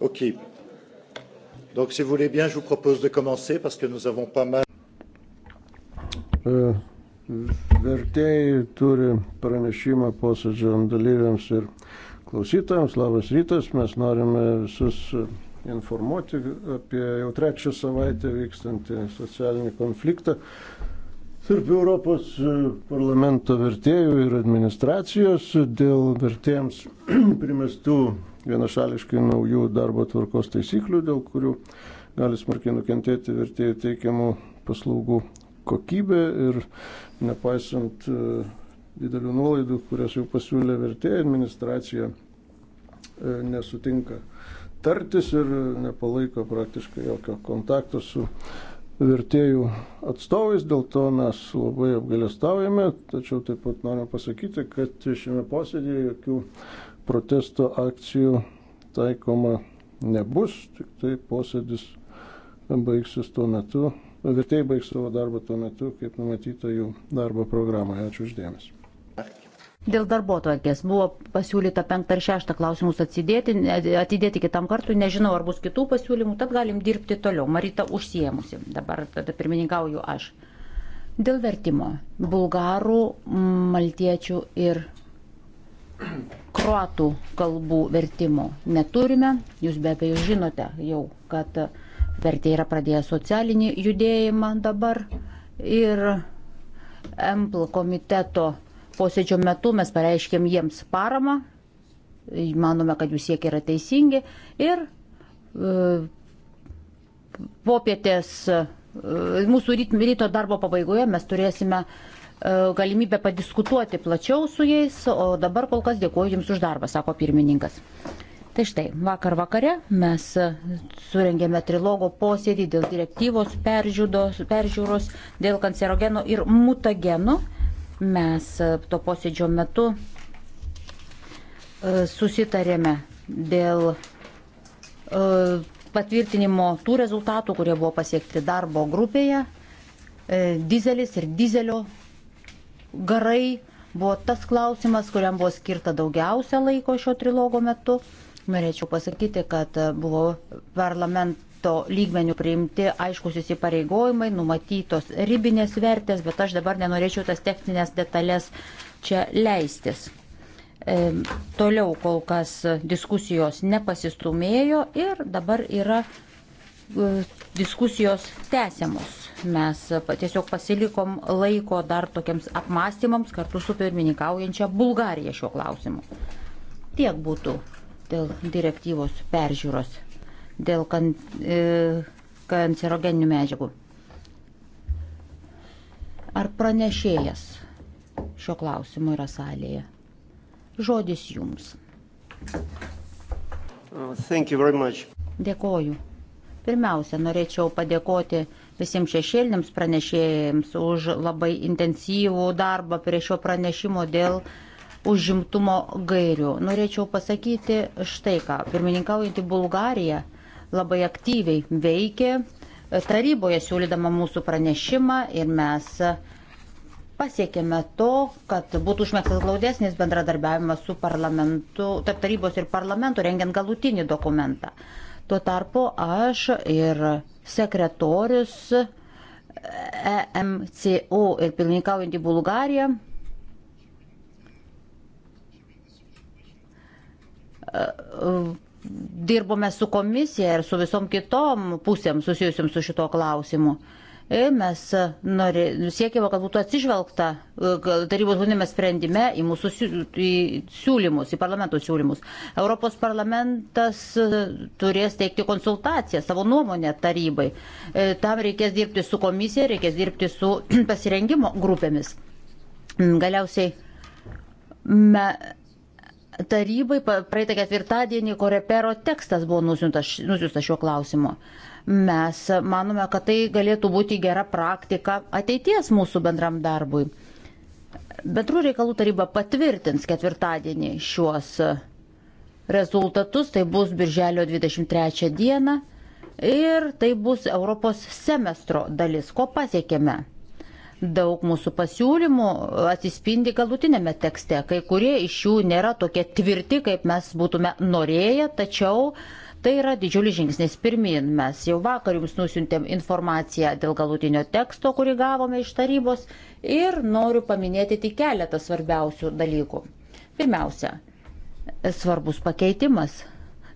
Ok. Donc, si vous voulez bien, je vous propose de commencer parce que nous avons pas mal. Uh, vertėjai turi pranešimą posėdžio dalyviams ir klausytojams. Labas rytas, mes norime visus informuoti apie jau trečią savaitę vykstantį socialinį konfliktą tarp Europos parlamento vertėjų ir administracijos dėl vertėjams primestų vienašališkai naujų darbo tvarkos taisyklių, dėl kurių gali smarkiai nukentėti vertėjų teikiamų paslaugų kokybė ir nepaisant e, didelių nuolaidų, kurias jau pasiūlė vertėjai, administracija e, nesutinka tartis ir nepalaiko praktiškai jokio kontakto su vertėjų atstovais, dėl to mes labai apgalėstaujame, tačiau taip pat noriu pasakyti, kad šiame posėdėje jokių protesto akcijų taikoma nebus, tik tai posėdis baigsis tuo metu, vertėjai baigs savo darbą tuo metu, kaip numatyta jų darbo programoje. Ačiū uždėmesi. Dėl darbuotojų buvo pasiūlyta penktą ir šeštą klausimus atsidėti, atidėti kitam kartui, nežinau, ar bus kitų pasiūlymų, tad galim dirbti toliau. Marita užsiemusi, dabar tada pirmininkauju aš. Dėl vertimo. Bulgarų, maltiečių ir kruatų kalbų vertimo neturime. Jūs be abejo žinote jau, kad vertė yra pradėję socialinį judėjimą dabar. Ir EMPL komiteto posėdžio metu mes pareiškėm jiems paramą. Manome, kad jų siekiai yra teisingi. Ir e, popietės, e, mūsų ryto darbo pabaigoje mes turėsime E, galimybę padiskutuoti plačiau su jais, o dabar kol kas dėkuoju Jums už darbą, sako pirmininkas. Tai štai, vakar vakare mes surengėme trilogo posėdį dėl direktyvos peržiūros, peržiūros dėl kancerogeno ir mutageno. Mes e, to posėdžio metu e, susitarėme dėl patvirtinimo tų rezultatų, kurie buvo pasiekti darbo grupėje. Dizelis ir dizelio garai buvo tas klausimas, kuriam buvo skirta daugiausia laiko šio trilogo metu. Norėčiau pasakyti, kad e, buvo parlamento lygmenių priimti aiškus įsipareigojimai, numatytos ribinės vertės, bet aš dabar nenorėčiau tas techninės detalės čia leistis. E, toliau kol kas diskusijos nepasistumėjo ir dabar yra e, diskusijos tęsiamos. Mes e, tiesiog pasilikom laiko dar tokiems apmąstymams kartu su pirmininkaujančia Bulgarija šiuo klausimu. Tiek būtų dėl direktyvos peržiūros, dėl kan, e, kancerogeninių medžiagų. Ar pranešėjas šio klausimu yra salėje? Žodis jums. Uh, Dėkoju. Pirmiausia, norėčiau padėkoti visiems šešėliniams pranešėjams už labai intensyvų darbą prie šio pranešimo dėl užimtumo gairių. Norėčiau pasakyti štai ką. Pirmininkaujantį Bulgariją labai aktyviai veikė taryboje siūlydama mūsų pranešimą ir mes pasiekėme to, kad būtų užmėgstas glaudesnis bendradarbiavimas su parlamentu, tarp tarybos ir parlamento, rengiant galutinį dokumentą. Tuo tarpu aš ir sekretorius EMCO ir pirmininkaujantį Bulgariją e, dirbome su komisija ir su visom kitom pusėm susijusiam su šito klausimu. E mes e, norė, siekėme, kad būtų atsižvelgta e, tarybos vadinime sprendime į mūsų į siūlymus, į parlamento siūlymus. Europos parlamentas turės teikti konsultaciją, savo nuomonę tarybai. Tam reikės dirbti su komisija, reikės dirbti su pasirengimo grupėmis. Mm, galiausiai me, tarybai praeitą ketvirtadienį korepero tekstas buvo nusiustas šiuo klausimu. Uh, Mes manome, kad tai galėtų būti gera praktika ateities mūsų bendram darbui. Bendrų reikalų taryba patvirtins ketvirtadienį šiuos rezultatus, tai bus birželio 23 dieną ir tai bus Europos semestro dalis, ko pasiekėme daug mūsų pasiūlymų atsispindi galutinėme tekste. Kai kurie iš jų nėra tokie tvirti, kaip mes būtume norėję, tačiau uh, Tai yra didžiulis žingsnis pirmin. Mes jau vakar jums nusintėm informaciją dėl galutinio teksto, kurį gavome iš tarybos ir noriu paminėti tik keletą svarbiausių dalykų. Pirmiausia, svarbus pakeitimas.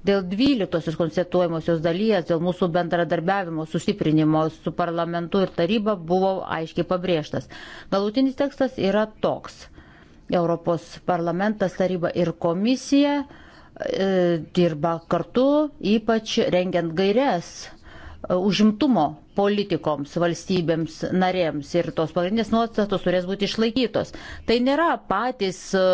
Dėl 12 konstatuojamosios dalies, dėl mūsų bendradarbiavimo sustiprinimo su parlamentu ir taryba buvo aiškiai pabrėžtas. Galutinis tekstas yra toks. Europos parlamentas, taryba ir komisija E, dirba kartu, ypač rengiant gairias e, užimtumo politikoms valstybėms narėms ir tos pagrindinės nuostatos turės būti išlaikytos. Tai nėra patys e,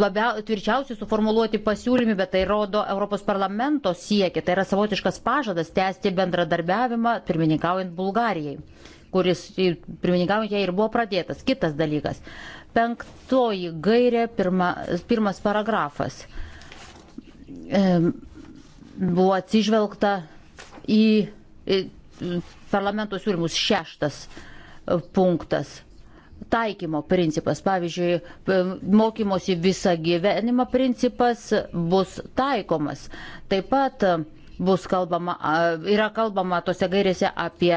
labiau, tvirčiausiai suformuoluoti pasiūlymai, bet tai rodo Europos parlamento siekį. Tai yra savotiškas pažadas tęsti bendradarbiavimą pirmininkaujant Bulgarijai, kuris pirmininkaujant jai ir buvo pradėtas. Kitas dalykas. Penktoji gairė, pirma, pirmas paragrafas. Uh, buvo atsižvelgta į, į parlamento siūlymus šeštas e, punktas. Taikymo principas, pavyzdžiui, e, mokymosi visą gyvenimą principas bus taikomas. Taip pat e, bus kalbama, yra kalbama tose gairėse apie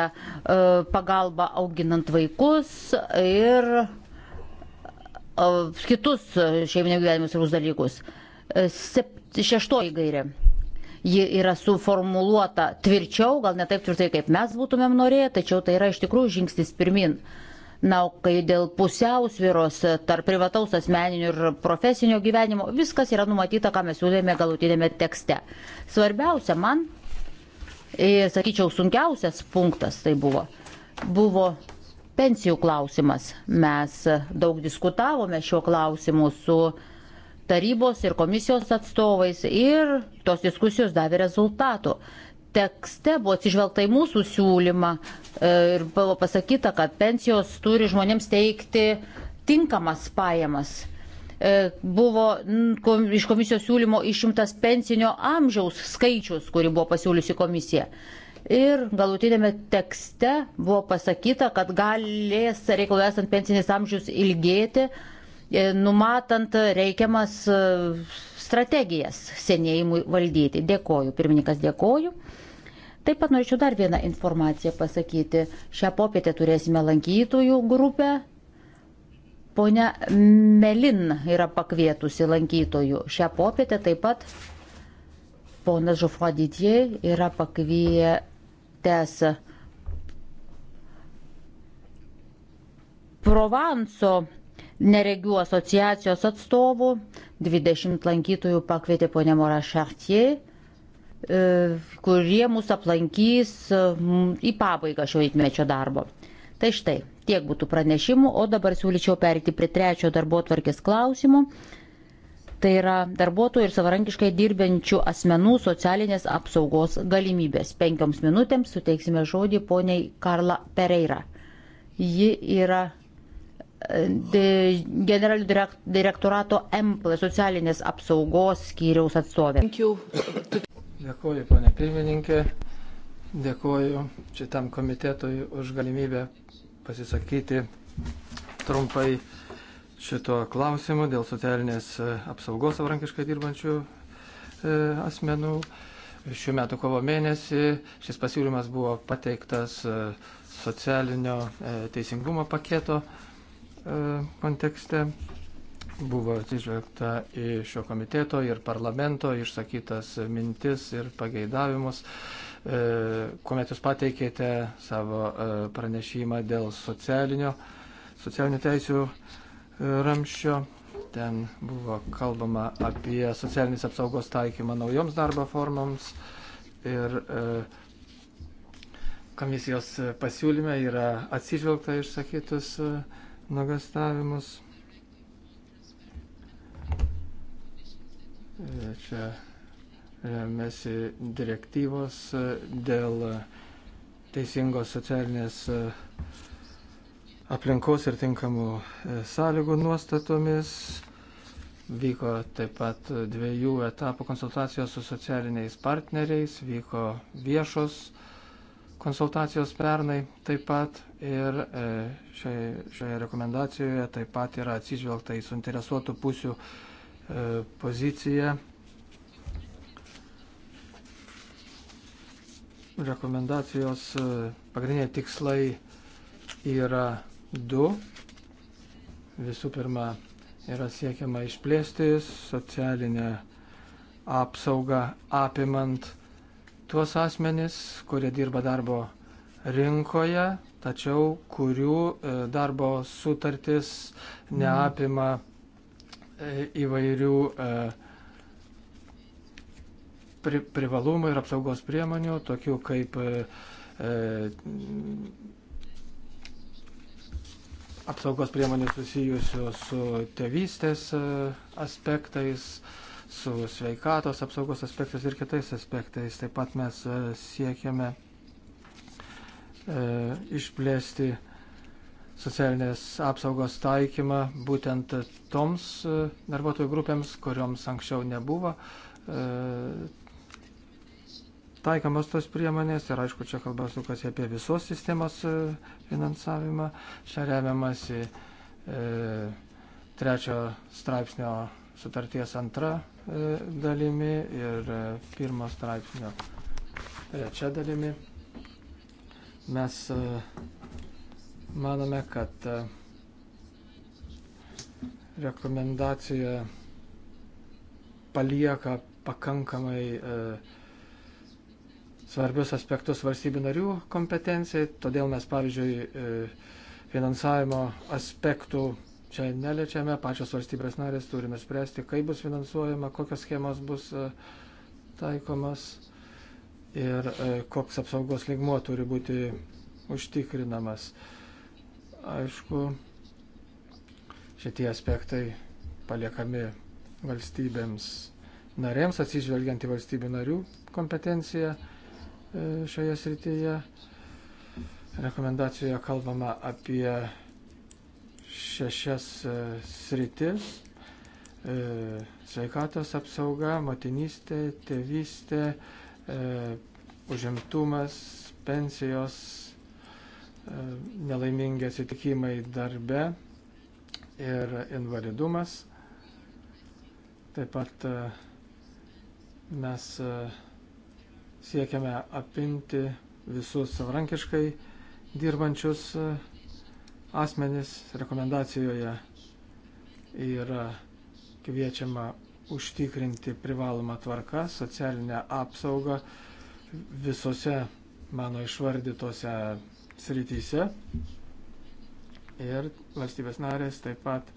pagalbą auginant vaikus ir kitus šeiminio gyvenimo svarbus dalykus. Šeštoji gairė. Ji yra suformuluota tvirčiau, gal ne taip tvirtai, kaip mes būtumėm norėję, tačiau tai yra iš tikrųjų žingsnis pirmin. Na, o kai dėl pusiausviros tarp privataus asmeninio ir profesinio gyvenimo, viskas yra numatyta, ką mes siūlėme galutinėme tekste. Svarbiausia man ir, e, sakyčiau, sunkiausias punktas tai buvo, buvo pensijų klausimas. Mes daug diskutavome šiuo klausimu su uh, tarybos ir komisijos atstovais ir tos diskusijos davė rezultatų. Tekste buvo atsižvelgta į mūsų siūlymą e, ir buvo pasakyta, kad pensijos turi žmonėms teikti tinkamas pajamas. E, buvo iš komisijos siūlymo išimtas pensinio amžiaus skaičius, kurį buvo pasiūliusi komisija ir galutinėme tekste buvo pasakyta, kad galės reikalui esant pensinis amžius ilgėti E, numatant reikiamas e, strategijas senėjimui valdyti. Dėkoju, pirmininkas, dėkoju. Taip pat norėčiau dar vieną informaciją pasakyti. Šią popietę turėsime lankytojų grupę. Pone Melin yra pakvietusi lankytojų. Šią popietę taip pat ponas Žufoditie yra pakvietęs Provanso neregių asociacijos atstovų, 20 lankytojų pakvietė ponė Mora Šartie, e, kurie mus aplankys e, į pabaigą šio įtmečio darbo. Tai štai, tiek būtų pranešimų, o dabar siūlyčiau perėti prie trečio darbo tvarkės klausimų. Tai yra darbuotojų ir savarankiškai dirbančių asmenų socialinės apsaugos galimybės. Penkioms minutėms suteiksime žodį poniai Karla Pereira. Ji yra generalinio direktorato MPL socialinės apsaugos skyriaus atstovė. Dėkuoju, ponė pirmininkė. Dėkuoju šitam komitetui už galimybę pasisakyti trumpai šito klausimu dėl socialinės e, apsaugos savarankiškai dirbančių e, asmenų. Šiuo metu kovo mėnesį šis pasiūlymas buvo pateiktas e, socialinio teisingumo paketo E, kontekste buvo atsižvelgta į šio komiteto ir parlamento išsakytas mintis ir pageidavimus, e, kuomet jūs pateikėte savo e, pranešimą dėl socialinio, socialinių teisių ramščio. Ten buvo kalbama apie socialinės apsaugos taikymą naujoms darbo formoms ir komisijos pasiūlyme yra atsižvelgta išsakytus uh, nagastavimus. E, čia remiasi direktyvos e, dėl teisingos socialinės e, aplinkos ir tinkamų sąlygų nuostatomis. Vyko taip pat dviejų etapų konsultacijos su socialiniais partneriais, vyko viešos konsultacijos pernai taip pat Ir e, šioje, šioje rekomendacijoje taip pat yra atsižvelgta į suinteresuotų pusių e, poziciją. Rekomendacijos e, pagrindiniai tikslai yra du. Visų pirma, yra siekiama išplėsti socialinę apsaugą apimant tuos asmenis, kurie dirba darbo rinkoje, tačiau kurių e, darbo sutartis neapima e, įvairių e, pri, privalumų ir apsaugos priemonių, tokių kaip e, apsaugos priemonių susijusių su tėvystės aspektais, su sveikatos apsaugos aspektais ir kitais aspektais. Taip pat mes siekiame E, išplėsti socialinės apsaugos taikymą būtent toms e, darbuotojų grupėms, kurioms anksčiau nebuvo e, taikomos tos priemonės ir aišku, čia kalba sukasi apie visos sistemos finansavimą, čia remiamasi e, trečio straipsnio sutarties antra e, dalimi ir pirmo straipsnio trečia dalimi. Mes e, manome, kad e, rekomendacija palieka pakankamai e, svarbius aspektus valstybių narių kompetencijai, todėl mes, pavyzdžiui, e, finansavimo aspektų čia neliečiame, pačios valstybės narės turime spręsti, kaip bus finansuojama, kokios schemos bus e, taikomas ir e, koks apsaugos ligmuo turi būti užtikrinamas. Aišku, šitie aspektai paliekami valstybėms narėms, atsižvelgiant į valstybių narių kompetenciją e, šioje srityje. Rekomendacijoje kalbama apie šešias e, sritis - sveikatos apsauga, motinystė, tėvystė, e, užimtumas, pensijos, e, nelaimingi atsitikimai darbe ir invalidumas. Taip pat e, mes e, siekiame apimti visus savarankiškai dirbančius e, asmenis. Rekomendacijoje yra kviečiama užtikrinti privalomą tvarką, socialinę apsaugą visose mano išvardytose srityse. Ir valstybės narės taip pat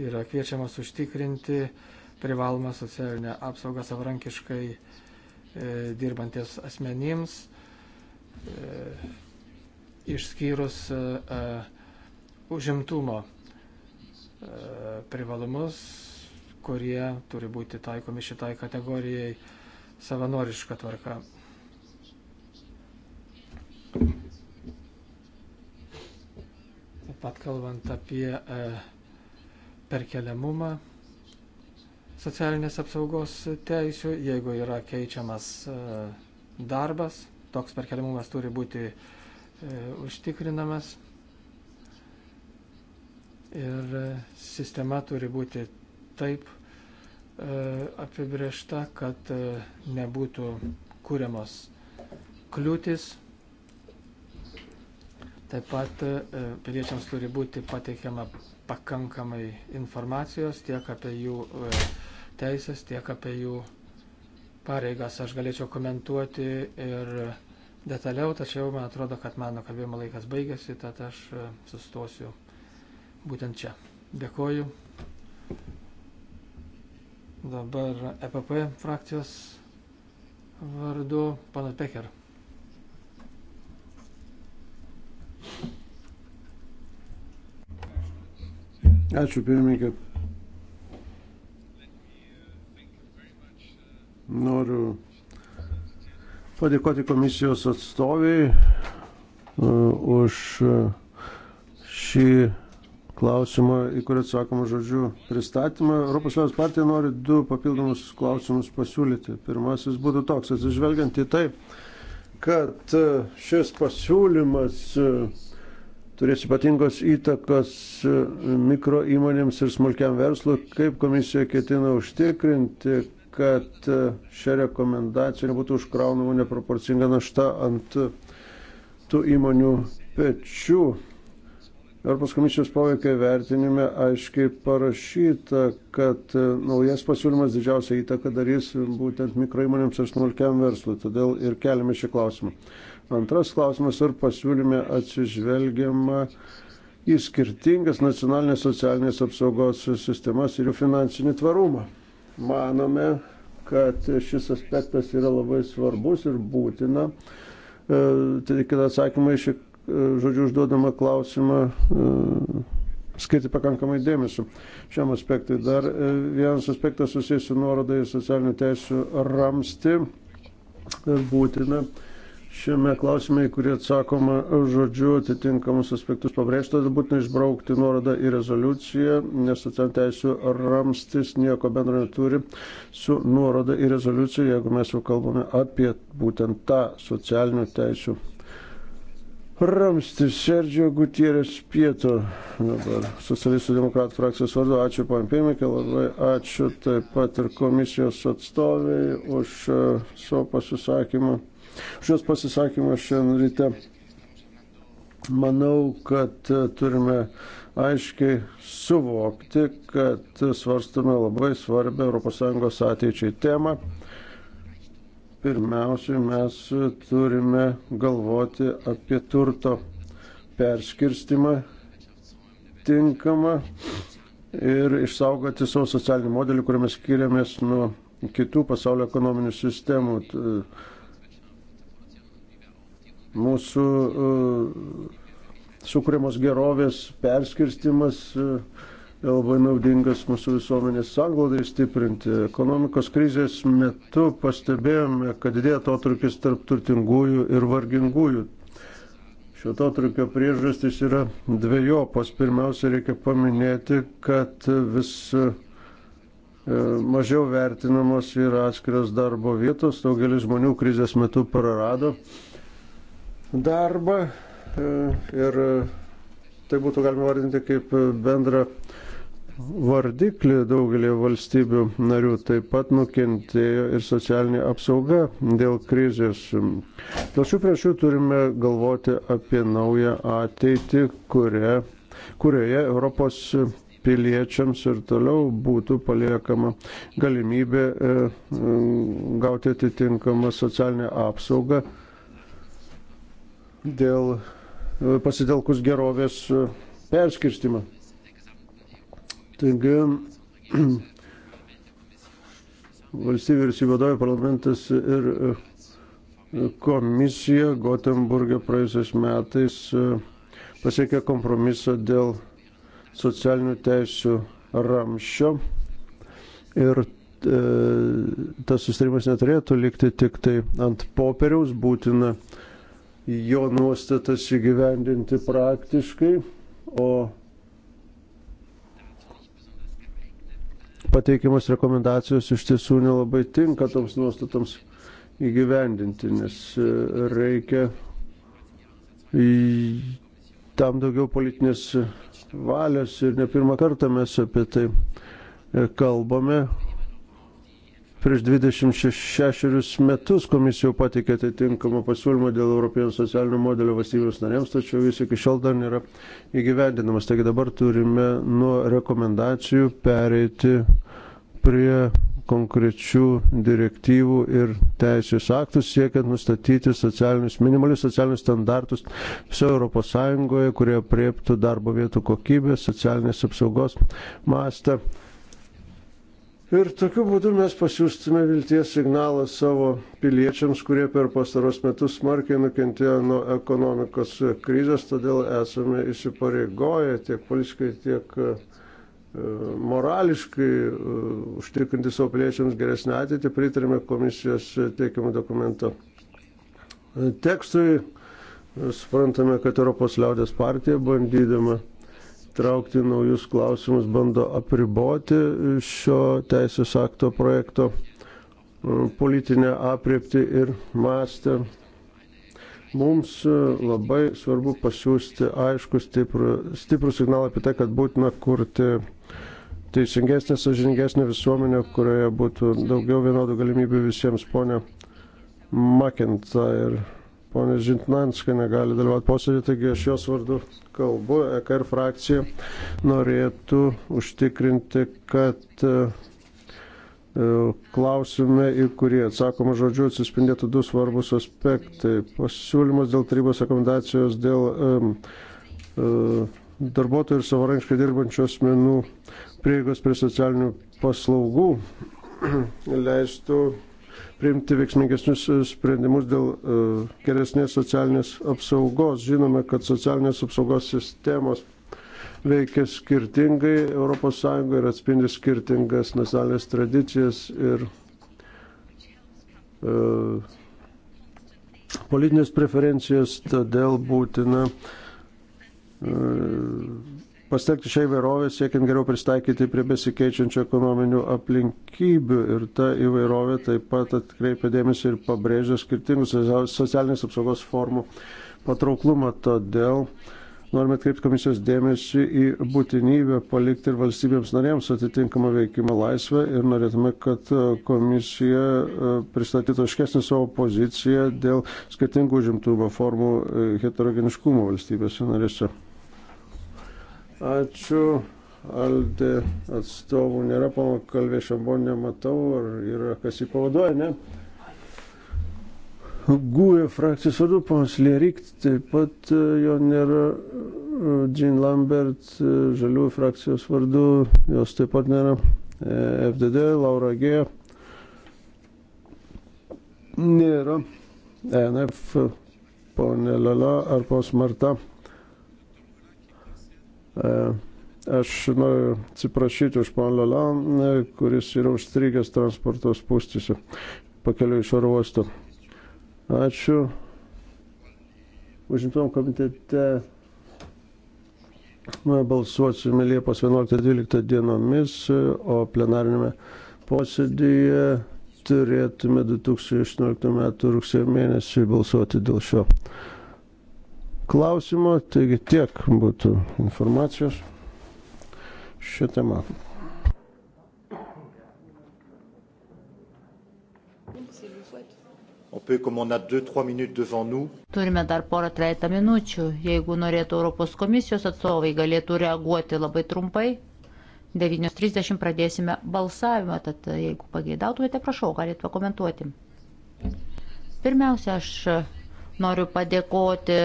yra kviečiamas užtikrinti privalomą socialinę apsaugą savarankiškai e, dirbantis asmenims, e, išskyrus e, e užimtumo e, privalumus kurie turi būti taikomi šitai kategorijai savanoriška tvarka. Taip pat kalbant apie e, perkeliamumą socialinės apsaugos teisių, jeigu yra keičiamas e, darbas, toks perkeliamumas turi būti e, užtikrinamas ir sistema turi būti taip e, apibriešta, kad e, nebūtų kūriamos kliūtis. Taip pat e, piliečiams turi būti pateikiama pakankamai informacijos tiek apie jų teisės, tiek apie jų pareigas. Aš galėčiau komentuoti ir detaliau, tačiau man atrodo, kad mano kalbėjimo laikas baigėsi, tad aš sustosiu būtent čia. Dėkoju. Dabar EPP frakcijos vardu panas Peker. Ačiū pirmininkė. Noriu padėkoti komisijos atstoviai uh, už uh, šį klausimą, į kurį atsakoma žodžiu pristatymą. Europos Liaudės partija nori du papildomus klausimus pasiūlyti. Pirmasis būtų toks, atsižvelgiant į tai, kad e, šis pasiūlymas e, turės ypatingos įtakos e, mikro įmonėms ir smulkiam verslui, kaip komisija ketina užtikrinti, kad šią rekomendaciją nebūtų užkraunama neproporcinga našta ant tų įmonių pečių. Europos komisijos poveikio vertinime aiškiai parašyta, kad e, naujas pasiūlymas didžiausią įtaką darys būtent mikroįmonėms ir smulkiam verslui, todėl ir keliame šį klausimą. Antras klausimas, ar pasiūlyme atsižvelgiama į skirtingas nacionalinės socialinės apsaugos sistemas ir jų finansinį tvarumą. Manome, kad šis aspektas yra labai svarbus ir būtina. E, tai tik atsakymai šį E, žodžiu, užduodama klausimą e, skirti pakankamai dėmesio šiam aspektui. Dar e, vienas aspektas susijęs su nuoroda į socialinių teisų ramsti būtina. Šiame klausime, į kurį atsakoma žodžiu, atitinkamus aspektus pabrėžtas, būtina išbraukti nuorodą į rezoliuciją, nes socialinių teisų ramstis nieko bendro neturi su nuoroda į rezoliuciją, jeigu mes jau kalbame apie būtent tą socialinių teisų ramstis Serdžio Gutierės Pieto dabar socialistų demokratų frakcijos vardu. Ačiū, pan Pirmikė, labai ačiū taip pat ir komisijos atstoviai už e, savo pasisakymą. Šios pasisakymą šiandien ryte. Manau, kad e, turime aiškiai suvokti, kad svarstame labai svarbę ES ateičiai temą pirmiausia, mes turime galvoti apie turto perskirstimą tinkamą ir išsaugoti savo socialinį modelį, kuriuo mes skiriamės nuo kitų pasaulio ekonominių sistemų. Mūsų uh, sukūrimos gerovės perskirstimas uh, labai naudingas mūsų visuomenės sanglaudai stiprinti. Ekonomikos krizės metu pastebėjome, kad didėja atotrukis tarp turtingųjų ir vargingųjų. Šio atotrukio priežastys yra dviejopos. Pirmiausia, reikia paminėti, kad vis e, mažiau vertinamos yra atskiros darbo vietos. Daugelis žmonių krizės metu prarado darbą e, ir e, tai būtų galima vardinti kaip bendrą vardiklį daugelį valstybių narių. Taip pat nukentėjo ir socialinė apsauga dėl krizės. Dėl šių priešių turime galvoti apie naują ateitį, kuria, kurioje Europos piliečiams ir toliau būtų paliekama galimybė e, gauti atitinkamą socialinę apsaugą dėl e, pasitelkus gerovės e, perskirstimą. Taigi, valstybė ir įsivadovė parlamentas ir e, komisija Gotemburgė praėjusiais metais e, pasiekė kompromisą dėl socialinių teisų ramščio ir e, tas sustarimas neturėtų likti tik tai ant popieriaus, būtina jo nuostatas įgyvendinti praktiškai, o pateikiamas rekomendacijos iš tiesų nelabai tinka toms nuostatoms įgyvendinti, nes e, reikia tam daugiau politinės valios ir ne pirmą kartą mes apie tai e, kalbame, Prieš 26 metus komisija jau patikė atitinkamą pasiūlymą dėl Europinio socialinio modelio valstybės narėms, tačiau jis iki šiol dar nėra įgyvendinamas. Taigi dabar turime nuo rekomendacijų pereiti prie konkrečių direktyvų ir teisės aktų siekiant nustatyti socialinius, minimalius socialinius standartus visoje Europos Sąjungoje, kurie prieptų darbo vietų kokybę, socialinės apsaugos mastą Ir tokiu būdu mes pasiūstume vilties signalą savo piliečiams, kurie per pastaros metus smarkiai nukentėjo nuo ekonomikos krizės, todėl esame įsipareigoję tiek politiškai, tiek e, morališkai e, užtikrinti savo piliečiams geresnį ateitį, pritarėme komisijos teikiamų dokumento tekstui. Suprantame, kad Europos liaudės partija bandydama traukti naujus klausimus, bando apriboti šio teisės akto projekto mm, politinę apriepti ir mastę. Mums e, labai svarbu pasiūsti aišku stiprų, stiprų signalą apie tai, kad būtina kurti teisingesnė, sažiningesnė visuomenė, kurioje būtų daugiau vienodų galimybių visiems, ponė Makinta. Ir ponė Žintnanska negali dalyvauti posėdį, taigi aš jos vardu kalbu. EKR frakcija norėtų užtikrinti, kad e, e, klausime, į kurį atsakoma žodžiu, atsispindėtų du svarbus aspektai. Pasiūlymas dėl tarybos rekomendacijos dėl um, uh, darbuotojų ir savarankiškai dirbančių asmenų prieigos prie socialinių paslaugų leistų priimti veiksmingesnius e, sprendimus dėl e, geresnės socialinės apsaugos. Žinome, kad socialinės apsaugos sistemos veikia skirtingai ES ir atspindi skirtingas nacionalinės tradicijas ir uh, politinės preferencijas, todėl būtina uh, pasitelkti šią įvairovę, siekiant geriau pristaikyti prie besikeičiančių ekonominių aplinkybių. Ir ta įvairovė taip pat atkreipia dėmesį ir pabrėžia skirtingus socialinės apsaugos formų patrauklumą. Todėl norime atkreipti komisijos dėmesį į būtinybę palikti ir valstybėms narėms atitinkamą veikimo laisvę ir norėtume, kad komisija e, pristatytų aiškesnį savo poziciją dėl skirtingų žimtumo formų e, heterogeniškumo valstybėse narėse. Ačiū. Aldė atstovų nėra, pana Kalvė Šambon nematau, ar yra kas jį pavaduoja, ne? Gūja frakcijos vadu, panas Lierik, taip pat e, jo nėra, e, Jean Lambert, e, žaliųjų frakcijos vardu, jos taip pat nėra, FDD, Laura Gėja, nėra, NF, ponė Lala ar pos Marta. E, aš noriu atsiprašyti už poną Lalą, e, kuris yra užstrigęs transporto spūstyse pakeliu iš oro uosto. Ačiū. Užimtumam komitete balsuosime Liepos 11-12 dienomis, e, o plenarinėme posėdėje turėtume 2018 m. rugsėjo mėnesį balsuoti dėl šio klausimo, taigi tiek būtų informacijos šią temą. Turime dar porą trejata minučių. Jeigu norėtų Europos komisijos atstovai, galėtų reaguoti labai trumpai. 9.30 pradėsime balsavimą, tad jeigu pageidautumėte, prašau, galite pakomentuoti. Pirmiausia, aš noriu padėkoti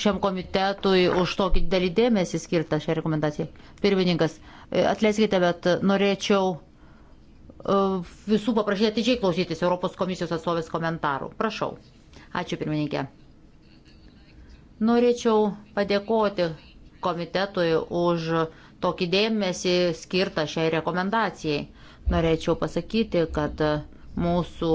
šiam komitetui už tokį didelį dėmesį skirtą šią rekomendaciją. Pirmininkas, e, atleiskite, bet norėčiau e, visų paprašyti atidžiai klausytis Europos komisijos atstovės komentarų. Prašau. Ačiū pirmininkė. Norėčiau padėkoti komitetui už tokį dėmesį skirtą šiai rekomendacijai. Norėčiau pasakyti, kad mūsų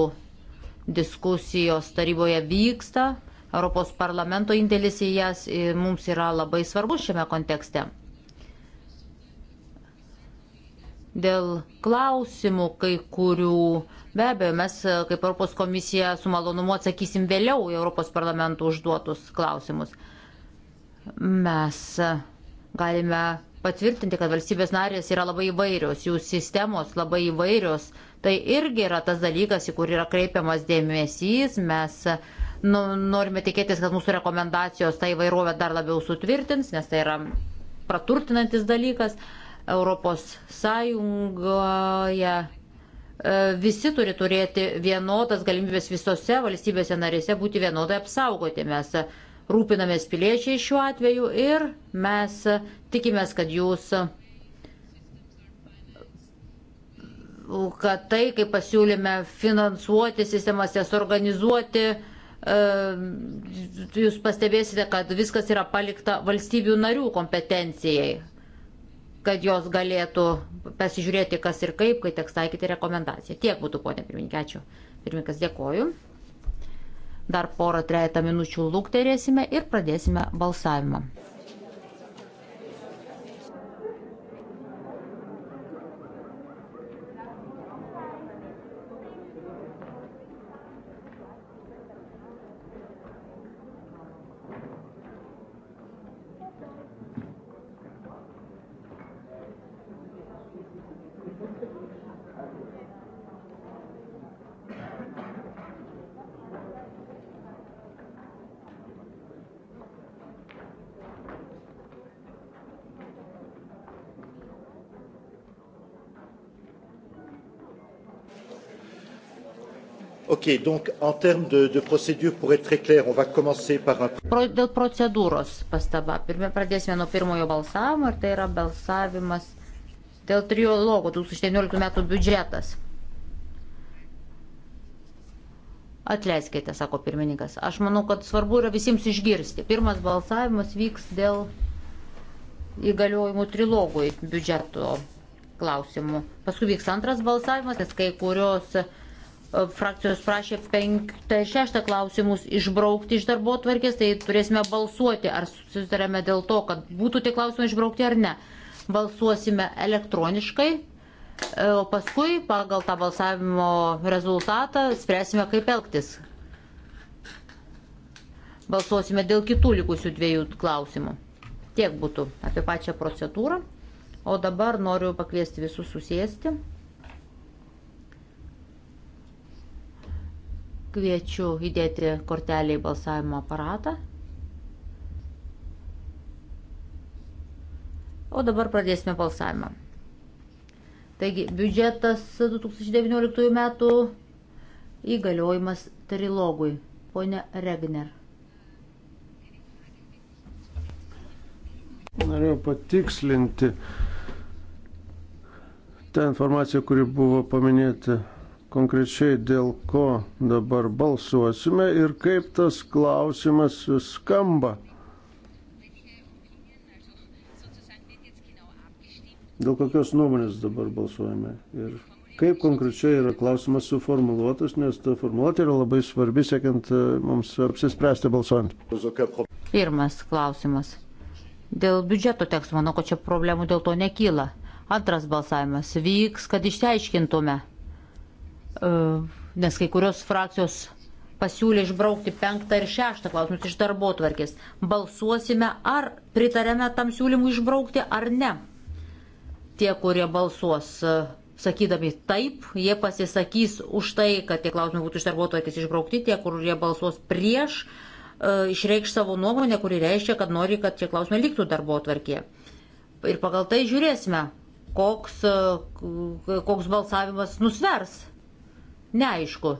diskusijos taryboje vyksta Europos parlamento indėlis į jas mums yra labai svarbus šiame kontekste. Dėl klausimų kai kurių, be abejo, mes e, kaip Europos komisija su malonumu atsakysim vėliau į Europos parlamento užduotus klausimus. Mes e, galime patvirtinti, kad valstybės narės yra labai įvairios, jų sistemos labai įvairios. Tai irgi yra tas dalykas, į kurį yra kreipiamas dėmesys. Mes e, Nu, norime tikėtis, kad mūsų rekomendacijos tą tai įvairovę dar labiau sutvirtins, nes tai yra praturtinantis dalykas. Europos Sąjungoje e, visi turi turėti vienodas galimybės visose valstybėse narėse būti vienodai apsaugoti. Mes rūpinamės piliečiai šiuo atveju ir mes tikimės, kad jūs, kad tai, kaip pasiūlėme finansuoti sistemas, jas organizuoti, Ehm, jūs pastebėsite, kad viskas yra palikta valstybių narių kompetencijai, kad jos galėtų pasižiūrėti, kas ir kaip, kai teks taikyti rekomendaciją. Tiek būtų, ponė pirmininkė, ačiū. Pirmininkas, dėkoju. Dar porą trejata minučių lūkterėsime ir pradėsime balsavimą. Okay, donc, de, de pour être très clair, on va commencer par un... Pro, dėl procedūros pastaba. Pirmia, pradėsime nuo pirmojo balsavimo ir tai yra balsavimas dėl triologo 2019 metų biudžetas. Atleiskite, sako pirmininkas. Aš manau, kad svarbu yra visiems išgirsti. Pirmas balsavimas vyks dėl įgaliojimų trilogui biudžeto klausimų. Paskui vyks antras balsavimas, nes kai kurios uh, frakcijos prašė 5-6 klausimus išbraukti iš darbo tvarkės, tai turėsime balsuoti, ar susitarėme dėl to, kad būtų tie klausimai išbraukti ar ne. Balsuosime elektroniškai, e, o paskui pagal tą balsavimo rezultatą spręsime, kaip elgtis. Balsuosime dėl kitų likusių dviejų klausimų. Tiek būtų apie pačią procedūrą. O dabar noriu pakviesti visus susėsti. Kviečiu įdėti kortelį į balsavimo aparatą. O dabar pradėsime balsavimą. Taigi, biudžetas 2019 metų įgaliojimas trilogui. Pone Regner. Norėjau patikslinti tą informaciją, kuri buvo paminėta konkrečiai dėl ko dabar balsuosime ir kaip tas klausimas skamba. Dėl kokios nuomonės dabar balsuojame ir kaip konkrečiai yra klausimas suformuluotas, nes ta formuluotė yra labai svarbi, siekiant e, mums apsispręsti balsuojant. Pirmas klausimas. Dėl biudžeto teksto manau, kad čia problemų dėl to nekyla. Antras balsavimas vyks, kad išsiaiškintume E, nes kai kurios frakcijos pasiūlė išbraukti penktą ir šeštą klausimus iš darbo tvarkės. Balsuosime, ar pritarėme tam siūlymui išbraukti, ar ne. Tie, kurie balsuos e, sakydami taip, jie pasisakys už tai, kad tie klausimai būtų iš darbo tvarkės išbraukti, tie, kurie balsuos prieš, e, išreikš savo nuomonę, kuri reiškia, kad nori, kad tie klausimai liktų darbo tvarkėje. Ir pagal tai žiūrėsime, koks, koks balsavimas nusvers neaišku,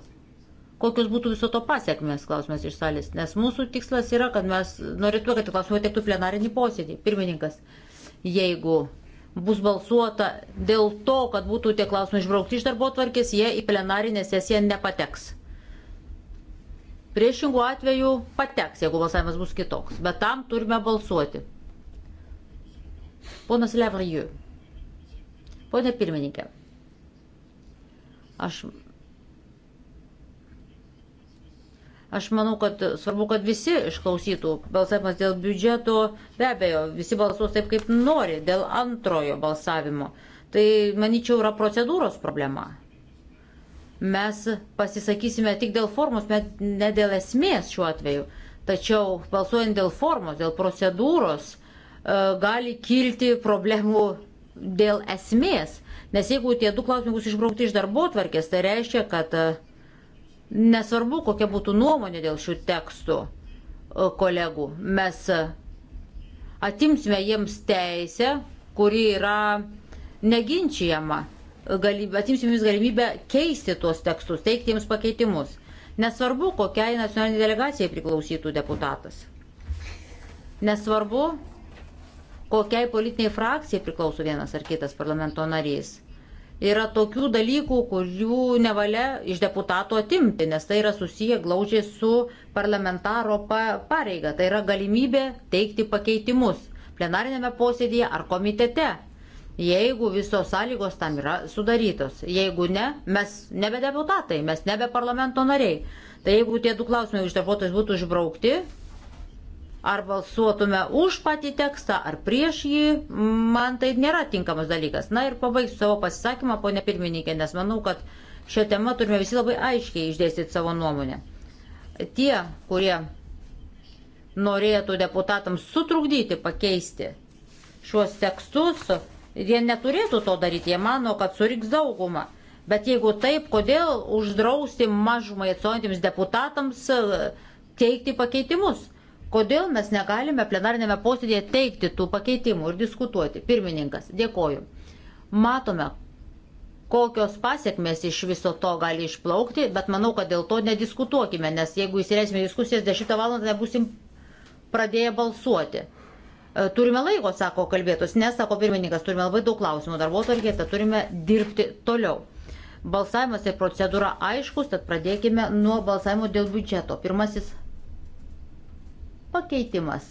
kokios būtų viso to pasiekmes, klausimas iš salės, nes mūsų tikslas yra, kad mes norėtume, kad klausimai tektų plenarinį posėdį. Pirmininkas, jeigu bus balsuota dėl to, kad būtų tie klausimai išbraukti iš darbo tvarkės, jie į plenarinę sesiją nepateks. Priešingų atveju pateks, jeigu balsavimas bus kitoks, bet tam turime balsuoti. Ponas Levrijų. Pone pirmininkė, aš Aš manau, kad svarbu, kad visi išklausytų. Balsavimas dėl biudžeto, be abejo, visi balsuos taip, kaip nori, dėl antrojo balsavimo. Tai, manyčiau, yra procedūros problema. Mes pasisakysime tik dėl formos, bet ne dėl esmės šiuo atveju. Tačiau balsuojant dėl formos, dėl procedūros, e, gali kilti problemų dėl esmės. Nes jeigu tie du klausimai bus išbraukti iš darbo tvarkės, tai reiškia, kad uh, Nesvarbu, kokia būtų nuomonė dėl šių tekstų e, kolegų, mes atimsime jiems teisę, kuri yra neginčiama. Galybė, atimsime jums galimybę keisti tuos tekstus, teikti jiems pakeitimus. Nesvarbu, kokiai nacionaliniai delegacijai priklausytų deputatas. Nesvarbu, kokiai politiniai frakcijai priklauso vienas ar kitas parlamento narys yra tokių dalykų, kurių nevalia iš deputato atimti, nes tai yra susiję glaužiai su parlamentaro pareiga. Tai yra galimybė teikti pakeitimus plenarinėme posėdėje ar komitete, jeigu visos sąlygos tam yra sudarytos. Jeigu ne, mes nebe deputatai, mes nebe parlamento nariai. Tai jeigu tie du klausimai iš darbuotojus būtų išbraukti, ar balsuotume už patį tekstą, ar prieš jį, man tai nėra tinkamas dalykas. Na ir pabaigsiu savo pasisakymą, ponė pirmininkė, nes manau, kad šią temą turime visi labai aiškiai išdėstyti savo nuomonę. Tie, kurie norėtų deputatams sutrukdyti, pakeisti šiuos tekstus, jie neturėtų to daryti, jie mano, kad suriks daugumą. Bet jeigu taip, kodėl uždrausti mažumai atsuojantiems deputatams e, teikti pakeitimus? Kodėl mes negalime plenarinėme posėdėje teikti tų pakeitimų ir diskutuoti? Pirmininkas, dėkoju. Matome, kokios pasiekmes iš viso to gali išplaukti, bet manau, kad dėl to nediskutuokime, nes jeigu įsileisime diskusijas 10 val. nebusim pradėję balsuoti. E, turime laiko, sako kalbėtus, nes, sako pirmininkas, turime labai daug klausimų darbo tvarkės, tad turime dirbti toliau. Balsavimas ir procedūra aiškus, tad pradėkime nuo balsavimo dėl biudžeto. Pirmasis pakeitimas.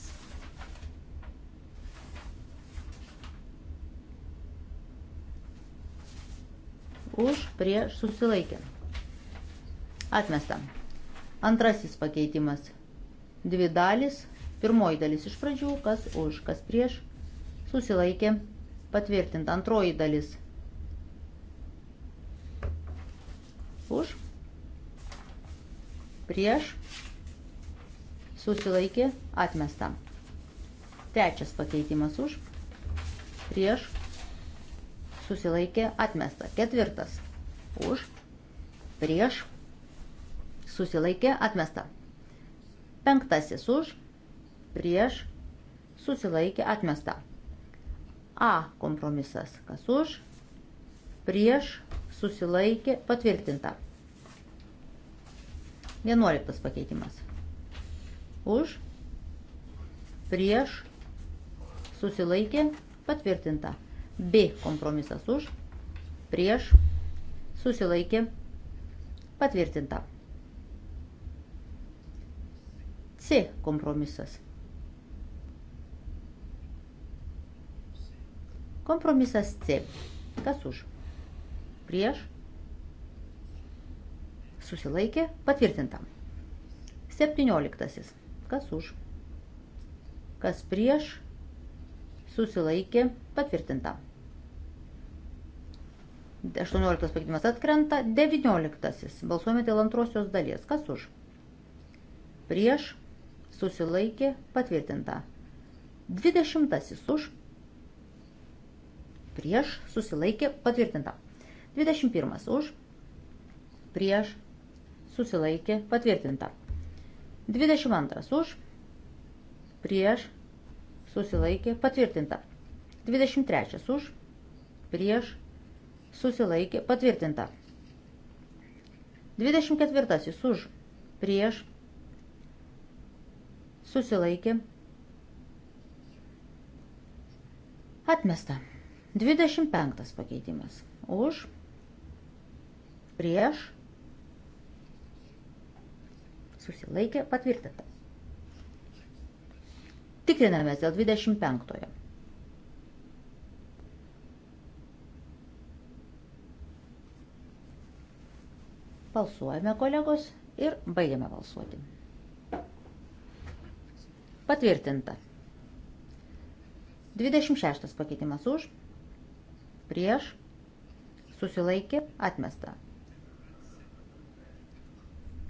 Už prieš susilaikę. Atmesta. Antrasis pakeitimas. Dvi dalis. Pirmoji dalis iš pradžių, kas už, kas prieš. Susilaikė. Patvirtinta antroji dalis. Už. Prieš. Prieš susilaikė atmesta. Trečias pakeitimas už, prieš, susilaikė atmesta. Ketvirtas už, prieš, susilaikė atmesta. Penktasis už, prieš, susilaikė atmesta. A kompromisas, kas už, prieš, susilaikė patvirtinta. Vienuoliktas pakeitimas už, prieš, susilaikė, patvirtinta. B kompromisas už, prieš, susilaikė, patvirtinta. C kompromisas. Kompromisas C. Kas už? Prieš, susilaikė, patvirtinta. 17 kas už, kas prieš, susilaikė, patvirtinta. 18 pakeitimas atkrenta, 19. Balsuojame dėl antrosios dalies. Kas už? Prieš, susilaikė, patvirtinta. 20 už, prieš, susilaikė, patvirtinta. 21 už, prieš, susilaikė, patvirtinta. 22 už, prieš, susilaikė, patvirtinta. 23 už, prieš, susilaikė, patvirtinta. 24 už, prieš, susilaikė, atmesta. 25 pakeitimas už, prieš, susilaikė, patvirtinta. Tikrinamės dėl 25-ojo. Balsuojame, kolegos, ir baigiame balsuoti. Patvirtinta. 26 pakeitimas už, prieš, susilaikė, atmesta.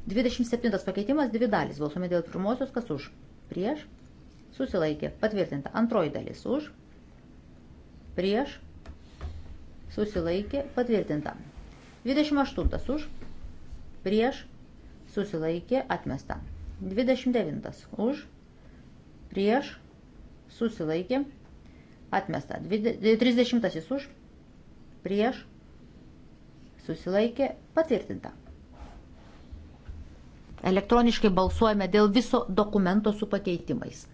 27 pakeitimas, dvi dalys. Balsuome dėl pirmosios, kas už. Prieš. Susilaikė. Patvirtinta. Antroji dalis už. Prieš. Susilaikė. Patvirtinta. 28 už. Prieš. Susilaikė. Atmesta. 29 už. Prieš. Susilaikė. Atmesta. 30 už. Prieš. Susilaikė. Patvirtinta. Elektroniškai balsuojame dėl viso dokumento su pakeitimais.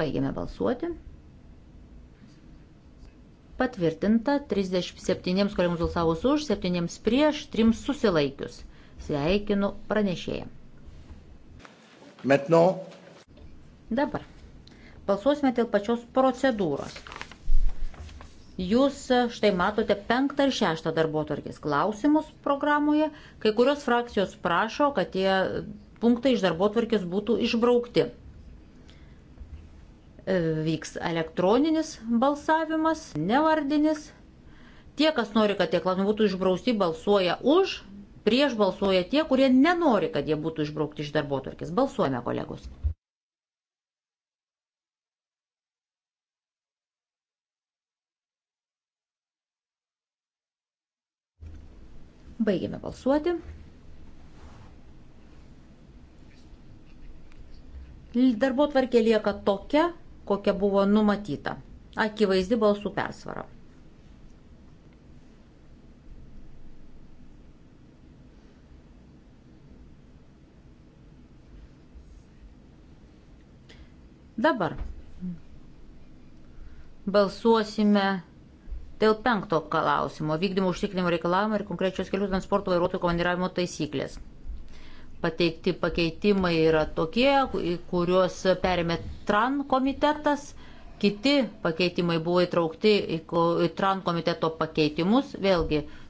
Baigiame balsuoti. Patvirtinta 37 kolegams balsavus už, 7 prieš, 3 susilaikius. Sveikinu pranešėją. Maintenant. Dabar balsuosime dėl pačios procedūros. Jūs e, štai matote penktą ir šeštą darbo tvarkės klausimus programoje. Kai kurios frakcijos prašo, kad tie punktai iš darbo tvarkės būtų išbraukti. E, vyks elektroninis balsavimas, nevardinis. Tie, kas nori, kad tie klausimai būtų išbrausti, balsuoja už, prieš balsuoja tie, kurie nenori, kad jie būtų išbraukti iš darbo tvarkės. Balsuojame, kolegos. Baigėme balsuoti. Darbo tvarkė lieka tokia, kokia buvo numatyta. Akivaizdi balsų persvara. Dabar balsuosime Dėl penkto klausimo - vykdymo užtikrinimo reikalavimo ir konkrečios kelių transporto vairuotojų komandiravimo taisyklės. Pateikti pakeitimai yra tokie, kuriuos perėmė TRAN komitetas. Kiti pakeitimai buvo įtraukti į TRAN komiteto pakeitimus. Vėlgi,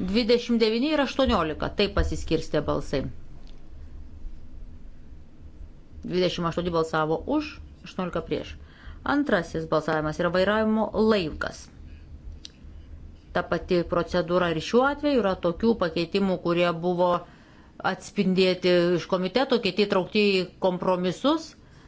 29 ir 18, taip pasiskirstė balsai. 28 balsavo už, 18 prieš. Antrasis balsavimas yra vairavimo laivkas. Ta pati procedūra ir šiuo atveju yra tokių pakeitimų, kurie buvo atspindėti iš komiteto, kiti traukti į kompromisus.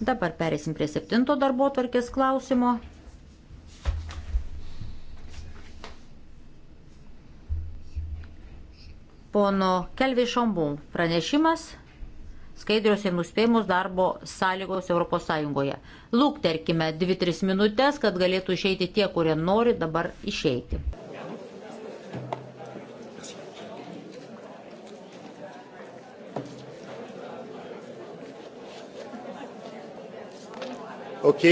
Dabar pereisim prie septinto darbo tvarkės klausimo. Pono Kelviai Šambum pranešimas skaidrios ir nuspėjimus darbo sąlygos ES. Lūk, tarkime, 2-3 minutės, kad galėtų išeiti tie, kurie nori dabar išeiti. OK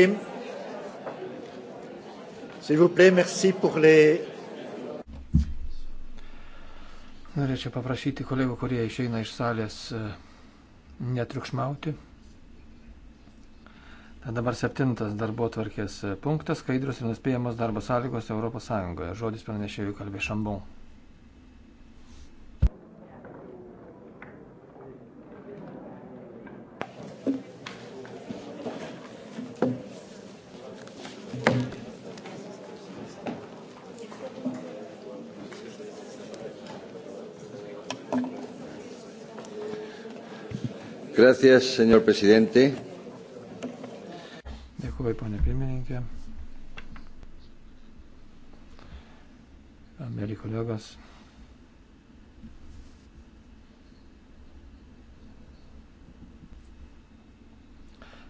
S'il vous plaît, merci pour les. Norėčiau paprašyti kolegų, kurie išeina iš salės, e, netriukšmauti. Dabar septintas darbo tvarkės e, punktas - skaidrus ir nuspėjamos darbo sąlygos ES. Žodis pranešėjų kalbė Šambon. Gracias, señor presidente. Dėkuoju, ponė pirmininkė. Mėly kolegos.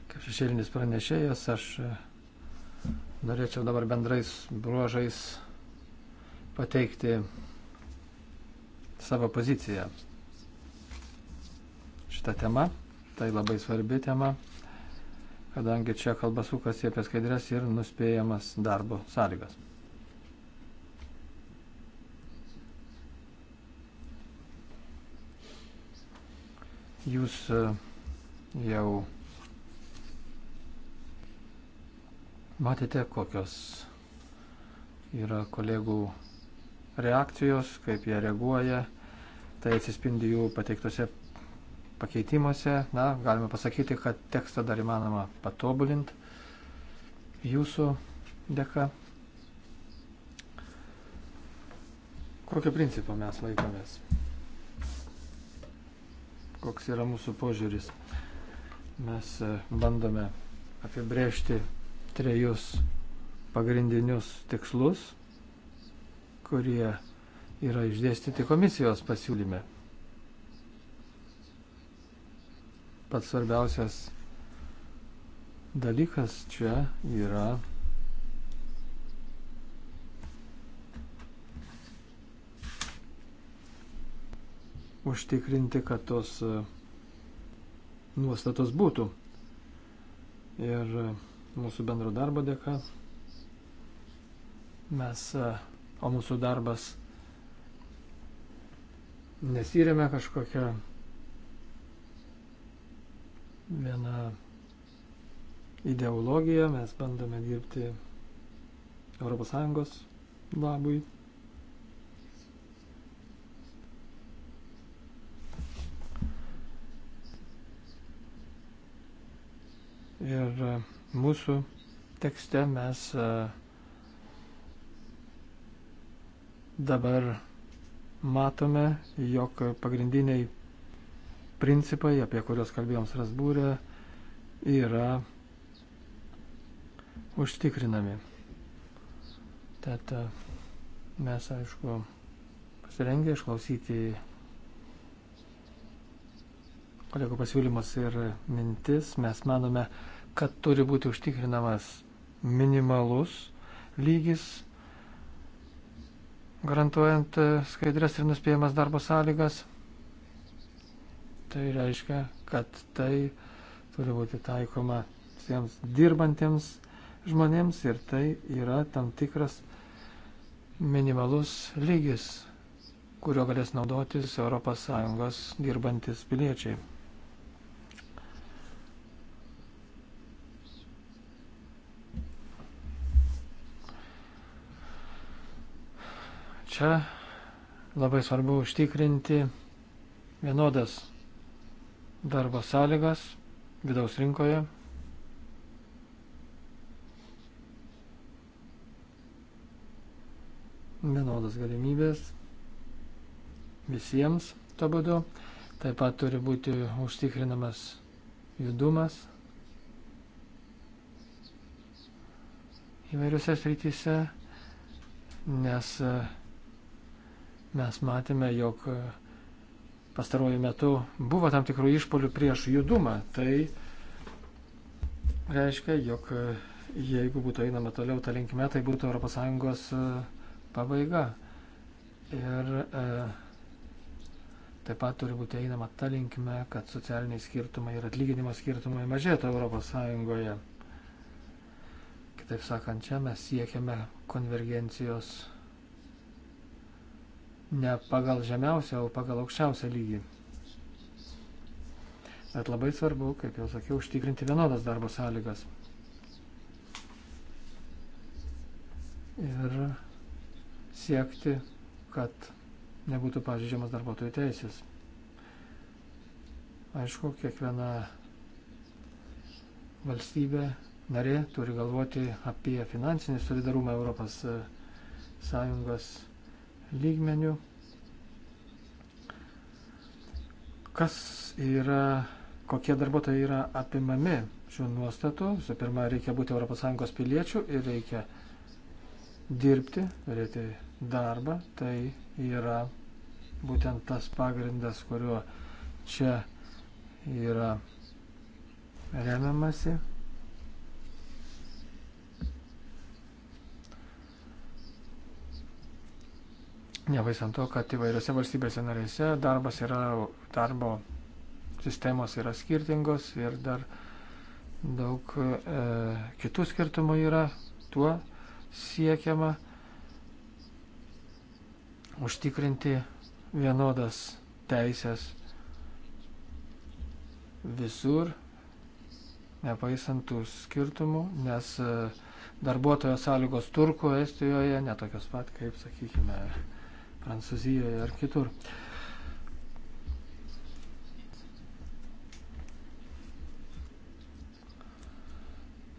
Kaip šešėlinis pranešėjas, aš e, norėčiau dabar bendrais bruožais pateikti savo poziciją šitą temą. Tai labai svarbi tema, kadangi čia kalba sukasi apie skaidrės ir nuspėjamas darbo sąlygas. Jūs e, jau matėte, kokios yra kolegų reakcijos, kaip jie reaguoja, tai atsispindi jų pateiktose pakeitimuose, na, galime pasakyti, kad tekstą dar įmanoma patobulinti jūsų dėka. Kokio principo mes laikomės? Koks yra mūsų požiūris? Mes e, bandome apibrėžti trejus pagrindinius tikslus, kurie yra išdėstyti komisijos pasiūlyme. pats svarbiausias dalykas čia yra užtikrinti, kad tos e, nuostatos būtų. Ir e, mūsų bendro darbo dėka mes, e, o mūsų darbas nesirėmė kažkokią viena ideologija, mes bandome dirbti ES labui. Ir e, mūsų tekste mes e, dabar matome, jog pagrindiniai principai, apie kuriuos kalbėjom Strasbūrė, yra užtikrinami. Tad e, mes, aišku, pasirengę išklausyti kolegų pasiūlymus ir mintis. Mes manome, kad turi būti užtikrinamas minimalus lygis, garantuojant skaidrės ir nuspėjamas darbo sąlygas tai reiškia, kad tai turi būti taikoma visiems dirbantiems žmonėms ir tai yra tam tikras minimalus lygis, kurio galės naudotis ES dirbantis piliečiai. Čia labai svarbu užtikrinti vienodas darbo sąlygas vidaus rinkoje. Vienodas galimybės visiems to būdu. Taip pat turi būti užtikrinamas judumas įvairiuose srityse, nes e, mes matėme, jog e, pastaruoju metu buvo tam tikrų išpolių prieš judumą, tai reiškia, jog e, jeigu būtų einama toliau tą linkmę, tai būtų ES e, pabaiga. Ir e, taip pat turi būti einama ta linkme, kad socialiniai skirtumai ir atlyginimo skirtumai mažėtų ES. Kitaip sakant, čia mes siekiame konvergencijos ne pagal žemiausią, o pagal aukščiausią lygį. Bet labai svarbu, kaip jau sakiau, užtikrinti vienodas darbo sąlygas. Ir siekti, kad nebūtų pažydžiamas darbuotojų teisės. Aišku, kiekviena valstybė narė turi galvoti apie finansinį solidarumą Europos Sąjungos lygmenių. Kas yra, kokie darbuotojai yra apimami šių nuostatų? Visų pirma, reikia būti ES piliečių ir reikia dirbti, turėti darbą. Tai yra būtent tas pagrindas, kuriuo čia yra remiamasi. Nevaisant to, kad įvairiose valstybėse narėse darbas yra, darbo sistemos yra skirtingos ir dar daug e, kitų skirtumų yra, tuo siekiama užtikrinti vienodas teisės visur, nepaisant tų skirtumų, nes e, darbuotojo sąlygos Turkų, Estijoje netokios pat kaip, sakykime, Prancūzijoje ar kitur.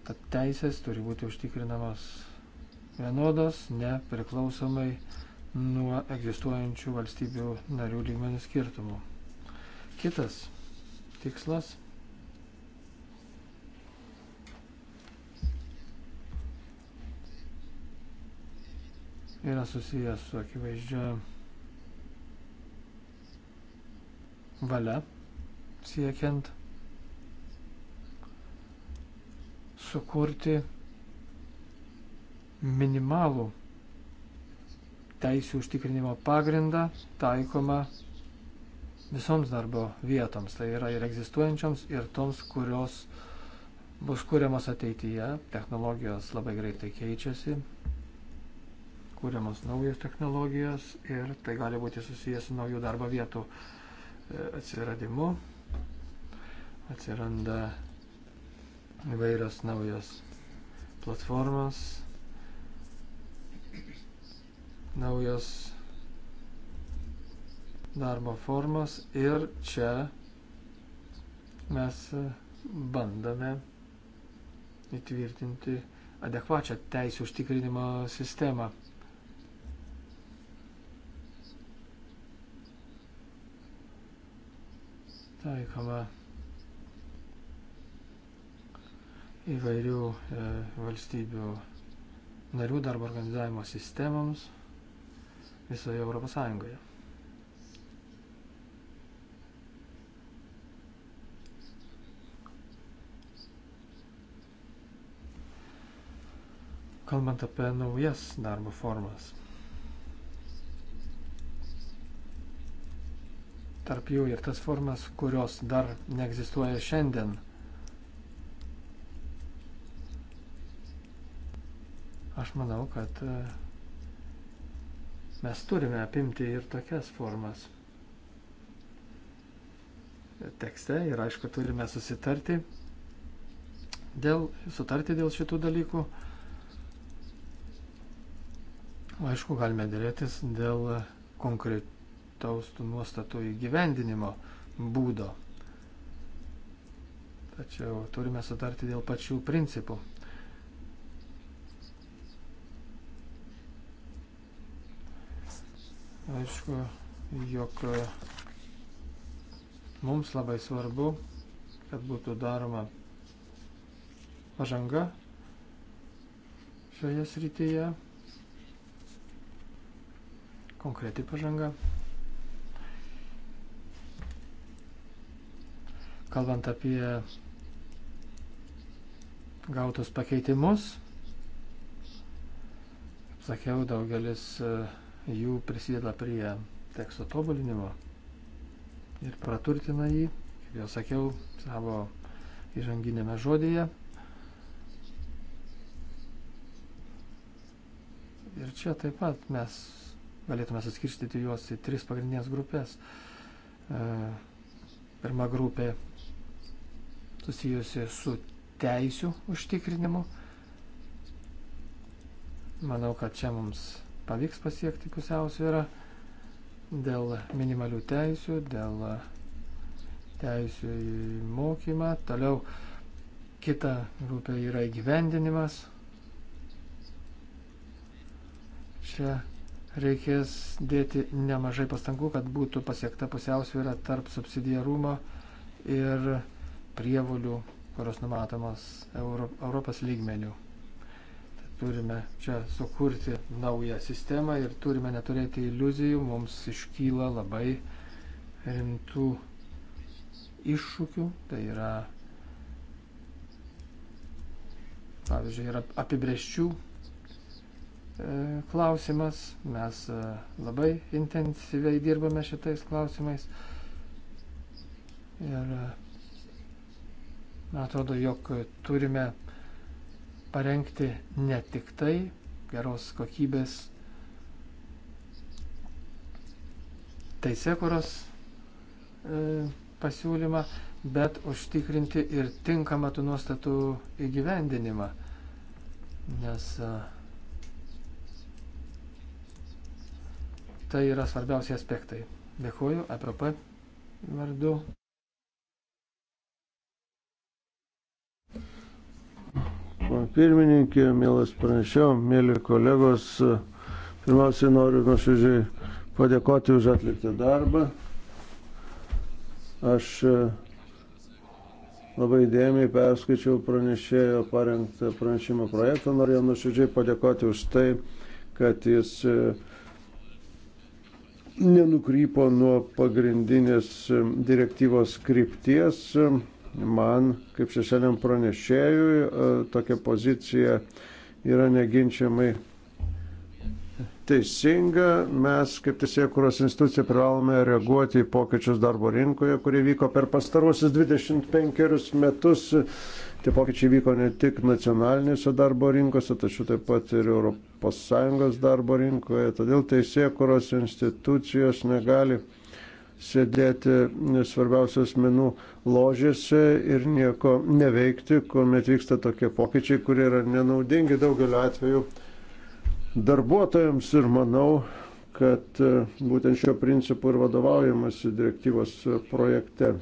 Tad teisės turi būti užtikrinamos vienodos, nepriklausomai nuo egzistuojančių valstybių narių lygmenių skirtumų. Kitas tikslas yra susijęs su akivaizdžia valia siekiant sukurti minimalų teisų užtikrinimo pagrindą taikoma visoms darbo vietoms, tai yra ir egzistuojančioms, ir toms, kurios bus kuriamos ateityje. Technologijos labai greitai keičiasi, kūriamas naujas technologijos ir tai gali būti susijęs su naujų darbo vietų e, atsiradimu. Atsiranda įvairios naujos platformos, naujos darbo formos ir čia mes bandome įtvirtinti adekvačią teisų užtikrinimo sistemą. taikoma įvairių e, valstybių narių darbo organizavimo sistemoms visoje Europos Sąjungoje. Kalbant apie naujas darbo formas. tarp jų ir tas formas, kurios dar neegzistuoja šiandien. Aš manau, kad e, mes turime apimti ir tokias formas. Tekste ir aišku, turime susitarti dėl, sutarti dėl šitų dalykų. Aišku, galime dėlėtis dėl konkrečių taustų nuostatų įgyvendinimo būdo. Tačiau turime sutarti dėl pačių principų. Aišku, jog mums labai svarbu, kad būtų daroma pažanga šioje srityje, konkreti pažanga. kalbant apie gautus pakeitimus, sakiau, daugelis e, jų prisideda prie teksto tobulinimo ir praturtina jį, kaip jau sakiau, savo įžanginėme žodėje. Ir čia taip pat mes galėtume suskirstyti juos į tris pagrindinės grupės. E, pirma grupė susijusi su teisų užtikrinimu. Manau, kad čia mums pavyks pasiekti pusiausvyrą dėl minimalių teisių, dėl teisių į mokymą. Toliau kita grupė yra įgyvendinimas. Čia reikės dėti nemažai pastangų, kad būtų pasiekta pusiausvyrą tarp subsidiarumo ir prievolių, kurios numatomos Euro, Europos lygmenių. Tad turime čia sukurti naują sistemą ir turime neturėti iliuzijų, mums iškyla labai rimtų iššūkių, tai yra, pavyzdžiui, yra apibrėžčių e, klausimas, mes e, labai intensyviai dirbame šitais klausimais. Ir e, Man atrodo, jog turime parengti ne tik tai geros kokybės teisėkuros e, pasiūlymą, bet užtikrinti ir tinkamą tų nuostatų įgyvendinimą. Nes e, tai yra svarbiausi aspektai. Dėkuoju, APP vardu. Pana pirmininkė, mielas pranešiau, mėly kolegos, pirmiausiai noriu nuoširdžiai padėkoti už atliktą darbą. Aš e, labai dėmiai perskaičiau pranešėjo parengtą pranešimo projektą, noriu jam nuoširdžiai padėkoti už tai, kad jis e, nenukrypo nuo pagrindinės e, direktyvos krypties man, kaip šešėliam pranešėjui, e, tokia pozicija yra neginčiamai teisinga. Mes, kaip teisėkuros institucija, privalome reaguoti į pokyčius darbo rinkoje, kurie vyko per pastaruosius 25 metus. Tie pokyčiai vyko ne tik nacionalinėse darbo rinkose, tačiau taip pat ir ES darbo rinkoje. Todėl teisėkuros institucijos negali sėdėti svarbiausios menų ložėse ir nieko neveikti, kuomet vyksta tokie pokyčiai, kurie yra nenaudingi daugeliu atveju darbuotojams ir manau, kad e, būtent šio principu ir vadovaujamas direktyvos projekte.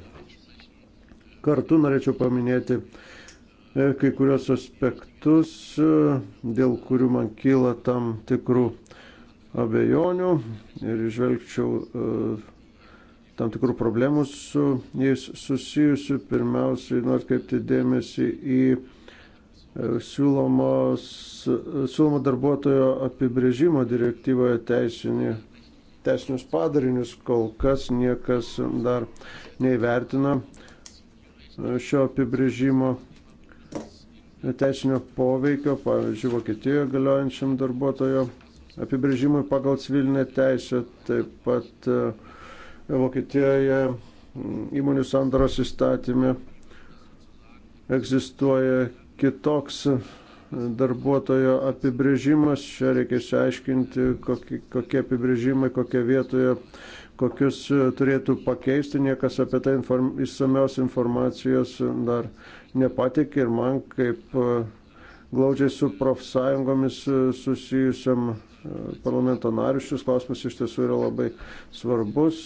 Kartu norėčiau paminėti e, kai kurios aspektus, e, dėl kurių man kyla tam tikrų abejonių ir išvelgčiau tam tikrų problemų su jais susijusių. Pirmiausiai noriu kreipti dėmesį į e, siūlomos, siūlomo darbuotojo apibrėžimo direktyvoje teisinį, teisinius padarinius. Kol kas niekas dar neįvertina e, šio apibrėžimo teisinio poveikio, pavyzdžiui, Vokietijoje galiojančiam darbuotojo apibrėžimui pagal civilinę teisę, taip pat uh, Vokietijoje mm, įmonių sandaros įstatymė egzistuoja kitoks darbuotojo apibrėžimas. Čia reikia išsiaiškinti, kokie, kokie apibrėžimai, kokie vietoje, kokius turėtų pakeisti. Niekas apie tai inform, išsamios informacijos dar nepatikė ir man kaip glaudžiai su profsąjungomis susijusiam parlamento narius. Šis klausimas iš tiesų yra labai svarbus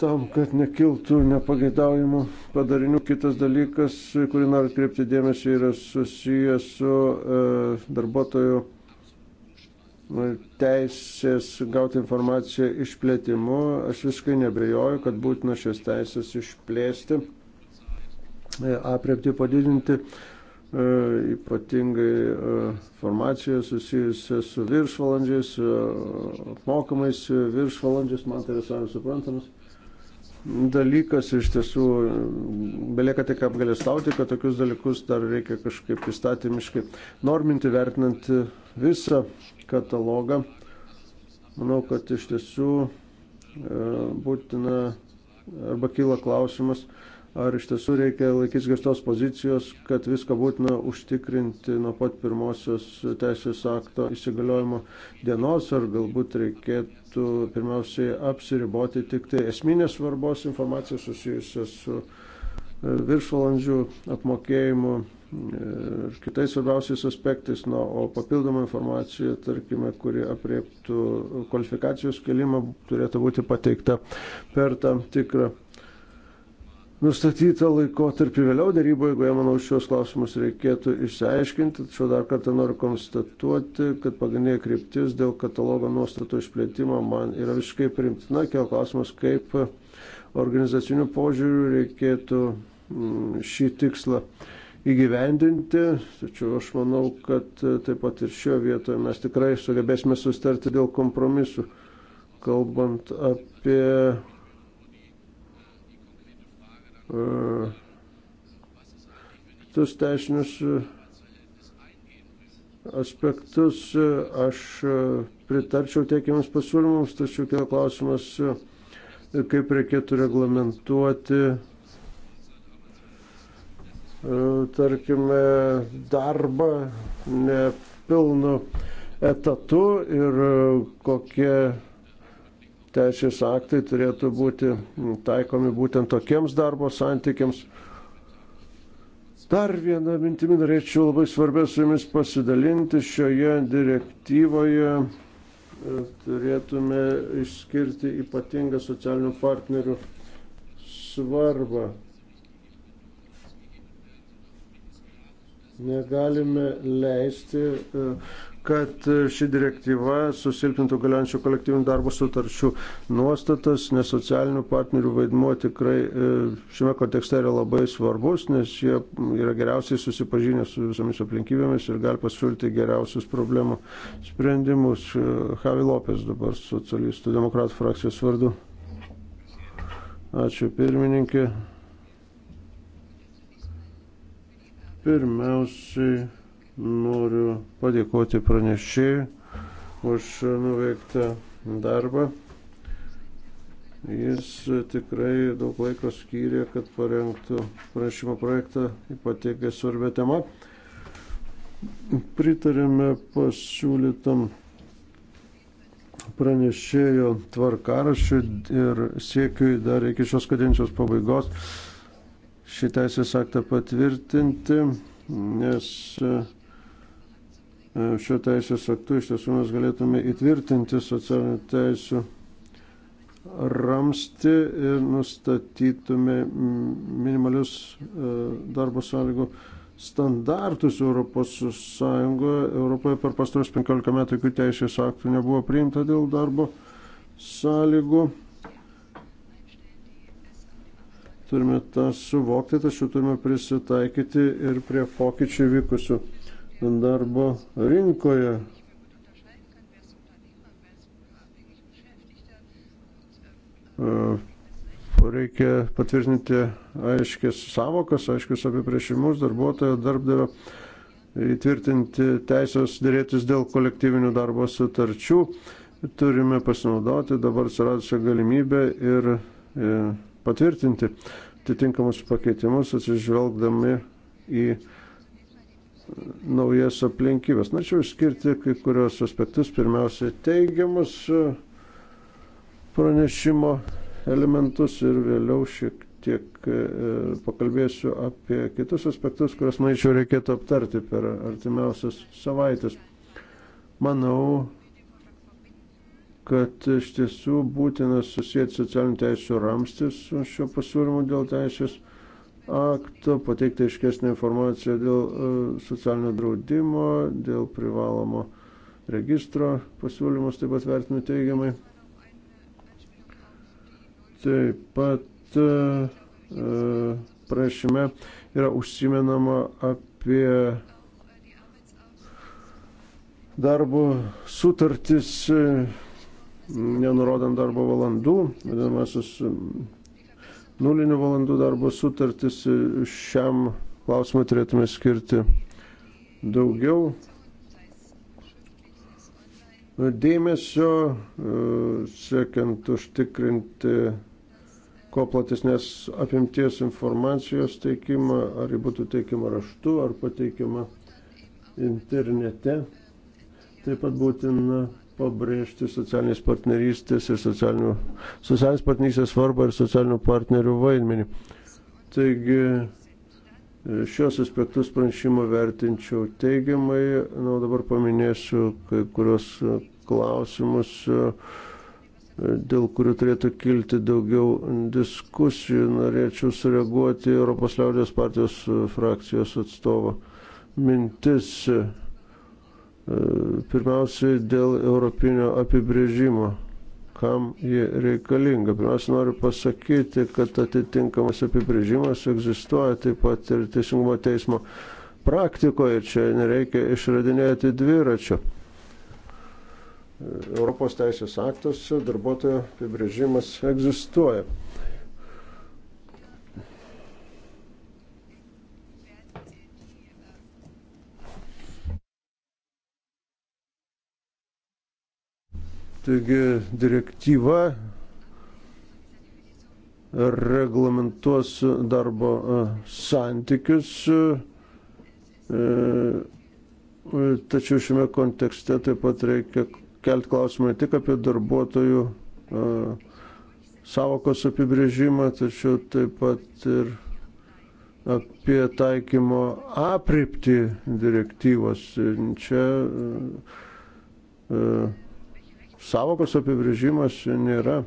tam, kad nekiltų nepageidaujimų padarinių. Kitas dalykas, kurį noriu kreipti dėmesį, yra susijęs su e, darbuotojų e, teisės gauti informaciją išplėtimu. Aš visiškai nebejoju, kad būtina šias teisės išplėsti, e, apriepti, padidinti. E, E, ypatingai e, formaciją susijusią su viršvalandžiais, e, apmokamais viršvalandžiais, man tai yra savai suprantamas dalykas. Iš tiesų, belieka tik apgalėstauti, kad tokius dalykus dar reikia kažkaip įstatymiškai norminti, vertinant visą katalogą. Manau, kad iš tiesų būtina arba kyla klausimas, ar iš tiesų reikia laikytis griežtos pozicijos, kad viską būtina užtikrinti nuo pat pirmosios teisės akto įsigaliojimo dienos, ar galbūt reikėtų pirmiausiai apsiriboti tik tai esminės svarbos informaciją susijusią su e, viršvalandžių apmokėjimu e, ir kitais svarbiausiais aspektais, na, o papildoma informacija, tarkime, kuri apriektų kvalifikacijos kelimą, turėtų būti pateikta per tam tikrą nustatytą laikotarpį vėliau darybų, jeigu jie, manau, šios klausimus reikėtų išsiaiškinti. Tačiau dar kartą noriu konstatuoti, kad pagrindinė kryptis dėl katalogo nuostatų išplėtimo man yra visiškai primtina. Kėl klausimas, kaip organizacinių požiūrių reikėtų mm, šį tikslą įgyvendinti. Tačiau aš manau, kad e, taip pat ir šio vietoje mes tikrai sugebėsime sustarti dėl kompromisų. Kalbant apie kitus e, teisinius e, aspektus e, aš pritarčiau teikiamams pasiūlymams, tačiau kila klausimas, kaip reikėtų reglamentuoti, tarkime, darbą nepilnu etatu ir kokie teisės aktai turėtų būti taikomi būtent tokiems darbo santykiams. Dar vieną mintimį norėčiau labai svarbę su jumis pasidalinti. Šioje direktyvoje e, turėtume išskirti ypatingą socialinių partnerių svarbą. Negalime leisti uh, kad ši direktyva susilpintų galiojančių kolektyvinių darbo sutarčių nuostatas, nes socialinių partnerių vaidmuo tikrai e, šiame kontekste yra labai svarbus, nes jie yra geriausiai susipažinę su visomis aplinkybėmis ir gali pasiūlyti geriausius problemų sprendimus. E, Javi Lopes dabar socialistų demokratų frakcijos vardu. Ačiū pirmininkė. Pirmiausiai Noriu padėkoti pranešėjui už nuveiktą darbą. Jis tikrai daug laiko skyrė, kad parengtų pranešimo projektą ypatingai svarbia tema. Pritarėme pasiūlytam pranešėjo tvarkarašiu ir siekiui dar iki šios kadencijos pabaigos šį teisės aktą patvirtinti, nes E, šio teisės aktu iš tiesų mes galėtume įtvirtinti socialinių teisų ramsti ir nustatytume minimalius e, darbo sąlygų standartus Europos Sąjungoje. Europoje per pastarus 15 metų jokių teisės aktų nebuvo priimta dėl darbo sąlygų. Turime tą suvokti, tačiau turime prisitaikyti ir prie pokyčių vykusių darbo rinkoje. E, reikia patvirtinti aiškis savokas, aiškius apipriešimus darbuotojo darbdavio, įtvirtinti teisės dėrėtis dėl kolektyvinių darbo sutarčių. Turime pasinaudoti dabar atsiradusią galimybę ir e, patvirtinti atitinkamus pakeitimus atsižvelgdami į naujas aplinkybės. Norėčiau išskirti kai kurios aspektus, pirmiausia, teigiamus e, pranešimo elementus ir vėliau šiek tiek e, pakalbėsiu apie kitus aspektus, kuriuos, manyčiau, reikėtų aptarti per artimiausias savaitės. Manau, kad iš tiesų būtina susijęti socialinių teisų ramstis su šiuo pasiūlymu dėl teisės akto, pateikti aiškesnį informaciją dėl e, socialinio draudimo, dėl privalomo registro pasiūlymus taip pat vertinu teigiamai. Taip pat e, e, prašyme yra užsimenama apie darbo sutartis, nenurodant darbo valandų, vadinamasis nulinių valandų darbo sutartis šiam klausimui turėtume skirti daugiau dėmesio, siekiant užtikrinti kuo platesnės apimties informacijos teikimą, ar ji būtų teikiama raštu, ar pateikiama internete. Taip pat būtina pabrėžti socialinės partnerystės ir socialinių, socialinės partnerystės svarbą ir socialinių partnerių vaidmenį. Taigi e, šios aspektus pranešimo vertinčiau teigiamai, na dabar paminėsiu kai kurios e, klausimus, e, dėl kurių turėtų kilti daugiau diskusijų. Norėčiau sureaguoti Europos liaudės partijos frakcijos atstovo mintis E, Pirmiausiai dėl europinio apibrėžimo, kam ji reikalinga. Pirmiausia, noriu pasakyti, kad atitinkamas apibrėžimas egzistuoja taip pat ir teisingumo teismo praktikoje, čia nereikia išradinėti dviračio. E, Europos teisės aktuose darbuotojo apibrėžimas egzistuoja. Taigi direktyva reglamentuos darbo e, santykius, e, e, tačiau šiame kontekste taip pat reikia kelti klausimą ne tik apie darbuotojų savokos apibrėžimą, tačiau taip pat ir apie taikymo apripti direktyvos. Čia savokos apibrėžimas nėra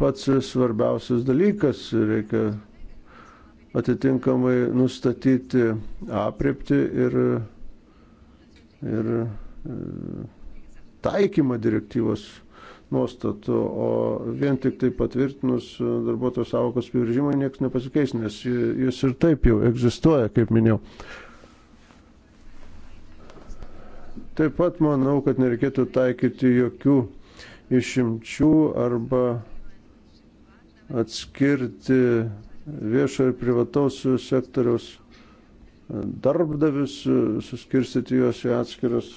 pats svarbiausias dalykas. Reikia atitinkamai nustatyti apriepti ir, ir taikymą direktyvos nuostatų, o vien tik tai patvirtinus darbuotojų savokos apibrėžimą niekas nepasikeis, nes jis ir taip jau egzistuoja, kaip minėjau. Taip pat manau, kad nereikėtų taikyti jokių išimčių arba atskirti viešo ir privataus sektoriaus darbdavius, suskirstyti juos į atskiras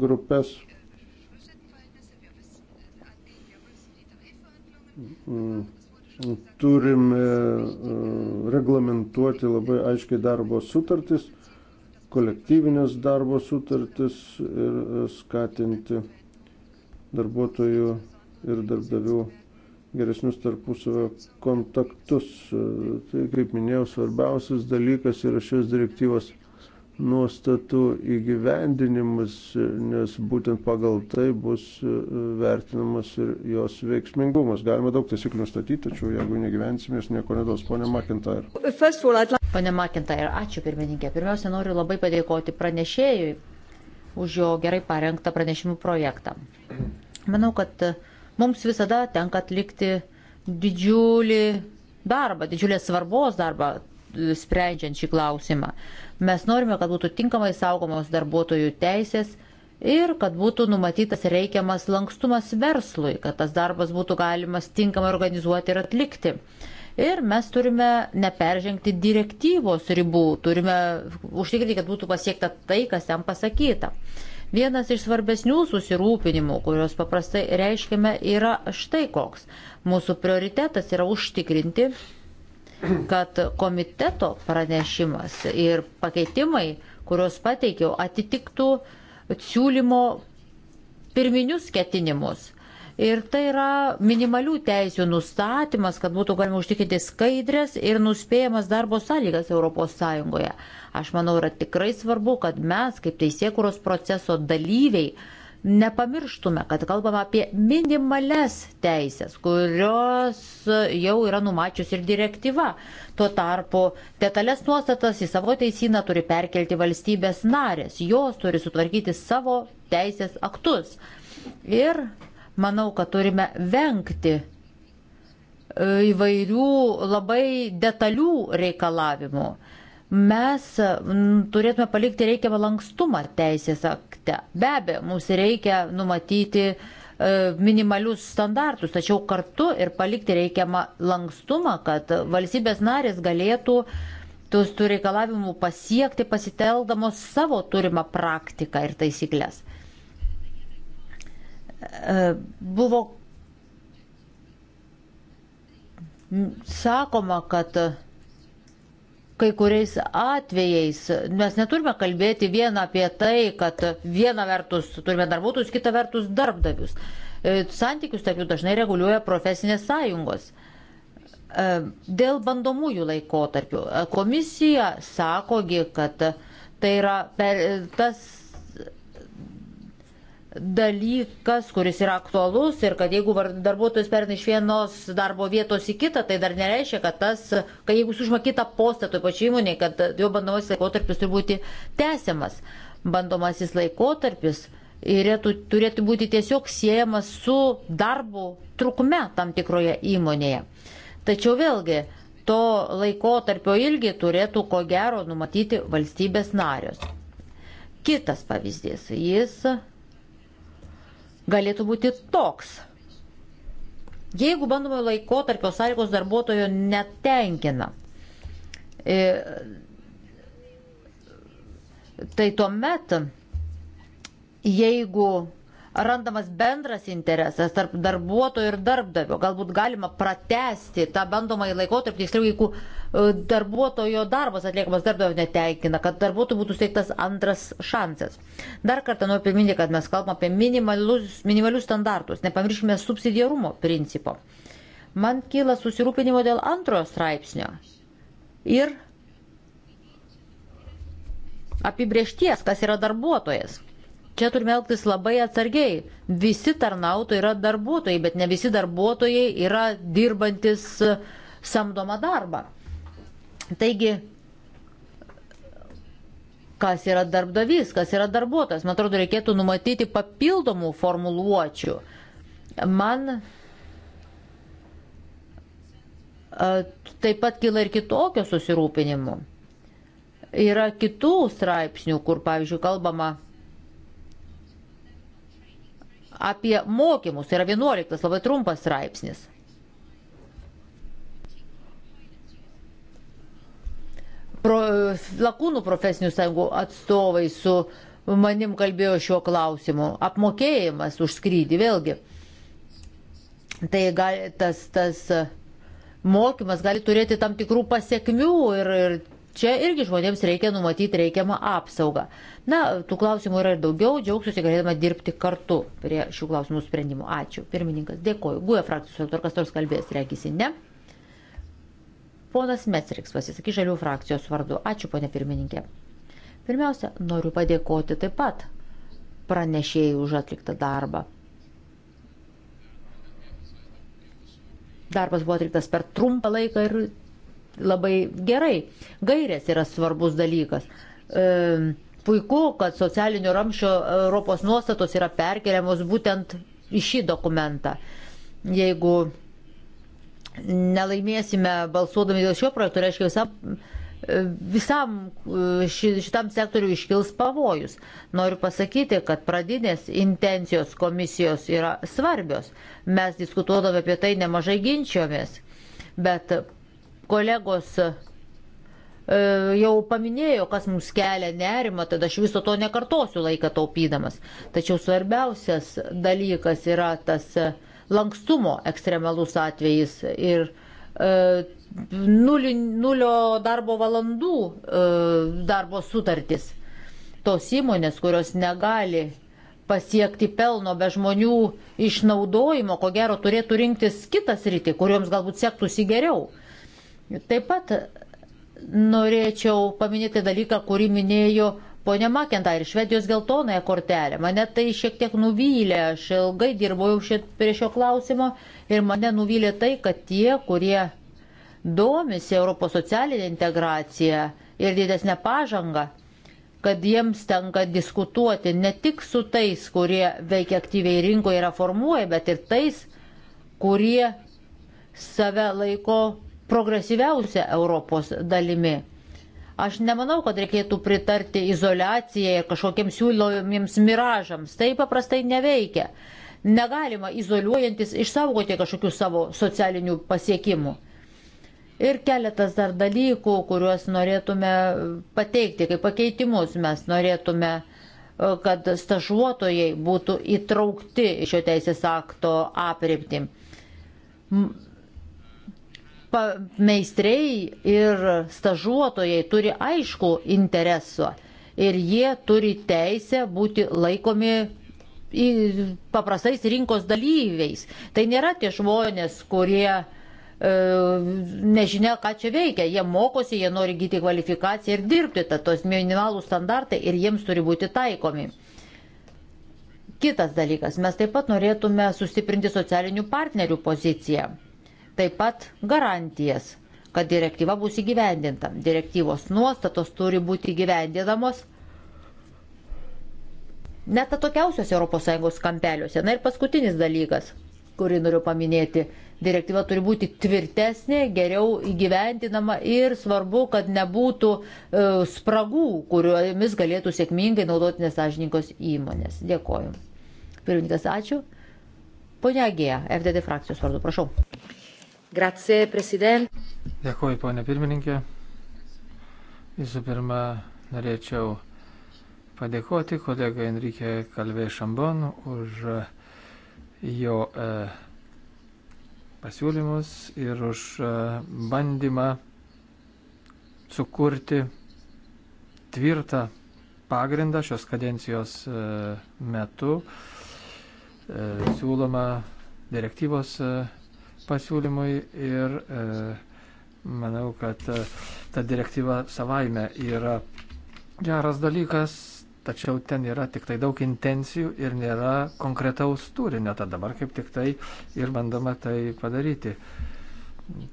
grupės. Turime e, reglamentuoti labai aiškiai darbo sutartis kolektyvinės darbo sutartis ir e, skatinti darbuotojų ir darbdavių geresnius tarpusavio kontaktus. E, tai, kaip minėjau, svarbiausias dalykas yra šios direktyvos nuostatų įgyvendinimas, nes būtent pagal tai bus e, vertinamas ir jos veiksmingumas. Galima daug taisyklių nustatyti, tačiau jeigu negyvensime, jis nieko nedos. Pone Makintair. Pone Makintair, ačiū pirmininkė. Pirmiausia, noriu labai padėkoti pranešėjui už jo gerai parengtą pranešimų projektą. Manau, kad e, mums visada tenka atlikti didžiulį darbą, didžiulės svarbos darbą sprendžiant šį klausimą. Mes norime, kad būtų tinkamai saugomos darbuotojų teisės ir kad būtų numatytas reikiamas lankstumas verslui, kad tas darbas būtų galimas tinkamai organizuoti ir atlikti. Ir mes turime neperžengti direktyvos ribų, turime užtikrinti, kad būtų pasiekta tai, kas ten pasakyta. Vienas iš svarbesnių susirūpinimų, kuriuos paprastai reiškiame, yra štai koks. Mūsų prioritetas yra užtikrinti, kad komiteto pranešimas ir pakeitimai, kuriuos pateikiau, atitiktų siūlymo pirminius ketinimus. Ir tai yra minimalių teisių nustatymas, kad būtų galima užtikrinti skaidrės ir nuspėjamas darbo sąlygas ES. Aš manau, yra tikrai svarbu, kad mes, kaip teisėkuros proceso dalyviai, nepamirštume, kad kalbame apie minimales teisės, kurios jau yra numačius ir direktyva. Tuo tarpu detalės nuostatas į savo teisiną turi perkelti valstybės narės, jos turi sutvarkyti savo teisės aktus. Ir manau, kad turime vengti e, įvairių labai detalių reikalavimų mes turėtume palikti reikiamą lankstumą teisės akte. Be abejo, mums reikia numatyti e, minimalius standartus, tačiau kartu ir palikti reikiamą lankstumą, kad valstybės narės galėtų tų tu reikalavimų pasiekti pasitelkdamos savo turimą praktiką ir taisyklės. E, buvo sakoma, kad kai kuriais atvejais mes neturime kalbėti vieną apie tai, kad viena vertus turime darbuotojus, kita vertus darbdavius. E, santykius tarp jų dažnai reguliuoja profesinės sąjungos. E, dėl bandomųjų laikotarpių e, komisija sakogi, kad tai yra per, tas dalykas, kuris yra aktualus ir kad jeigu darbuotojas perina iš vienos darbo vietos į kitą, tai dar nereiškia, kad tas, kad jeigu užima kitą postą toj pačiai įmoniai, kad jo bandomasis laikotarpis turi būti tęsiamas. Bandomasis laikotarpis turėtų būti tiesiog siejamas su darbo trukme tam tikroje įmonėje. Tačiau vėlgi, to laiko tarpio ilgį turėtų ko gero numatyti valstybės narios. Kitas pavyzdys. Jis galėtų būti toks. Jeigu bandomojo laiko tarpio sąlygos darbuotojo netenkina, e, tai tuomet, jeigu randamas bendras interesas tarp darbuotojo ir darbdavio. Galbūt galima pratesti tą bandomąjį laikotarpį, tiksliau, jeigu e, darbuotojo darbas atliekamas darbdavio neteikina, kad darbuotojui būtų steigtas antras šansas. Dar kartą noriu priminti, kad mes kalbam apie minimalius, minimalius standartus, nepamirškime subsidiarumo principo. Man kyla susirūpinimo dėl antrojo straipsnio ir apibriešties, kas yra darbuotojas Čia turime elgtis labai atsargiai. Visi tarnautojai yra darbuotojai, bet ne visi darbuotojai yra dirbantis e, samdomą darbą. Taigi, kas yra darbdavys, kas yra darbuotojas, man atrodo, reikėtų numatyti papildomų formuluočių. Man e, taip pat kyla ir kitokio susirūpinimo. Yra kitų straipsnių, kur, pavyzdžiui, kalbama apie mokymus. Tai yra 11, labai trumpas straipsnis. Pro, lakūnų profesinių sąjungų atstovai su manim kalbėjo šiuo klausimu. Apmokėjimas už skrydį vėlgi. Tai gali, tas, tas mokymas gali turėti tam tikrų pasiekmių ir, ir čia irgi žmonėms reikia numatyti reikiamą apsaugą. Na, tų klausimų yra ir daugiau, džiaugsiuosi galėdama dirbti kartu prie šių klausimų sprendimų. Ačiū. Pirmininkas, dėkoju. Guja frakcijos autorkas nors kalbės, reikisi ne. Ponas Metriks pasisakys žalių frakcijos vardu. Ačiū, ponė pirmininkė. Pirmiausia, noriu padėkoti taip pat pranešėjai už atliktą darbą. Darbas buvo atliktas per trumpą laiką ir labai gerai. Gairės yra svarbus dalykas. E, puiku, kad socialinio ramšio Europos nuostatos yra perkeliamos būtent į šį dokumentą. Jeigu nelaimėsime balsuodami dėl šio projekto, reiškia visą visam e, e, šitam sektoriu iškils pavojus. Noriu pasakyti, kad pradinės intencijos komisijos yra svarbios. Mes diskutuodavome apie tai nemažai ginčiomės, bet Kolegos e, jau paminėjo, kas mums kelia nerimą, tad aš viso to nekartosiu laiką taupydamas. Tačiau svarbiausias dalykas yra tas e, lankstumo ekstremalus atvejis ir e, nulio, nulio darbo valandų darbo sutartis. Tos įmonės, kurios negali pasiekti pelno be žmonių išnaudojimo, ko gero turėtų rinktis kitas rytį, kuriuoms galbūt sektųsi geriau. Taip pat norėčiau paminėti dalyką, kurį minėjo Pone Makenta ir Švedijos geltonąją kortelę. Mane tai šiek tiek nuvylė, aš ilgai dirbau šit, prie šio klausimo ir mane nuvylė tai, kad tie, kurie domisi Europos socialinė integracija ir didesnė pažanga, kad jiems tenka diskutuoti ne tik su tais, kurie veikia aktyviai rinkoje ir reformuoja, bet ir tais, kurie save laiko progresyviausia Europos dalimi. Aš nemanau, kad reikėtų pritarti izolacijai ir kažkokiems siūlomiems miražams. Tai paprastai neveikia. Negalima izoliuojantis išsaugoti kažkokių savo socialinių pasiekimų. Ir keletas dar dalykų, kuriuos norėtume pateikti kaip pakeitimus. Mes norėtume, e, kad stažuotojai būtų įtraukti šio teisės akto apriepti meistrei ir stažuotojai turi aišku interesą ir jie turi teisę būti laikomi paprastais rinkos dalyviais. Tai nėra tie žmonės, kurie e, nežinia, ką čia veikia. Jie mokosi, jie nori gyti kvalifikaciją ir dirbti, tad tos minimalų standartai ir jiems turi būti taikomi. Kitas dalykas, mes taip pat norėtume sustiprinti socialinių partnerių poziciją taip pat garantijas, kad direktyva bus įgyvendinta. Direktyvos nuostatos turi būti įgyvendinamos net atokiausios ES kampeliuose. Na ir paskutinis dalykas, kurį noriu paminėti. Direktyva turi būti tvirtesnė, geriau įgyvendinama ir svarbu, kad nebūtų e, spragų, kuriomis galėtų sėkmingai naudoti nesažininkos įmonės. Dėkoju. Pirmininkas, ačiū. Pone Agėja, FDD frakcijos vardu, prašau. Grazie, prezident. Dėkuoju, ponė pirmininkė. Visų pirma, norėčiau padėkoti kolegai Enrique Kalvė Šambon už uh, jo e, pasiūlymus ir už uh, bandymą sukurti tvirtą pagrindą šios kadencijos metu siūloma direktyvos pasiūlymui ir e, manau, kad e, ta direktyva savaime yra geras dalykas, tačiau ten yra tik tai daug intencijų ir nėra konkretaus turinio, tad dabar kaip tik tai ir bandoma tai padaryti.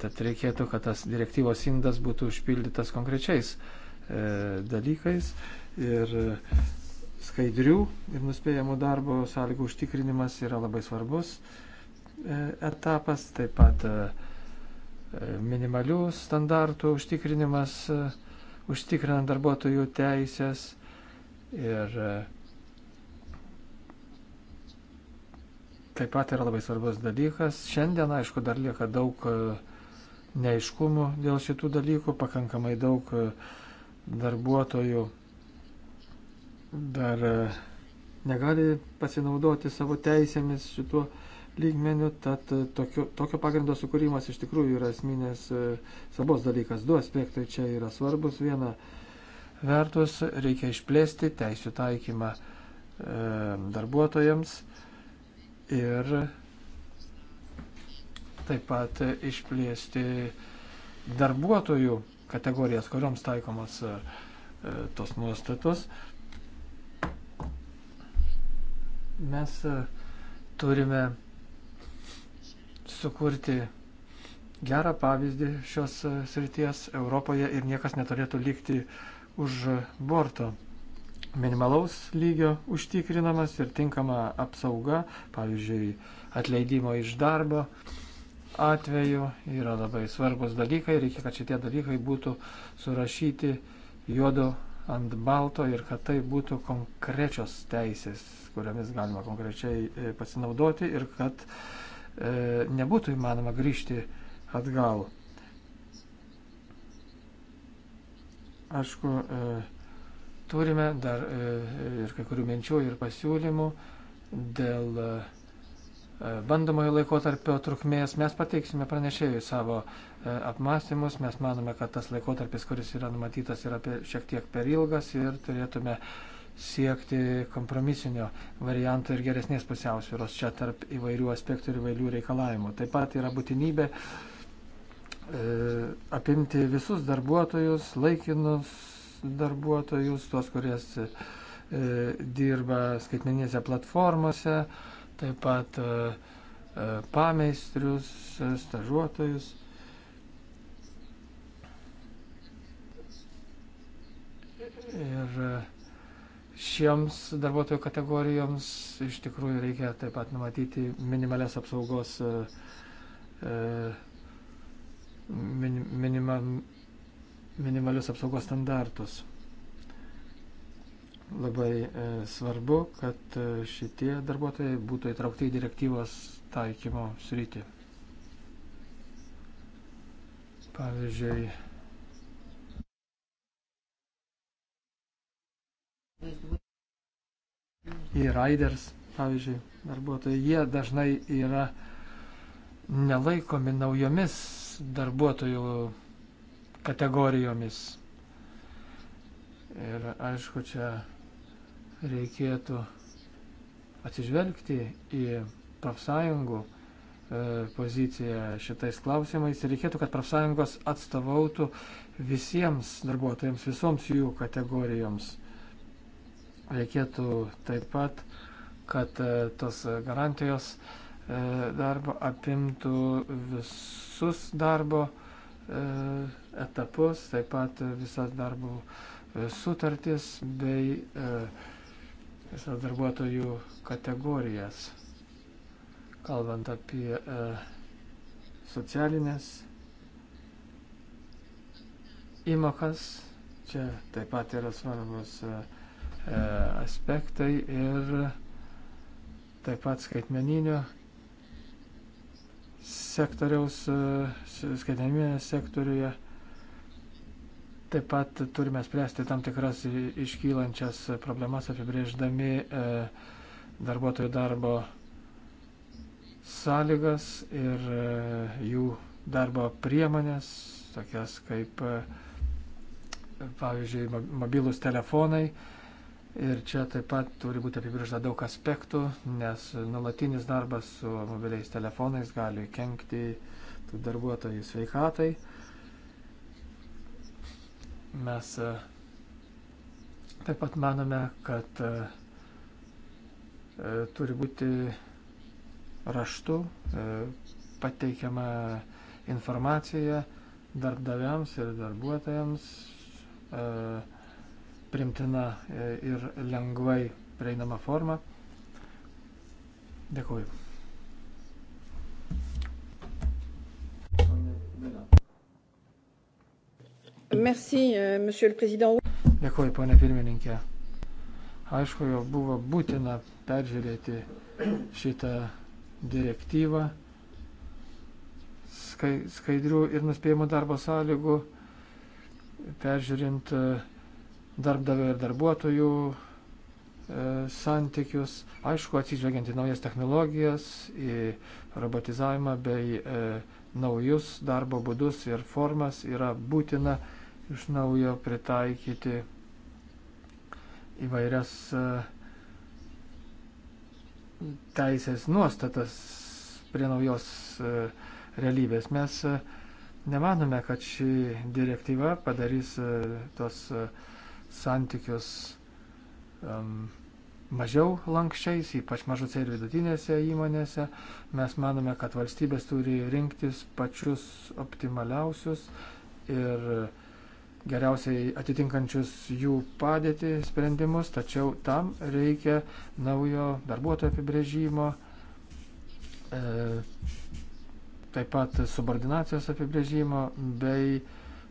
Tad reikėtų, kad tas direktyvos indas būtų užpildytas konkrečiais e, dalykais ir skaidrių ir nuspėjamų darbo sąlygų užtikrinimas yra labai svarbus. E, E, etapas, taip pat e, minimalių standartų užtikrinimas, e, užtikrinant darbuotojų teisės ir taip pat yra labai svarbus dalykas. Šiandien, aišku, dar lieka daug neiškumų dėl šitų dalykų, pakankamai daug darbuotojų dar negali pasinaudoti savo teisėmis šituo lygmenių, tad e, tokio, tokio pagrindo sukūrimas iš tikrųjų yra esminės e, svarbos dalykas. Du aspektai čia yra svarbus. Viena vertus reikia išplėsti teisų taikymą e, darbuotojams ir taip pat išplėsti darbuotojų kategorijas, kuriuoms taikomos e, tos nuostatos. Mes e, turime sukurti gerą pavyzdį šios e, srities Europoje ir niekas neturėtų likti už borto. Minimalaus lygio užtikrinamas ir tinkama apsauga, pavyzdžiui, atleidimo iš darbo atveju yra labai svarbus dalykai, reikia, kad šitie dalykai būtų surašyti juodu ant balto ir kad tai būtų konkrečios teisės, kuriomis galima konkrečiai e, pasinaudoti ir kad e, E, nebūtų įmanoma grįžti atgal. Aišku, e, turime dar e, ir kai kurių minčių ir pasiūlymų dėl bandomojo laikotarpio trukmės. Mes pateiksime pranešėjui savo apmąstymus. Mes manome, kad tas laikotarpis, kuris yra numatytas, yra šiek tiek per ilgas ir turėtume uh, siekti kompromisinio varianto ir geresnės pusiausvėros čia tarp įvairių aspektų ir įvairių reikalavimų. Taip pat yra būtinybė e, apimti visus darbuotojus, laikinus darbuotojus, tuos, kurie e, dirba skaitmeninėse platformose, taip pat e, e pameistrius, e, stažuotojus. Ir e, šiems darbuotojų kategorijoms iš tikrųjų reikia taip pat numatyti minimales apsaugos e, e, minima, minimalius apsaugos standartus. Labai e, svarbu, kad šitie darbuotojai būtų įtraukti į direktyvos taikymo sritį. Pavyzdžiui, į raiders, pavyzdžiui, darbuotojai, jie dažnai yra nelaikomi naujomis darbuotojų kategorijomis. Ir aišku, čia reikėtų atsižvelgti į profsąjungų e, poziciją šitais klausimais ir reikėtų, kad profsąjungos atstovautų visiems darbuotojams, visoms jų kategorijoms. Reikėtų taip pat, kad e, tos garantijos e, darbo apimtų visus darbo e, etapus, taip pat visas darbo sutartis bei visas darbuotojų kategorijas. Kalbant apie socialinės įmokas, čia taip pat yra svarbus uh, E, aspektai ir taip pat skaitmeninio sektoriaus, e, skaitmeninėje sektoriuje. Taip pat turime spręsti tam tikras iškylančias problemas apibrėždami e, darbuotojų darbo sąlygas ir jų darbo priemonės, tokias kaip, pavyzdžiui, mobilūs telefonai, Ir čia taip pat turi būti apibrižta daug aspektų, nes nulatinis darbas su mobiliais telefonais gali kenkti tų darbuotojų sveikatai. Mes e, taip pat manome, kad e, e, turi būti raštu pateikiama informacija darbdaviams ir darbuotojams. E, primtina e, ir lengvai prieinama forma. Dėkuoju. Merci, e, monsieur le président. Dėkuoju, ponė pirmininkė. Aišku, jau buvo būtina peržiūrėti šitą direktyvą skaidrių ir nuspėjimų darbo sąlygų, peržiūrint e, darbdavio ir darbuotojų e, santykius, aišku, atsižvelgiant į naujas technologijas, į robotizavimą bei e, naujus darbo būdus ir formas yra būtina iš naujo pritaikyti įvairias e, teisės nuostatas prie naujos e, realybės. Mes e, nemanome, kad ši direktyva padarys e, tos e, santykius um, mažiau lankščiais, ypač mažose ir vidutinėse įmonėse. Mes manome, kad valstybės turi rinktis pačius optimaliausius ir geriausiai atitinkančius jų padėtį sprendimus, tačiau tam reikia naujo darbuotojo apibrėžimo, e, taip pat subordinacijos apibrėžimo bei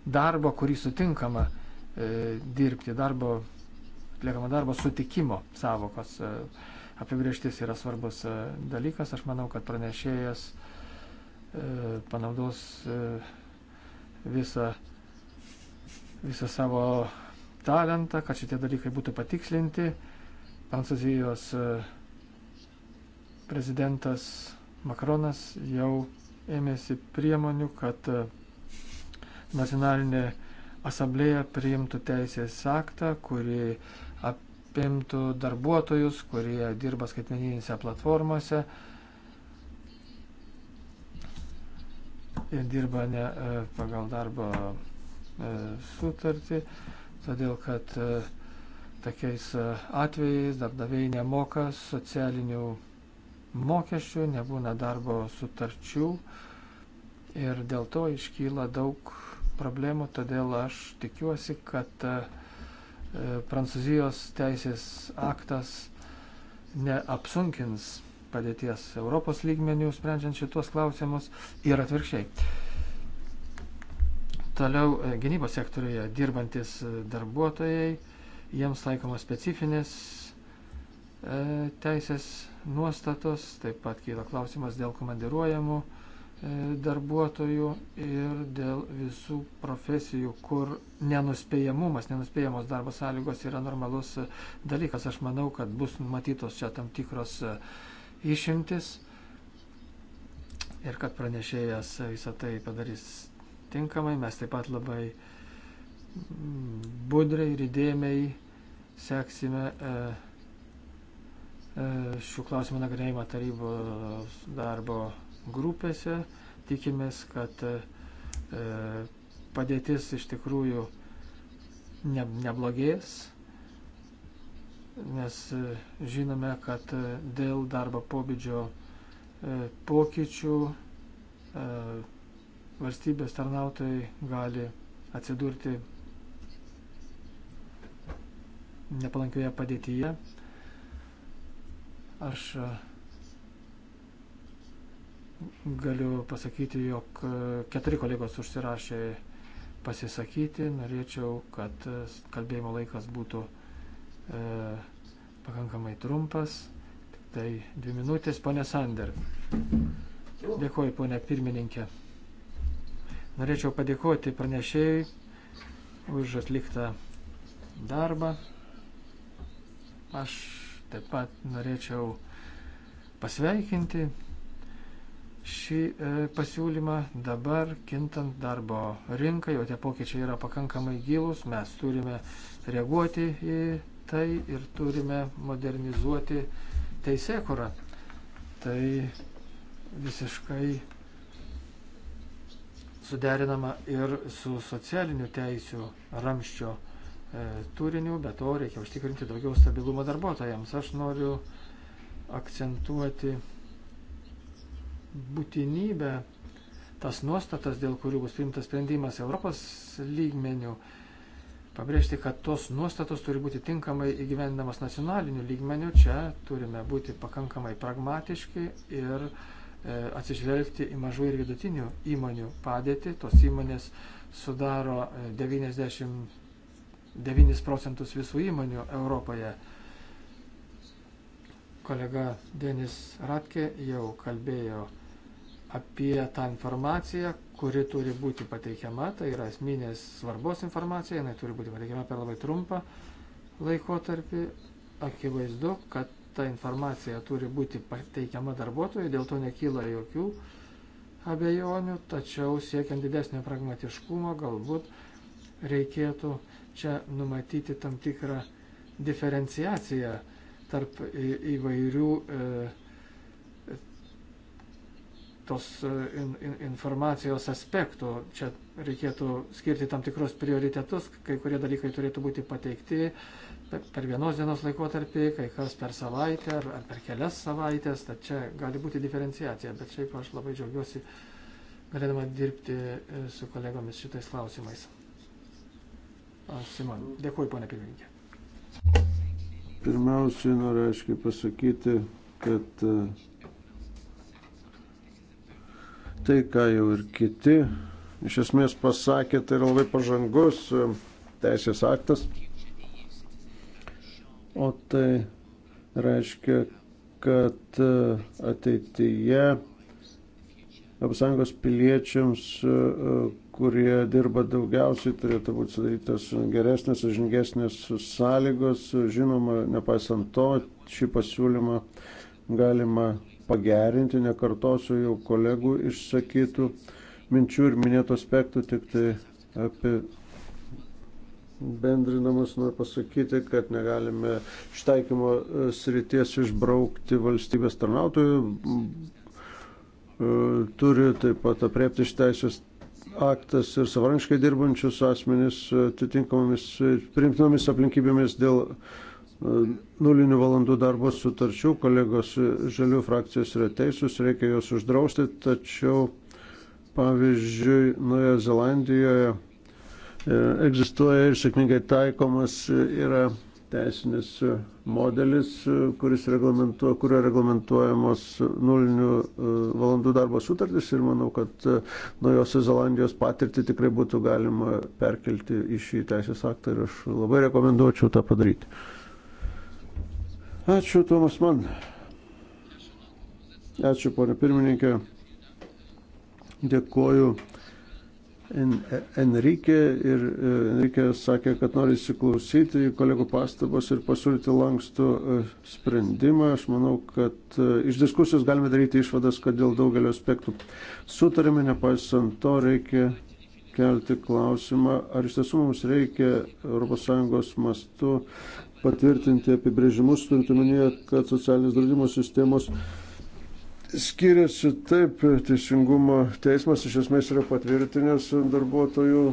darbo, kurį sutinkama E, dirbti darbo, atliekamo darbo sutikimo savokos e, apibrieštis yra svarbus e, dalykas. Aš manau, kad pranešėjas panaudos visą, visą savo talentą, kad šitie dalykai būtų patikslinti. Prancūzijos prezidentas Makronas jau ėmėsi priemonių, kad nacionalinė asamblėja priimtų teisės aktą, kuri apimtų darbuotojus, kurie dirba skaitmeninėse platformose. Ir dirba ne e, pagal darbo e, sutartį, todėl kad e, tokiais atvejais darbdaviai nemoka socialinių mokesčių, nebūna darbo sutarčių ir dėl to iškyla daug problemų, todėl aš tikiuosi, kad e, Prancūzijos teisės aktas neapsunkins padėties Europos lygmenių sprendžiant šitos klausimus ir atvirkščiai. Toliau e, gynybos sektoriuje dirbantis e, darbuotojai, jiems taikomos specifinės teisės nuostatos, taip pat kyla klausimas dėl komandiruojamų E, darbuotojų ir dėl visų profesijų, kur nenuspėjamumas, nenuspėjamos darbo sąlygos yra normalus dalykas. Aš manau, kad bus matytos čia tam tikros e, išimtis ir kad pranešėjas visą tai padarys tinkamai. Mes taip pat labai mm, budriai ir įdėmiai seksime. E, e, šių klausimų nagrinėjimą tarybos darbo grupėse. Tikimės, kad e, padėtis iš tikrųjų ne, neblogės, nes e, žinome, kad e, dėl darbo pobūdžio e, pokyčių e, valstybės tarnautojai gali atsidurti nepalankioje padėtyje. Aš e, galiu pasakyti, jog e, keturi kolegos užsirašė pasisakyti. Norėčiau, kad e, kalbėjimo laikas būtų e, pakankamai trumpas. Tik tai dvi minutės. Pone Sander. Dėkuoju, ponė pirmininkė. Norėčiau padėkoti pranešėjai už atliktą darbą. Aš taip pat norėčiau pasveikinti šį e, pasiūlymą dabar, kintant darbo rinkai, o tie pokyčiai yra pakankamai gilus, mes turime reaguoti į tai ir turime modernizuoti teisėkurą. Tai visiškai suderinama ir su socialiniu teisių ramščio e, turiniu, bet to reikia užtikrinti daugiau stabilumo darbuotojams. Aš noriu akcentuoti būtinybę tas nuostatas, dėl kurių bus priimtas sprendimas Europos lygmenių, pabrėžti, kad tos nuostatos turi būti tinkamai įgyvendinamas nacionaliniu lygmeniu. Čia turime būti pakankamai pragmatiški ir e, atsižvelgti į mažų ir vidutinių įmonių padėtį. Tos įmonės sudaro 99 e, procentus visų įmonių Europoje. Kolega Denis Ratke jau kalbėjo apie tą informaciją, kuri turi būti pateikiama, tai yra asmenės svarbos informacija, jinai turi būti pateikiama per labai trumpą laikotarpį. Akivaizdu, kad ta informacija turi būti pateikiama darbuotojui, dėl to nekyla jokių abejonių, tačiau siekiant didesnio pragmatiškumo galbūt reikėtų čia numatyti tam tikrą diferenciaciją tarp įvairių e, tos e, in, in, informacijos aspektų. Čia reikėtų skirti tam tikrus prioritetus, kai kurie dalykai turėtų būti pateikti per vienos dienos laikotarpį, kai kas per savaitę ar, ar per kelias savaitės, tad čia gali būti diferenciacija, bet šiaip aš labai džiaugiuosi galėdama dirbti e, su kolegomis šitais klausimais. Simon, dėkuoju, ponė pirmininkė. Pirmiausiai noriu aiškiai pasakyti, kad uh, Tai, ką jau ir kiti iš esmės pasakė, tai yra labai pažangus e, teisės aktas. O tai reiškia, kad e, ateityje apsangos piliečiams, e, kurie dirba daugiausiai, turėtų būti sudarytas geresnės, žingesnės sąlygos. Žinoma, nepaisant to, šį pasiūlymą galima pagerinti, nekartosiu jau kolegų išsakytų minčių ir minėtų aspektų, tik tai apie bendrinamas noriu pasakyti, kad negalime ištaikymo e, srities išbraukti valstybės tarnautojų. E, turi taip pat apriepti iš teisės aktas ir savarankiškai dirbančius asmenys e, atitinkamomis priimtinomis aplinkybėmis dėl uh, nulinių valandų darbo sutarčių. Kolegos žalių frakcijos yra teisūs, reikia juos uždrausti, tačiau pavyzdžiui, Nuojo Zelandijoje e, egzistuoja ir sėkmingai taikomas e, yra teisinis modelis, e, kuris reglamentuoja, kurio reglamentuojamos nulinių valandų darbo sutartys ir manau, kad Naujosios Zelandijos patirtį tikrai būtų galima perkelti į šį teisės aktą ir aš labai rekomenduočiau tą padaryti. Ačiū, Tomas Man. Ačiū, ponė pirmininkė. Dėkuoju Enrique ir e, Enrique sakė, kad nori įsiklausyti į kolegų pastabas ir pasiūlyti lankstų e, sprendimą. Aš manau, kad e, iš diskusijos galime daryti išvadas, kad dėl daugelio aspektų sutarėme, nepaisant to reikia kelti klausimą, ar iš tiesų mums reikia ES mastu patvirtinti apibrėžimus, turint omenyje, kad socialinės draudimo sistemos skiriasi taip, teisingumo teismas iš esmės yra patvirtinęs darbuotojų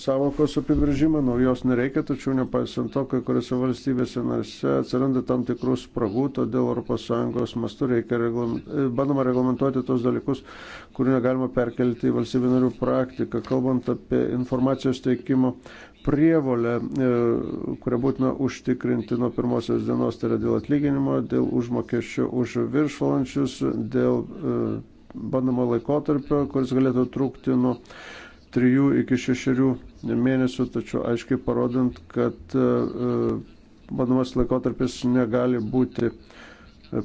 savokos apibrėžimą, naujos nereikia, tačiau nepaisant to, kai kuriuose valstybėse narse atsiranda tam tikrus spragų, todėl ES mastu reikia reglament, bandoma reglamentuoti tos dalykus, kurių negalima perkelti į valstybių narių praktiką, kalbant apie informacijos teikimo prievolę, e, kurią būtina užtikrinti nuo pirmosios dienos, tai yra dėl atlyginimo, dėl užmokesčio už viršvalandžius, dėl e, bandamo laikotarpio, kuris galėtų trūkti nuo 3 iki 6 mėnesių, tačiau aiškiai parodant, kad e, bandomas laikotarpis negali būti uh,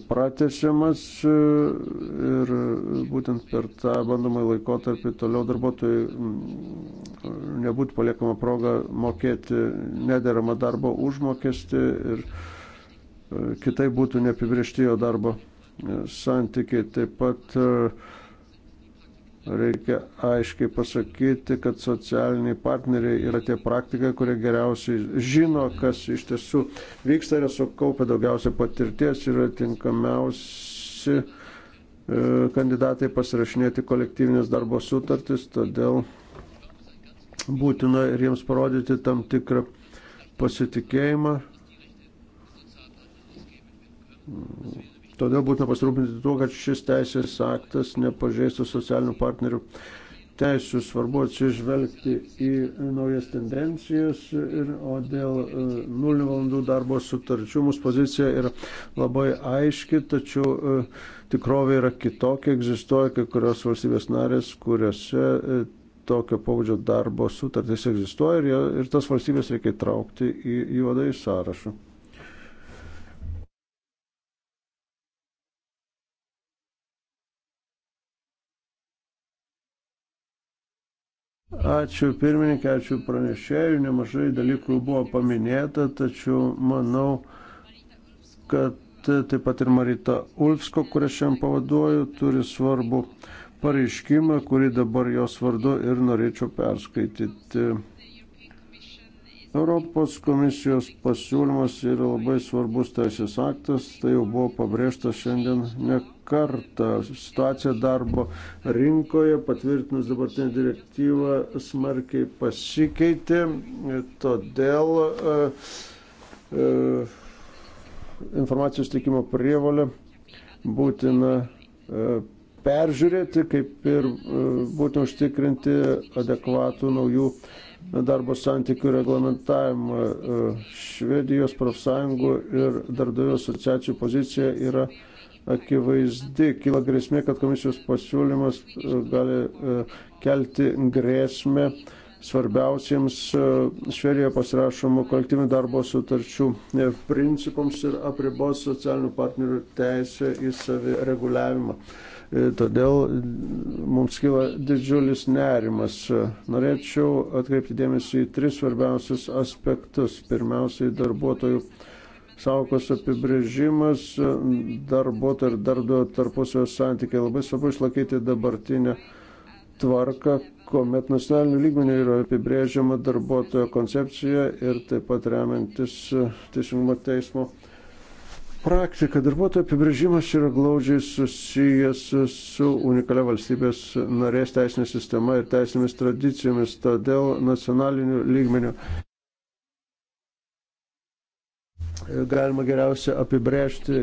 pratesiamas e, ir būtent per tą bandomąjį laikotarpį toliau darbuotojai mm, nebūtų paliekama proga mokėti nederamą darbo užmokestį ir e, kitai būtų neapibriežti jo darbo e, santykiai. Taip pat Reikia aiškiai pasakyti, kad socialiniai partneriai yra tie praktikai, kurie geriausiai žino, kas iš tiesų vyksta, yra sukaupę daugiausia patirties, yra tinkamiausi e, kandidatai pasirašinėti kolektyvinės darbo sutartis, todėl būtina ir jiems parodyti tam tikrą pasitikėjimą Todėl būtina pasirūpinti tuo, kad šis teisės aktas nepažeistų socialinių partnerių teisų. Svarbu atsižvelgti į naujas tendencijas, ir, o dėl e, nulinio valandų darbo sutarčių mūsų pozicija yra labai aiški, tačiau e, tikrovė yra kitokia, egzistuoja kai kurios valstybės narės, kuriuose e, tokio pobūdžio darbo sutartys egzistuoja ir, ir tas valstybės reikia traukti į juodąjį sąrašą. Ačiū pirmininkė, ačiū pranešėjų, nemažai dalykų buvo paminėta, tačiau manau, kad taip pat ir Marita Ulfsko, kurią šiandien pavaduoju, turi svarbu pareiškimą, kurį dabar jos vardu ir norėčiau perskaityti. Europos komisijos pasiūlymas yra labai svarbus teisės aktas, tai jau buvo pabrėžta šiandien ne kartą. Situacija darbo rinkoje patvirtinus dabartinę direktyvą smarkiai pasikeitė, todėl e, e, informacijos teikimo prievalė būtina e, peržiūrėti, kaip ir e, būtina užtikrinti adekvatų naujų darbo santykių reglamentavimą. E, Švedijos profsąjungų ir darbdavių asociacijų pozicija yra akivaizdi. Kila grėsmė, kad komisijos pasiūlymas e, gali e, kelti grėsmę svarbiausiems Švedijoje pasirašomų kolektyvinių darbo sutarčių principams ir apribos socialinių partnerių teisę į savireguliavimą. Todėl mums kyla didžiulis nerimas. Norėčiau atkreipti dėmesį į tris svarbiausius aspektus. Pirmiausiai darbuotojų saukos apibrėžimas, darbuotojų ir darbdavio tarpusio santykiai. Labai svarbu išlaikyti dabartinę tvarką, kuomet nacionaliniu lygmeniu yra apibrėžiama darbuotojo koncepcija ir taip pat remiantis teisingumo teismo praktika, darbuotojų apibrėžimas yra glaudžiai susijęs su unikalia valstybės narės teisinė sistema ir teisinėmis tradicijomis, todėl nacionaliniu lygmeniu galima geriausia apibrėžti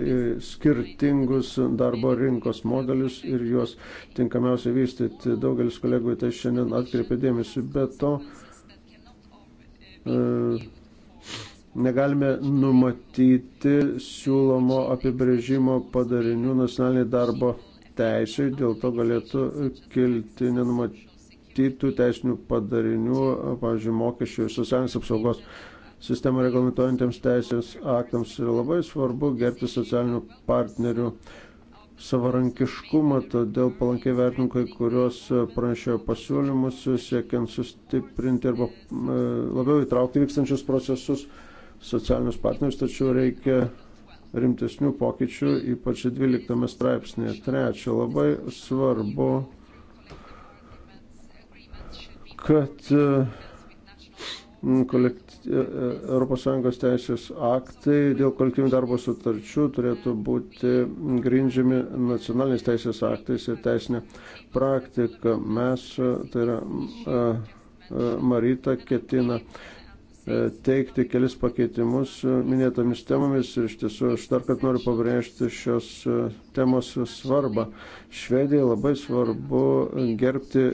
skirtingus darbo rinkos modelius ir juos tinkamiausiai vystyti. Daugelis kolegų tai šiandien atkreipė dėmesį, bet to. E, negalime numatyti siūlomo apibrėžimo padarinių nacionaliniai darbo teisai, dėl to galėtų kilti nenumatytų teisinių padarinių, pavyzdžiui, mokesčių ir socialinės apsaugos sistemą reglamentuojantiems teisės aktams. Ir labai svarbu gerbti socialinių partnerių savarankiškumą, todėl palankiai vertinu kai kurios pranešėjo pasiūlymus, siekiant sustiprinti arba e, labiau įtraukti vykstančius procesus socialinius partnerius, tačiau reikia rimtesnių pokyčių, ypač 12 straipsnėje. Trečia, labai svarbu, kad ES e, e, teisės aktai dėl kolektyvinių darbo sutarčių turėtų būti grindžiami nacionaliniais teisės aktais ir teisinė praktika. Mes, e, tai yra Marita, ketina E, teikti kelis pakeitimus e, minėtomis temomis ir iš tiesų aš dar kartą noriu pabrėžti šios e, temos svarbą. Švedijai labai svarbu gerbti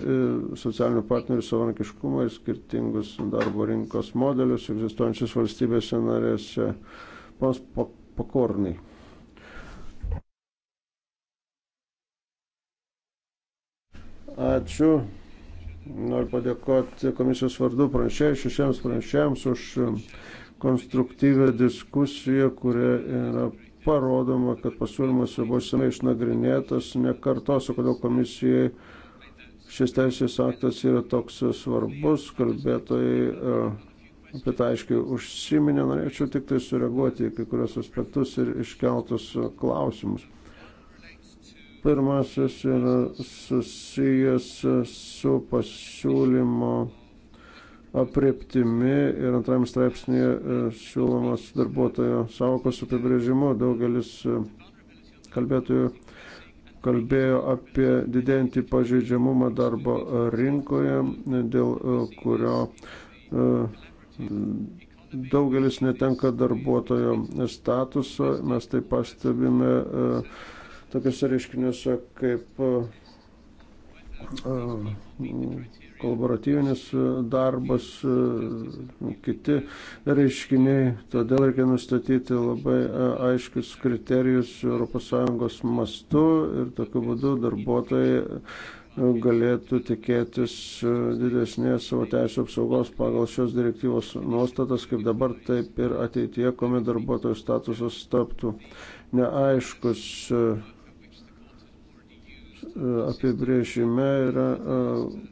socialinių partnerių savarankiškumą ir skirtingus darbo rinkos modelius egzistuojančius valstybėse narėse. Pons Pakornai. Ačiū. Noriu padėkoti komisijos vardu pranešėjai, šešiems pranešėjams už konstruktyvę diskusiją, kuria yra parodoma, kad pasiūlymas jau buvo senai išnagrinėtas, nekartosiu, kodėl komisijai šis teisės aktas yra toks svarbus, kalbėtojai e, apie tai aiškiai užsiminė, norėčiau tik tai sureaguoti į kai kurios aspektus ir iškeltus klausimus. Pirmasis yra susijęs su pasiūlymo apreptimi ir antrajam straipsnėje e, siūlomas darbuotojo savokos apibrėžimu. Daugelis e, kalbėtojų kalbėjo apie didėjantį pažeidžiamumą darbo rinkoje, dėl e, kurio daugelis netenka darbuotojo statuso. Mes tai pastebime tokiuose reiškiniuose kaip e, e, kolaboratyvinis darbas, e, kiti reiškiniai. Todėl reikia nustatyti labai aiškius kriterijus ES mastu ir tokiu būdu darbuotojai galėtų tikėtis didesnės savo teisų apsaugos pagal šios direktyvos nuostatas, kaip dabar, taip ir ateitie, kuomet darbuotojų statusas taptų neaiškus apibrėžime yra e,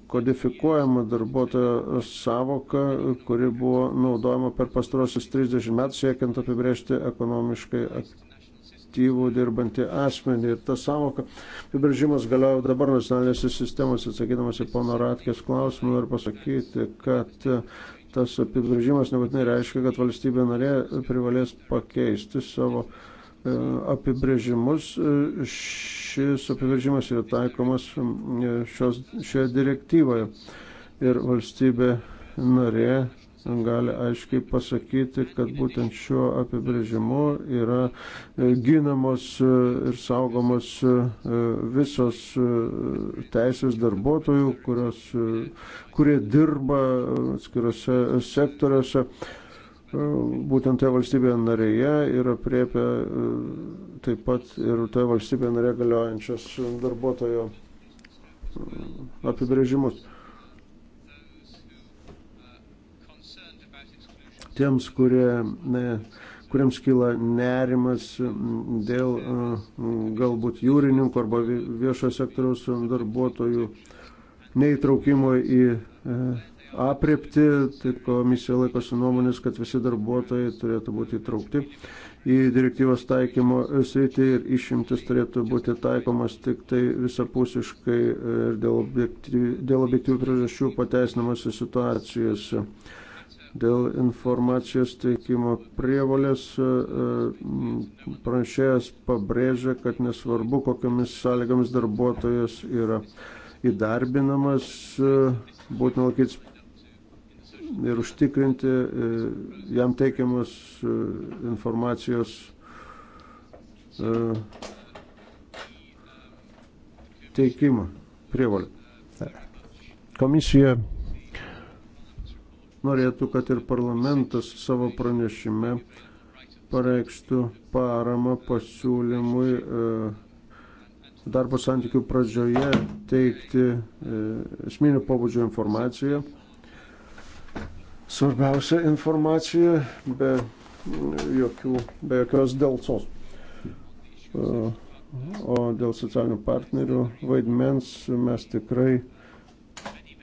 kodifikuojama darbuotojo savoka, kuri buvo naudojama per pastarosius 30 metų siekiant apibrėžti ekonomiškai aktyvų dirbantį asmenį. Ir ta savoka apibrėžimas galioja dabar nacionalinėse sistemose, atsakydamas į pono Ratkės klausimą ir pasakyti, kad e, tas apibrėžimas nebūtinai reiškia, kad valstybė narė privalės pakeisti savo uh, E, apibrėžimus. E, šis apibrėžimas yra taikomas e, šios, šioje direktyvoje. Ir valstybė narė gali aiškiai pasakyti, kad būtent šiuo apibrėžimu yra ginamos ir saugomos visos teisės darbuotojų, kurios, kurie dirba atskirose sektoriuose būtent toje valstybėje narėje ir apriepia e, taip pat ir toje valstybėje narėje galiojančios darbuotojo e, apibrėžimus. Tiems, kurie, ne, kuriems kyla nerimas e, dėl galbūt jūrininkų arba viešo sektoriaus darbuotojų neįtraukimo į aprepti, tai komisija laikosi nuomonės, kad visi darbuotojai turėtų būti įtraukti į direktyvos taikymo sritį ir išimtis turėtų būti taikomas tik tai visapusiškai ir dėl objektyvių priežasčių pateisinamose situacijose. Dėl informacijos teikimo prievalės e, pranešėjas pabrėžia, kad nesvarbu, kokiamis sąlygomis darbuotojas yra įdarbinamas, e, būtina laikytis ir užtikrinti e, jam teikiamus e, informacijos e, teikimą prievalį. Komisija norėtų, kad ir parlamentas savo pranešime pareikštų paramą pasiūlymui darbo santykių pradžioje teikti esminio pobūdžio informaciją svarbiausia informacija be, jokių, be jokios dėlcos. O dėl socialinių partnerių vaidmens mes tikrai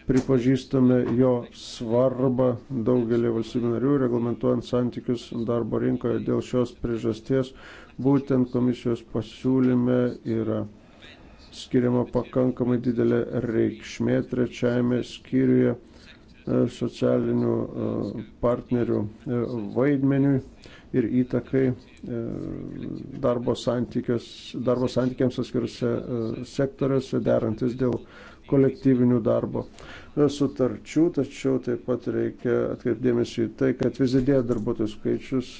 pripažįstame jo svarbą daugelį valstybių narių, reglamentuojant santykius darbo rinkoje. Dėl šios priežasties būtent komisijos pasiūlyme yra skiriama pakankamai didelė reikšmė trečiajame skyriuje E, socialinių e, partnerių e, vaidmeniui ir įtakai darbo, darbo santykiams atskirose sektoriuose, derantis dėl kolektyvinių darbo sutarčių, tačiau taip pat reikia atkreipdėmėsi į tai, kad vis didėja darbuotojų skaičius,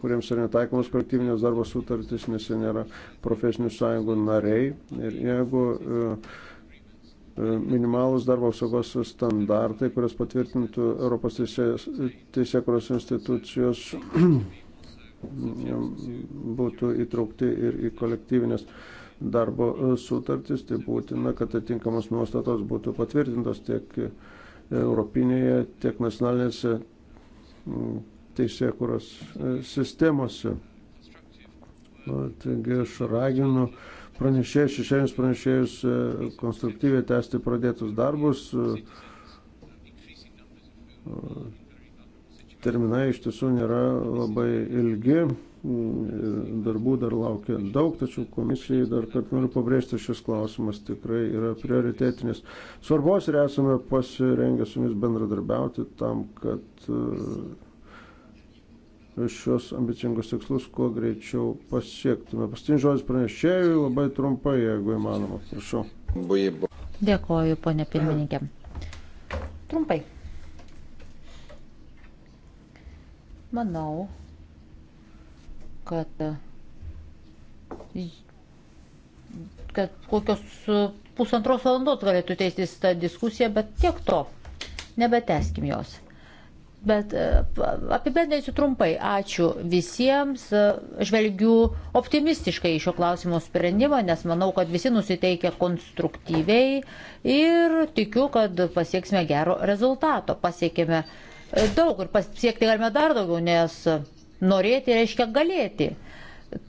kuriems yra netaikomos kolektyvinės darbo sutartys, nes jie nėra profesinių sąjungų nariai. Ir jeigu uh, E, minimalus darbo apsaugos standartai, kurios patvirtintų Europos teisėkuros institucijos, būtų įtraukti ir į kolektyvinės darbo e, sutartys, tai būtina, kad atitinkamos nuostatos būtų patvirtintos tiek Europinėje, tiek nacionalinėse teisėkuros e, sistemose. Taigi aš raginu pranešėjus, šešėjus pranešėjus e, konstruktyviai tęsti pradėtus darbus. E, terminai iš tiesų nėra labai ilgi, e, darbų dar laukia daug, tačiau komisijai dar kartą noriu pabrėžti, šis klausimas tikrai yra prioritetinis svarbos ir esame pasirengę su jumis bendradarbiauti tam, kad šios ambicingus tikslus kuo greičiau pasiektume. Pastinis žodis pranešėjui labai trumpai, jeigu įmanoma. Prašau. Dėkoju, ponė pirmininkė. Trumpai. Manau, kad, kad kokios pusantros valandos galėtų teistis tą diskusiją, bet tiek to. Nebeteskim jos. Bet e, apibendrinsiu trumpai. Ačiū visiems. E, žvelgiu optimistiškai šio klausimo sprendimą, nes manau, kad visi nusiteikia konstruktyviai ir tikiu, kad pasieksime gero rezultato. Pasiekime e, daug ir pasiekti galime dar daugiau, nes norėti reiškia galėti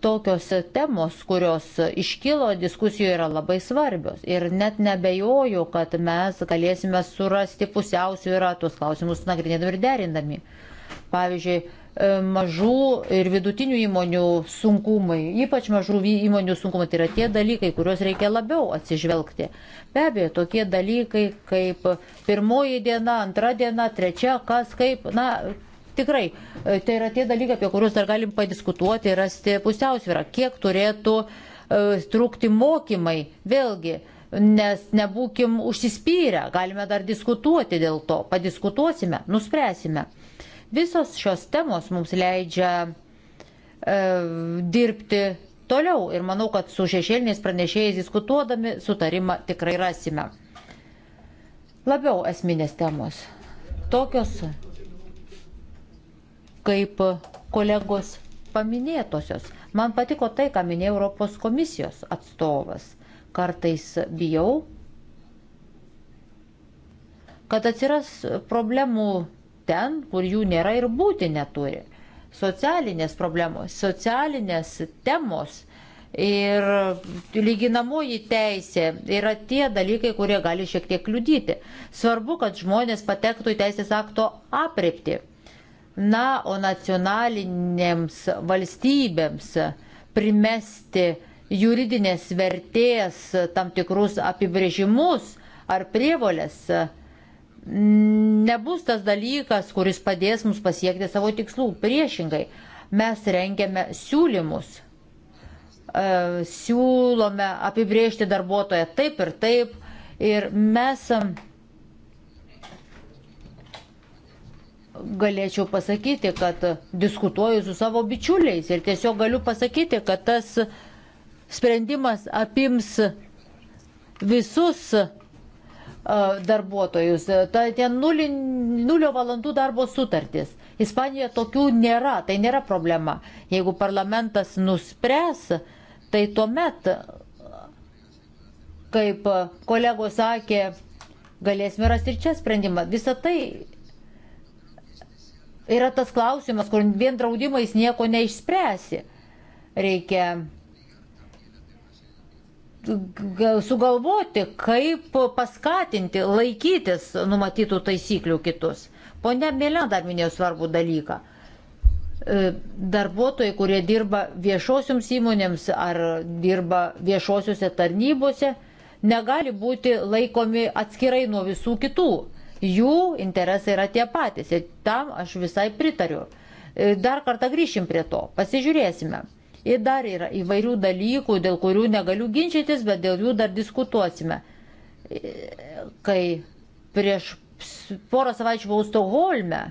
tokios temos, kurios iškilo diskusijoje, yra labai svarbios. Ir net nebejoju, kad mes galėsime surasti pusiausvyrą tuos klausimus nagrinėdami ir derindami. Pavyzdžiui, e, mažų ir vidutinių įmonių sunkumai, ypač mažų įmonių sunkumai, tai yra tie dalykai, kuriuos reikia labiau atsižvelgti. Be abejo, tokie dalykai kaip pirmoji diena, antra diena, trečia, kas kaip, na, Tikrai, e, tai yra tie dalykai, apie kuriuos dar galim padiskutuoti ir rasti pusiausvyrą, kiek turėtų uh, trūkti mokymai. Vėlgi, nes nebūkim užsispyrę, galime dar diskutuoti dėl to, padiskutuosime, nuspręsime. Visos šios temos mums leidžia e, dirbti toliau ir manau, kad su šešėliniais pranešėjais diskutuodami sutarimą tikrai rasime. Labiau esminės temos. Tokios kaip kolegos paminėtosios. Man patiko tai, ką minėjo Europos komisijos atstovas. Kartais bijau, kad atsiras problemų ten, kur jų nėra ir būti neturi. Socialinės problemos, socialinės temos ir lyginamoji teisė yra tie dalykai, kurie gali šiek tiek kliudyti. Svarbu, kad žmonės patektų į teisės akto apriepti. Na, o nacionalinėms valstybėms primesti juridinės vertės tam tikrus apibrėžimus ar prievolės nebus tas dalykas, kuris padės mums pasiekti savo tikslų. Priešingai, mes rengiame siūlymus. E, siūlome apibrėžti darbuotoją taip ir taip. Ir mes galėčiau pasakyti, kad diskutuoju su savo bičiuliais ir tiesiog galiu pasakyti, kad tas sprendimas apims visus darbuotojus. Ta, tie nulį, nulio valandų darbo sutartys. Ispanija tokių nėra, tai nėra problema. Jeigu parlamentas nuspręs, tai tuomet, kaip kolegos sakė, galėsime rasti ir čia sprendimą. Visą tai yra tas klausimas, kur vien draudimais nieko neišspręsi. Reikia sugalvoti, kaip paskatinti laikytis numatytų taisyklių kitus. Pone Mėlė dar minėjo svarbų dalyką. E, darbuotojai, kurie dirba viešosioms įmonėms ar dirba viešosiuose tarnybose, negali būti laikomi atskirai nuo visų kitų Jų interesai yra tie patys ir tam aš visai pritariu. E, dar kartą grįšim prie to, pasižiūrėsime. Ir dar yra įvairių dalykų, dėl kurių negaliu ginčytis, bet dėl jų dar diskutuosime. E, kai prieš porą savaičių buvau Stoholme,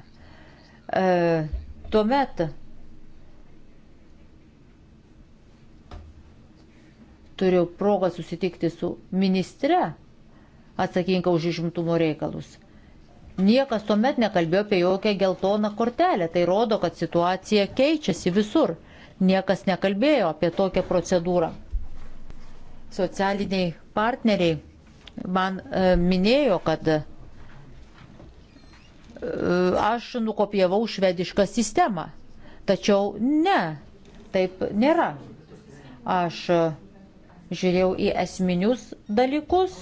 e, tuomet turėjau progą susitikti su ministre atsakinga už išimtumo reikalus. Niekas tuomet nekalbėjo apie jokią geltoną kortelę. Tai rodo, kad situacija keičiasi visur. Niekas nekalbėjo apie tokią procedūrą. Socialiniai partneriai man e, minėjo, kad e, aš nukopijavau švedišką sistemą. Tačiau ne, taip nėra. Aš e, žiūrėjau į esminius dalykus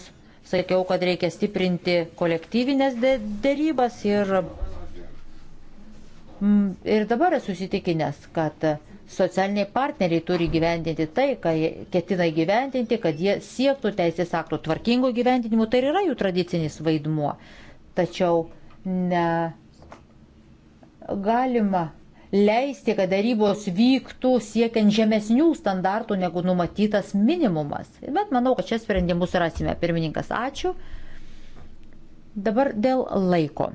sakiau, kad reikia stiprinti kolektyvinės dėrybas ir, mm, ir dabar esu įsitikinęs, kad socialiniai partneriai turi gyvendinti tai, ką jie ketina gyvendinti, kad jie siektų teisės aktų tvarkingo gyvendinimo, tai yra jų tradicinis vaidmuo. Tačiau ne galima leisti, kad darybos vyktų siekiant žemesnių standartų negu numatytas minimumas. Bet manau, kad čia sprendimus rasime. Pirmininkas, ačiū. Dabar dėl laiko.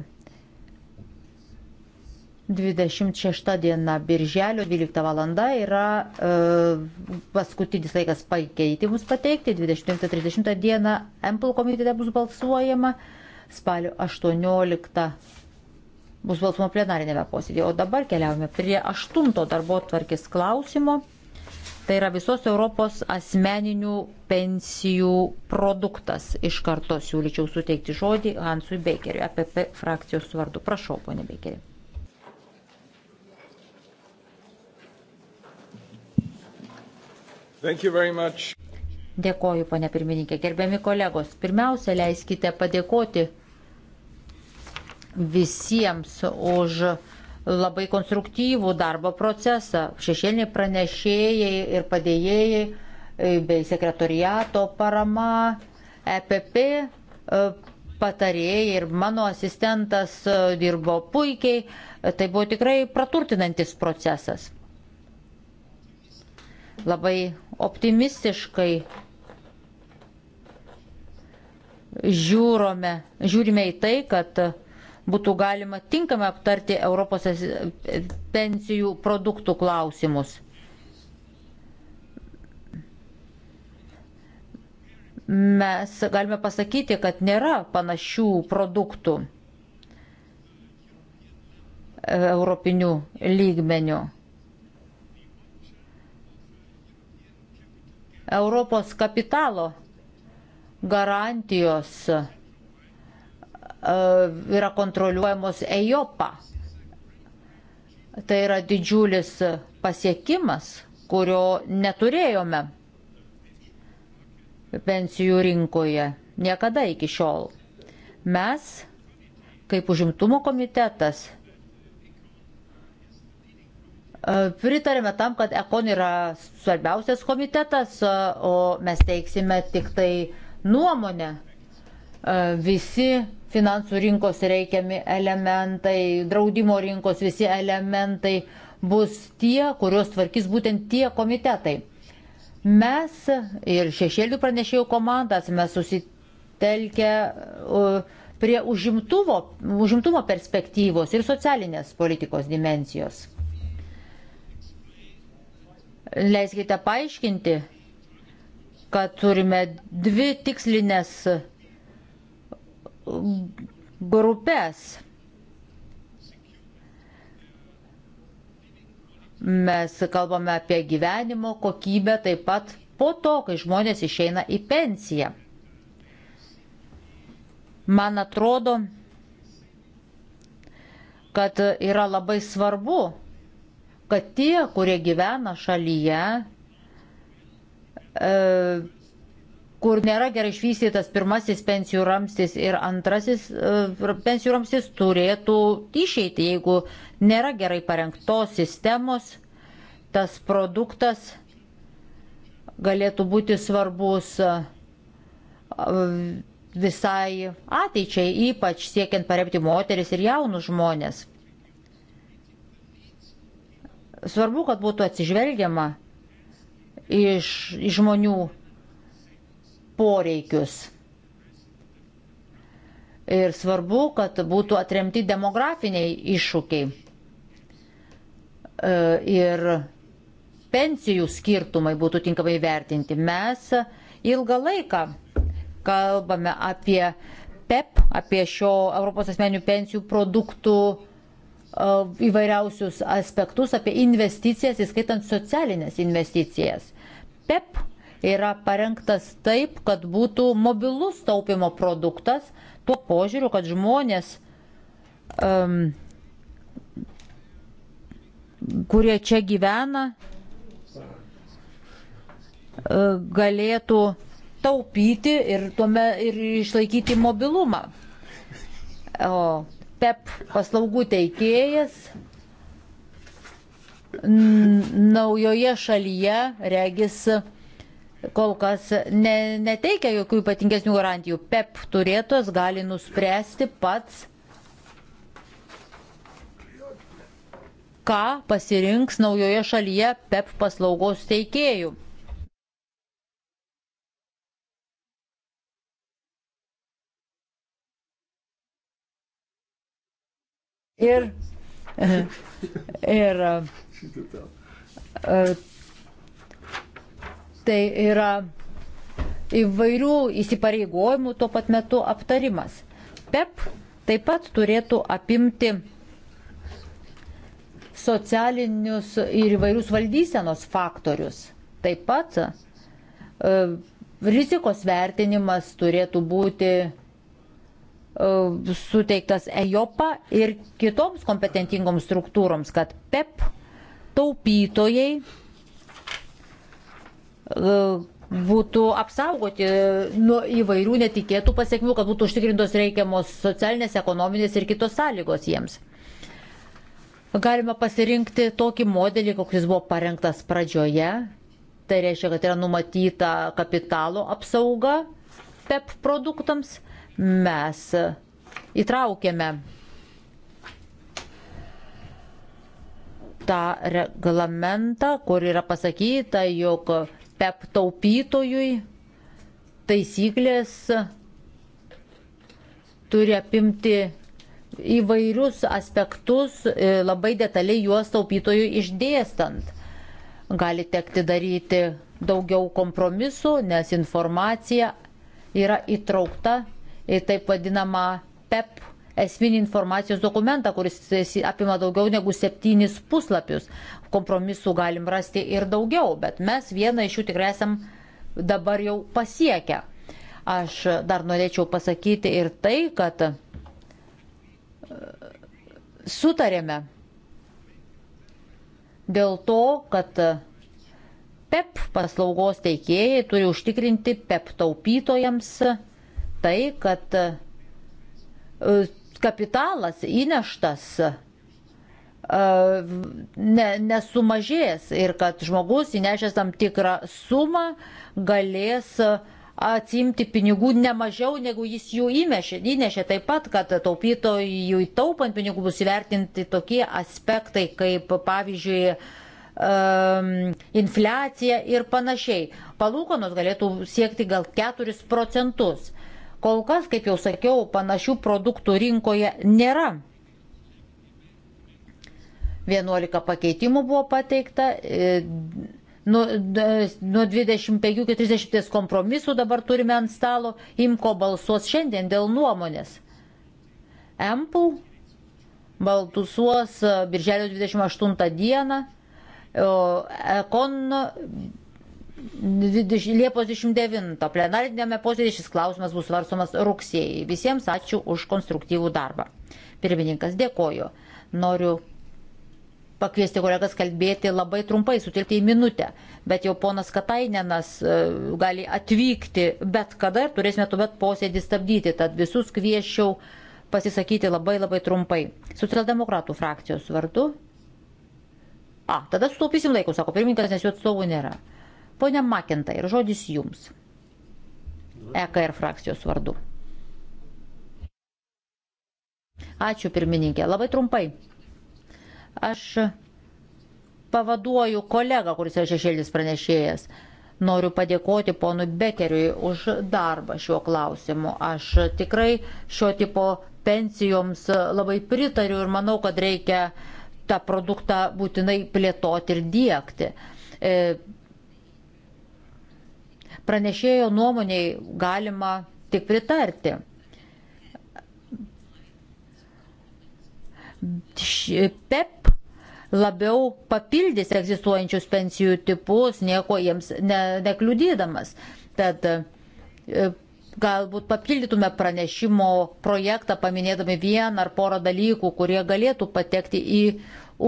26 diena birželio 12 val. yra e, paskutinis laikas pakeitimus pateikti. 29-30 diena MPL komitete bus balsuojama. Spalio 18 bus balsuoma plenarinėme posėdėje. O dabar keliaujame prie aštunto darbo tvarkės klausimo. Tai yra visos Europos asmeninių pensijų produktas. Iš karto siūlyčiau suteikti žodį Hansui Beikeriui, APP frakcijos vardu. Prašau, ponė Beikeri. Dėkoju, ponė pirmininkė. Gerbiami kolegos, pirmiausia, leiskite padėkoti visiems už labai konstruktyvų darbo procesą. Šešėliniai pranešėjai ir padėjėjai, e, bei sekretoriato parama, EPP e, patarėjai ir mano asistentas e, dirbo puikiai. Tai buvo tikrai praturtinantis procesas. Labai optimistiškai žiūrome, žiūrime į tai, kad būtų galima tinkamai aptarti Europos pensijų produktų klausimus. Mes galime pasakyti, kad nėra panašių produktų europinių lygmenių. Europos kapitalo garantijos E, yra kontroliuojamos EJOPA. Tai yra didžiulis pasiekimas, kurio neturėjome pensijų rinkoje niekada iki šiol. Mes, kaip užimtumo komitetas, e, pritarėme tam, kad ekon yra svarbiausias komitetas, o mes teiksime tik tai nuomonę E, visi finansų rinkos reikiami elementai, draudimo rinkos visi elementai bus tie, kuriuos tvarkys būtent tie komitetai. Mes ir šešėlių pranešėjų komandas mes susitelkę e, prie užimtumo, užimtumo perspektyvos ir socialinės politikos dimensijos. Leiskite paaiškinti, kad turime dvi tikslinės grupės. Mes kalbame apie gyvenimo kokybę taip pat po to, kai žmonės išeina į pensiją. Man atrodo, kad yra labai svarbu, kad tie, kurie gyvena šalyje, e, kur nėra gerai išvystytas pirmasis pensijų ramstis ir antrasis e, pensijų ramstis turėtų išeiti, jeigu nėra gerai parengtos sistemos, tas produktas galėtų būti svarbus e, visai ateičiai, ypač siekiant paremti moteris ir jaunus žmonės. Svarbu, kad būtų atsižvelgiama iš, iš žmonių poreikius. Ir svarbu, kad būtų atremti demografiniai iššūkiai e, ir pensijų skirtumai būtų tinkamai vertinti. Mes ilgą laiką kalbame apie PEP, e apie šio Europos asmenių pensijų produktų e, įvairiausius aspektus, apie investicijas, įskaitant socialinės investicijas. PEP yra parengtas taip, kad būtų mobilus taupimo produktas, tuo požiūriu, kad žmonės, um, kurie čia gyvena, e, galėtų taupyti ir, tuome, ir išlaikyti mobilumą. O PEP e paslaugų teikėjas naujoje šalyje regis kol kas ne, neteikia jokių ypatingesnių garantijų. PEP turėtos gali nuspręsti pats, ką pasirinks naujoje šalyje PEP paslaugos teikėjų. Ir, ir, ir Tai yra įvairių įsipareigojimų tuo pat metu aptarimas. PEP taip pat turėtų apimti socialinius ir įvairius valdysenos faktorius. Taip pat e, rizikos vertinimas turėtų būti e, suteiktas EJOPA ir kitoms kompetentingoms struktūroms, kad PEP taupytojai būtų apsaugoti nuo įvairių netikėtų pasiekmių, kad būtų užtikrintos reikiamos socialinės, ekonominės ir kitos sąlygos jiems. Galima pasirinkti tokį modelį, koks buvo parengtas pradžioje. Tai reiškia, kad yra numatyta kapitalo apsauga PEP produktams. Mes įtraukėme tą reglamentą, kur yra pasakyta, jog PEP taupytojui taisyklės turi apimti įvairius aspektus, e, labai detaliai juos taupytojui išdėstant. Gali tekti daryti daugiau kompromisų, nes informacija yra įtraukta į taip vadinamą PEP esminį informacijos dokumentą, kuris apima daugiau negu septynis puslapius. Kompromisų galim rasti ir daugiau, bet mes vieną iš jų tikrai esam dabar jau pasiekę. Aš dar norėčiau pasakyti ir tai, kad e, sutarėme dėl to, kad PEP e paslaugos teikėjai turi užtikrinti PEP e taupytojams tai, kad kapitalas įneštas e, ne, nesumažės ir kad žmogus įnešęs tam tikrą sumą galės atsimti pinigų ne mažiau, negu jis jų įmešė. įnešė. Taip pat, kad taupytojų taupant pinigų bus įvertinti tokie aspektai, kaip pavyzdžiui, um, infliacija ir panašiai. Palūkonos galėtų siekti gal 4 procentus. Kol kas, kaip jau sakiau, panašių produktų rinkoje nėra. 11 pakeitimų buvo pateikta, e, nuo, nuo 25 iki 30 kompromisų dabar turime ant stalo, imko balsuos šiandien dėl nuomonės. Empul balsuos e, birželio 28 dieną, Ekon Liepos 29 plenarinėme posėdėje šis klausimas bus svarstomas rugsėjai. Visiems ačiū už konstruktyvų darbą. Pirmininkas dėkoju. Noriu pakviesti kolegas kalbėti labai trumpai, sutilpti į minutę, bet jau ponas Katainenas e, gali atvykti bet kada ir turėsime tuomet posėdį stabdyti, tad visus kvieščiau pasisakyti labai labai trumpai. Socialdemokratų frakcijos vardu. A, tada sutaupysim laiko, sako pirmininkas, nes jų atstovų nėra. Pone Makintai, ir žodis jums. EKR e frakcijos vardu. Ačiū pirmininkė. Labai trumpai. Aš pavaduoju kolegą, kuris yra šešėlis pranešėjas. Noriu padėkoti ponui Bekeriui už darbą šiuo klausimu. Aš tikrai šio tipo pensijoms labai pritariu ir manau, kad reikia tą produktą būtinai plėtoti ir diegti. E, pranešėjo nuomoniai galima tik pritarti. PEP labiau papildys egzistuojančius pensijų tipus, nieko jiems ne, nekliudydamas. Tad e, galbūt papildytume pranešimo projektą, paminėdami vieną ar porą dalykų, kurie galėtų patekti į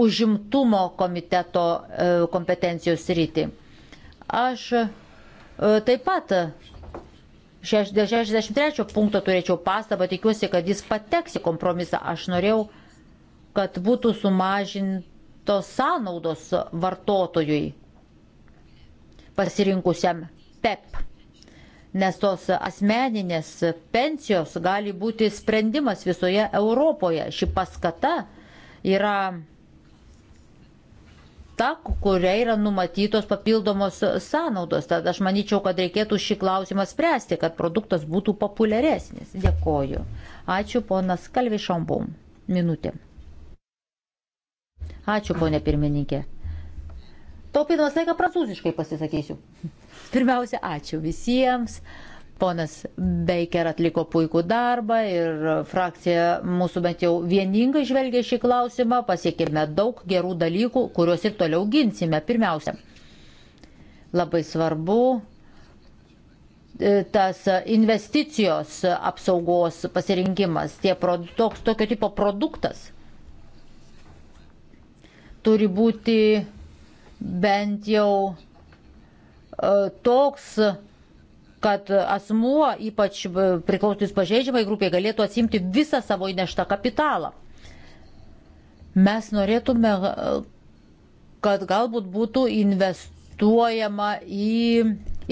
užimtumo komiteto e, kompetencijos rytį. Aš E, taip pat dėl 63 punkto turėčiau pastabą, tikiuosi, kad jis pateks į kompromisą. Aš norėjau, kad būtų sumažintos sąnaudos vartotojui pasirinkusiam PEP. E Nes tos asmeninės pensijos gali būti sprendimas visoje Europoje. Ši paskata yra ta, kuriai yra numatytos papildomos sąnaudos. Tad aš manyčiau, kad reikėtų šį klausimą spręsti, kad produktas būtų populiaresnis. Dėkoju. Ačiū ponas Kalvi Šombum. Minutė. Ačiū ponė pirmininkė. Taupydamas laiką prancūziškai pasisakysiu. Pirmiausia, ačiū visiems. Ponas Beiker atliko puikų darbą ir frakcija mūsų bent jau vieningai žvelgia šį klausimą, pasiekėme daug gerų dalykų, kuriuos ir toliau ginsime. Pirmiausia, labai svarbu e, tas investicijos apsaugos pasirinkimas, tie, toks, tokio tipo produktas turi būti bent jau e, toks, kad asmuo, ypač priklausantis pažeidžiamai grupiai, galėtų atsimti visą savo įneštą kapitalą. Mes norėtume, kad galbūt būtų investuojama į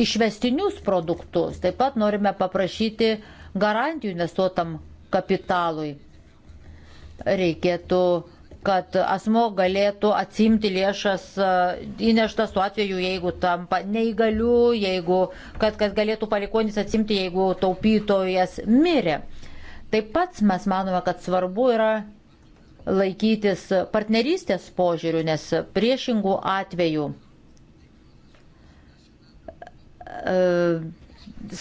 išvestinius produktus. Taip pat norime paprašyti garantijų investuotam kapitalui. Reikėtų kad asmo galėtų atsimti lėšas e, įneštas tuo atveju, jeigu tampa neįgaliu, jeigu, kad, kad galėtų palikonis atsimti, jeigu taupytojas mirė. Taip pat mes manome, kad svarbu yra laikytis partnerystės požiūrių, nes priešingų atvejų e,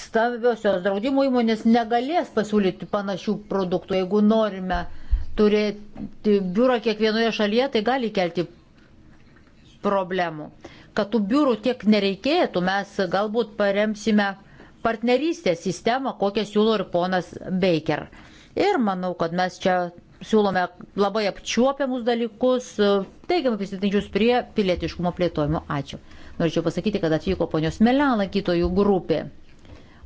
stambiosios draudimo įmonės negalės pasiūlyti panašių produktų, jeigu norime uh, turėti biurą kiekvienoje šalyje, tai gali kelti problemų. Kad tų biurų tiek nereikėtų, mes galbūt paremsime partnerystės sistemą, kokią siūlo ir ponas Baker. Ir manau, kad mes čia siūlome labai apčiuopiamus dalykus, teigiamai prisitinčius prie pilietiškumo plėtojimo. Ačiū. Norėčiau pasakyti, kad atvyko ponios Melė lankytojų grupė.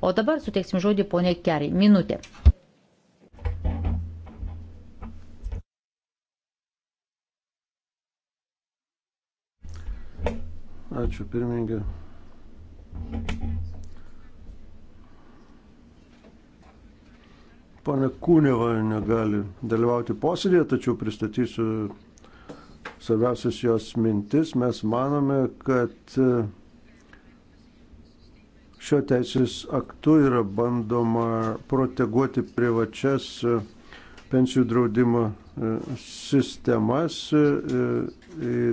O dabar suteiksim žodį poniai Keriai. Minutė. Ačiū pirmininkė. Pane Kūneva negali dalyvauti posėdėje, tačiau pristatysiu svarbiausias jos mintis. Mes manome, kad e, šio teisės aktu yra bandoma proteguoti privačias e, pensijų draudimo e, sistemas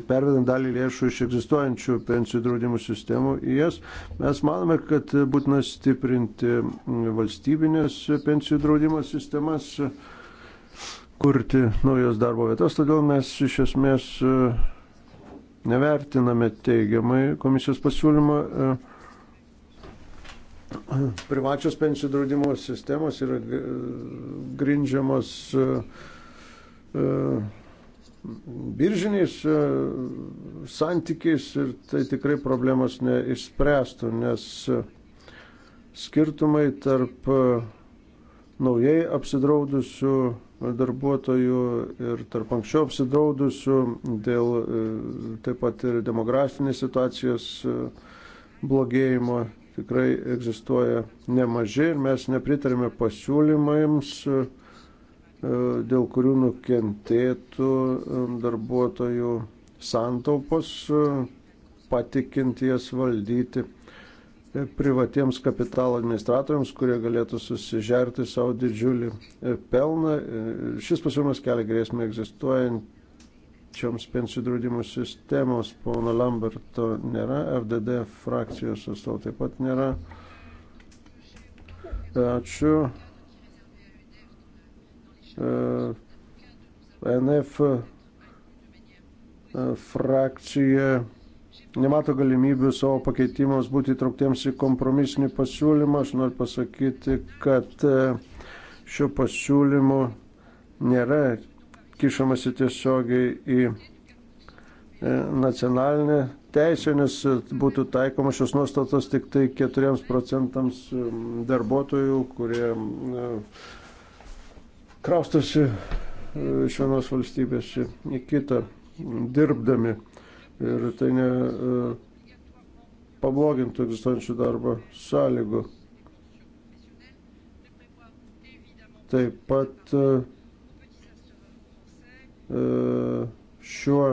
pervedant dalį lėšų iš egzistuojančių pensijų draudimų sistemų į jas. Mes manome, kad būtina stiprinti valstybinės pensijų draudimo sistemas, kurti naujas darbo vietas, todėl mes iš esmės e, nevertiname teigiamai komisijos pasiūlymą. E, privačios pensijų draudimo sistemos yra grindžiamos e, biržiniais e, santykiais ir tai tikrai problemas neišspręstų, nes e, skirtumai tarp e, naujai apsidraudusių darbuotojų ir tarp anksčiau apsidraudusių dėl taip pat ir demografinės situacijos blogėjimo tikrai egzistuoja nemažai ir mes nepritarėme pasiūlymams E, dėl kurių nukentėtų e, darbuotojų santaupos, e, patikint jas valdyti privatiems kapitalo administratoriams, kurie galėtų susižerti savo didžiulį pelną. Šis pasiūlymas kelia grėsmę egzistuojančioms pensijų draudimų sistemos. Pono Lamberto nėra, FDD frakcijos atstovų taip pat nėra. Ačiū. E, NF e, frakcija nemato galimybių savo pakeitimams būti įtrauktiems į kompromisinį pasiūlymą. Aš noriu pasakyti, kad e, šiuo pasiūlymu nėra kišamasi tiesiogiai į nacionalinę teisę, nes būtų taikoma šios nuostatos tik tai 4 procentams darbuotojų, kurie kraustosi e, iš vienos valstybės į kitą, dirbdami. Ir tai ne e, pablogintų egzistuojančių darbo sąlygų. Taip pat e, šiuo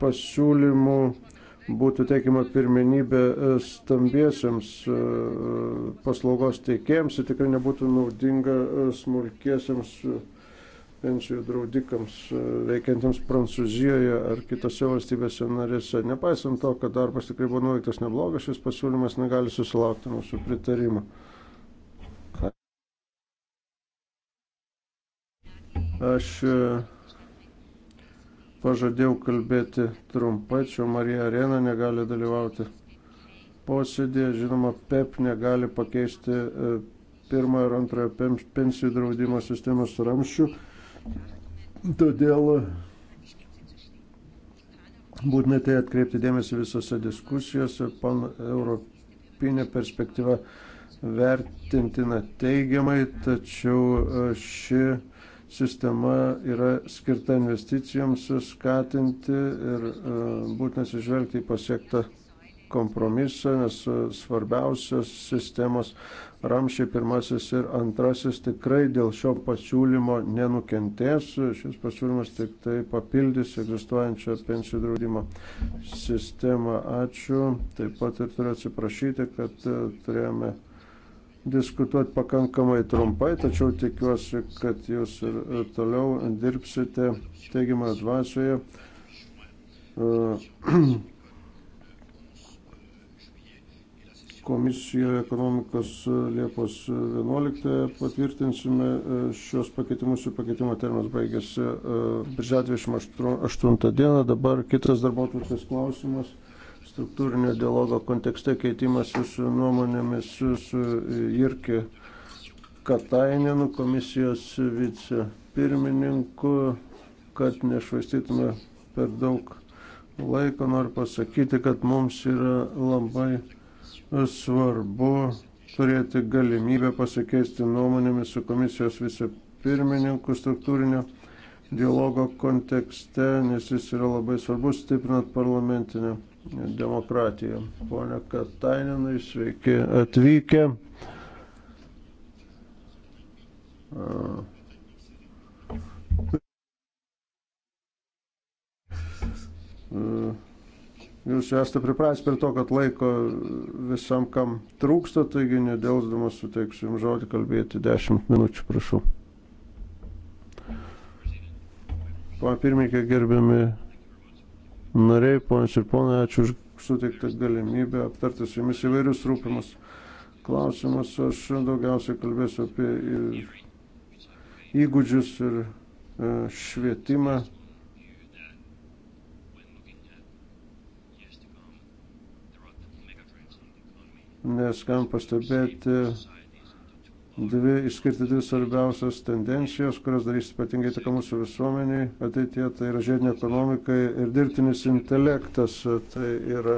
pasiūlymu būtų teikiama pirmenybė e, stambiesiams e, e, paslaugos teikėjams ir tikrai nebūtų naudinga smulkiesiams pensijų draudikams veikiantiems Prancūzijoje ar kitose valstybėse narėse. Nepaisant to, kad darbas tikrai buvo nuveiktas neblogas, šis pasiūlymas negali susilaukti mūsų pritarimo. Aš pažadėjau kalbėti trumpai, čia Marija Arena negali dalyvauti posėdėje, žinoma, PEP negali pakeisti e, pirmojo ir antrojo pensijų draudimo sistemos ramščių. Todėl būtinai tai atkreipti dėmesį visose diskusijose, pan europinė perspektyva vertintina teigiamai, tačiau e, ši sistema yra skirta investicijoms skatinti ir e, būtent atsižvelgti į pasiektą kompromisą, nes e, svarbiausios sistemos ramšiai pirmasis ir antrasis tikrai dėl šio pasiūlymo nenukentės. Šis pasiūlymas tik tai papildys egzistuojančią pensijų draudimo sistemą. Ačiū. Taip pat ir turiu atsiprašyti, kad e, turėjome diskutuoti pakankamai trumpai, tačiau tikiuosi, kad jūs ir toliau dirbsite teigiamoje dvasioje. Komisijoje ekonomikos Liepos 11 patvirtinsime šios pakeitimus ir pakeitimo terminas baigėsi birželio 28 dieną. Dabar kitas darbo klausimas struktūrinio dialogo kontekste keitimas su nuomonėmis su, su Jirke Katainenu, komisijos vicepirmininku, kad nešvaistytume per daug laiko, noriu pasakyti, kad mums yra labai svarbu turėti galimybę pasikeisti nuomonėmis su komisijos vicepirmininku struktūrinio dialogo kontekste, nes jis yra labai svarbus stiprinant parlamentinę demokratiją. Pone Katainenai, sveiki atvykę. Jūs esate pripratęs prie to, kad laiko visam, kam trūksta, taigi nedėlsdamas suteiksiu Jums žodį kalbėti 10 minučių, prašau. Pana pirmininkė, gerbiami nariai, ponas ir ponai, ačiū už suteiktą galimybę aptarti su jumis įvairius rūpimus klausimus. Aš daugiausiai kalbėsiu apie įgūdžius ir e, švietimą. Nes kam pastebėti dvi išskirti dvi svarbiausias tendencijos, kurios darys ypatingai įtaką mūsų visuomeniai ateityje, tai yra žiedinė ekonomika ir dirbtinis intelektas. Tai yra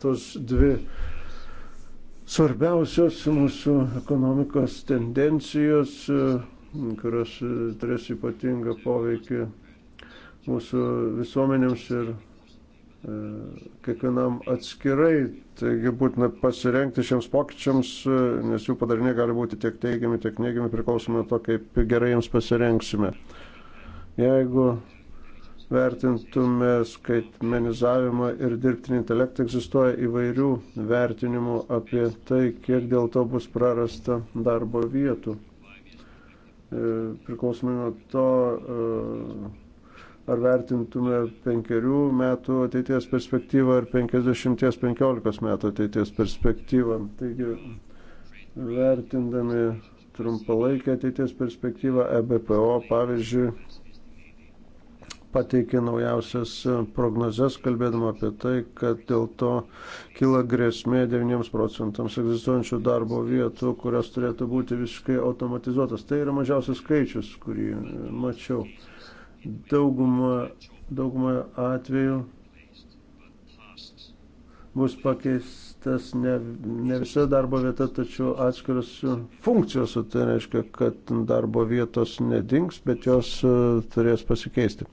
tos dvi svarbiausios mūsų ekonomikos tendencijos, kurios turės ypatingą poveikį mūsų visuomenėms ir E, kiekvienam atskirai. Taigi būtina pasirenkti šiems pokyčiams, e, nes jų padariniai gali būti tiek teigiami, tiek neigiami, priklausomai nuo to, kaip gerai jiems pasirenksime. Jeigu vertintume skaitmenizavimą ir dirbtinį intelektą, egzistuoja įvairių vertinimų apie tai, kiek dėl to bus prarasta darbo vietų. E, priklausomai nuo to, ar vertintume penkerių metų ateities perspektyvą ar 50-15 metų ateities perspektyvą. Taigi, vertindami trumpalaikę ateities perspektyvą, EBPO pavyzdžiui pateikė naujausias prognozes, kalbėdama apie tai, kad dėl to kyla grėsmė 9 procentams egzistuojančių darbo vietų, kurios turėtų būti visiškai automatizuotas. Tai yra mažiausias skaičius, kurį mačiau dauguma, dauguma atveju bus pakeistas ne, ne visa darbo vieta, tačiau atskiros funkcijos, o tai reiškia, kad darbo vietos nedings, bet jos e, turės pasikeisti.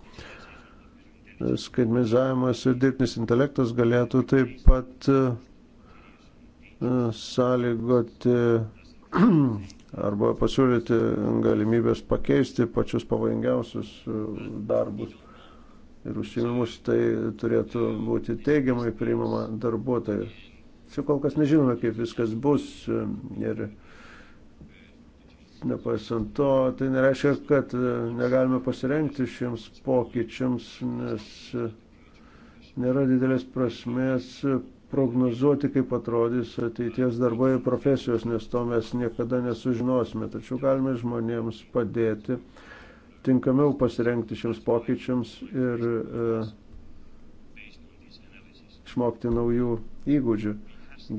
Skaitmizavimas ir dirbtinis intelektas galėtų taip pat e, e, sąlygoti arba pasiūlyti galimybės pakeisti pačius pavojingiausius e, darbus ir užsiimimus, tai turėtų būti teigiamai priimama darbuotojai. Čia kol kas nežinome, kaip viskas bus e, ir nepaisant to, tai nereiškia, kad e, negalime pasirenkti šiems pokyčiams, nes nėra didelės prasmės prognozuoti, kaip atrodys ateities darbai profesijos, nes to mes niekada nesužinosime. Tačiau galime žmonėms padėti tinkamiau pasirengti šiems pokyčiams ir e, išmokti naujų įgūdžių,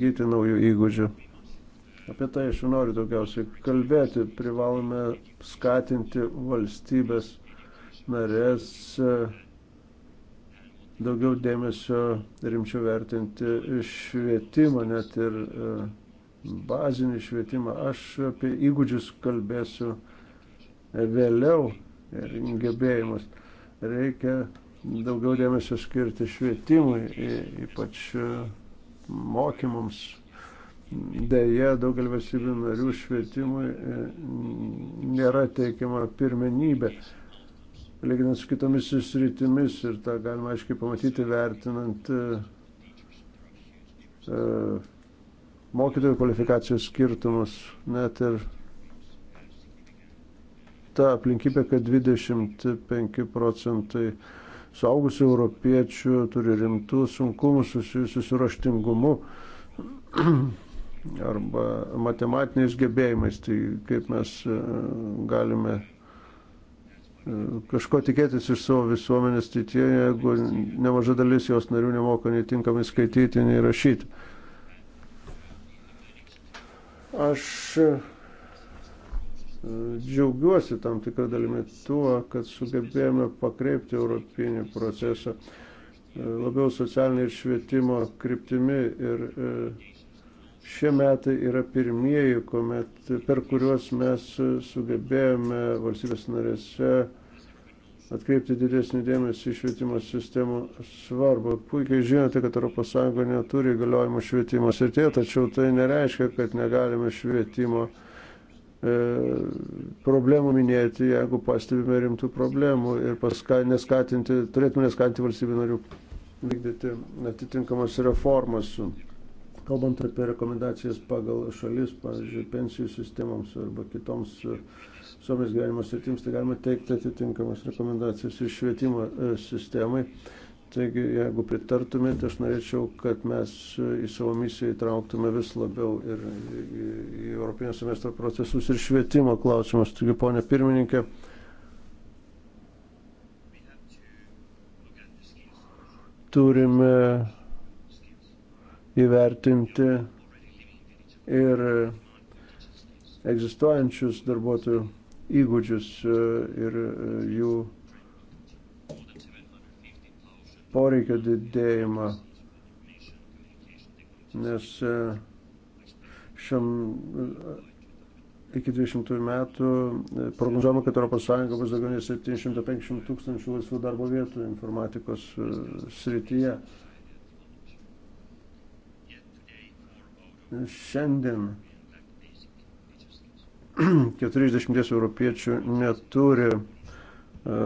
gyti naujų įgūdžių. Apie tai aš noriu daugiausiai kalbėti. Privalome skatinti valstybės narės. E, daugiau dėmesio rimčiau vertinti švietimą, net ir e, bazinį švietimą. Aš apie įgūdžius kalbėsiu e, vėliau ir gebėjimus. Reikia daugiau dėmesio skirti švietimui, e, ypač mokymams. Deja, daugelį valstybių narių švietimui nėra teikiama pirmenybė lyginant su kitomis sritimis ir tą galima aiškiai pamatyti vertinant e, e, mokytojų kvalifikacijos skirtumus, net ir ta aplinkybė, kad 25 procentai suaugusių europiečių turi rimtų sunkumų susijusių su raštingumu arba matematiniais gebėjimais, tai kaip mes e, galime kažko tikėtis iš savo visuomenės tai tie, jeigu nemaža dalis jos narių nemoka nei tinkamai skaityti, nei rašyti. Aš e, džiaugiuosi tam tikrą dalimi tuo, kad sugebėjome pakreipti europinį procesą e, labiau socialinį ir švietimo kryptimi ir e, šie metai yra pirmieji, kuomet, per kuriuos mes sugebėjome valstybės narėse atkreipti didesnį dėmesį į švietimo sistemų svarbą. Puikiai žinote, kad ES neturi galiojimo švietimo srityje, tačiau tai nereiškia, kad negalime švietimo e, problemų minėti, jeigu pastebime rimtų problemų ir paska, neskatinti, turėtume neskatinti valstybių narių vykdyti atitinkamas reformas. Kalbant apie rekomendacijas pagal šalis, pavyzdžiui, pensijų sistemoms arba kitoms e, visuomenės gyvenimo sritims, tai galima teikti atitinkamas rekomendacijas ir švietimo e, sistemai. Taigi, jeigu pritartumėte, aš norėčiau, kad mes e, į savo misiją įtrauktume vis labiau ir į Europinio semestro procesus ir švietimo klausimus. Taigi, ponė pirmininkė, turime įvertinti ir e, egzistuojančius darbuotojų įgūdžius e, ir e, jų poreikio didėjimą, nes e, šiam iki 20 metų prognozuojama, kad ES bus daugiau nei 750 tūkstančių laisvų darbo vietų informatikos srityje. Šiandien 40 europiečių neturi e,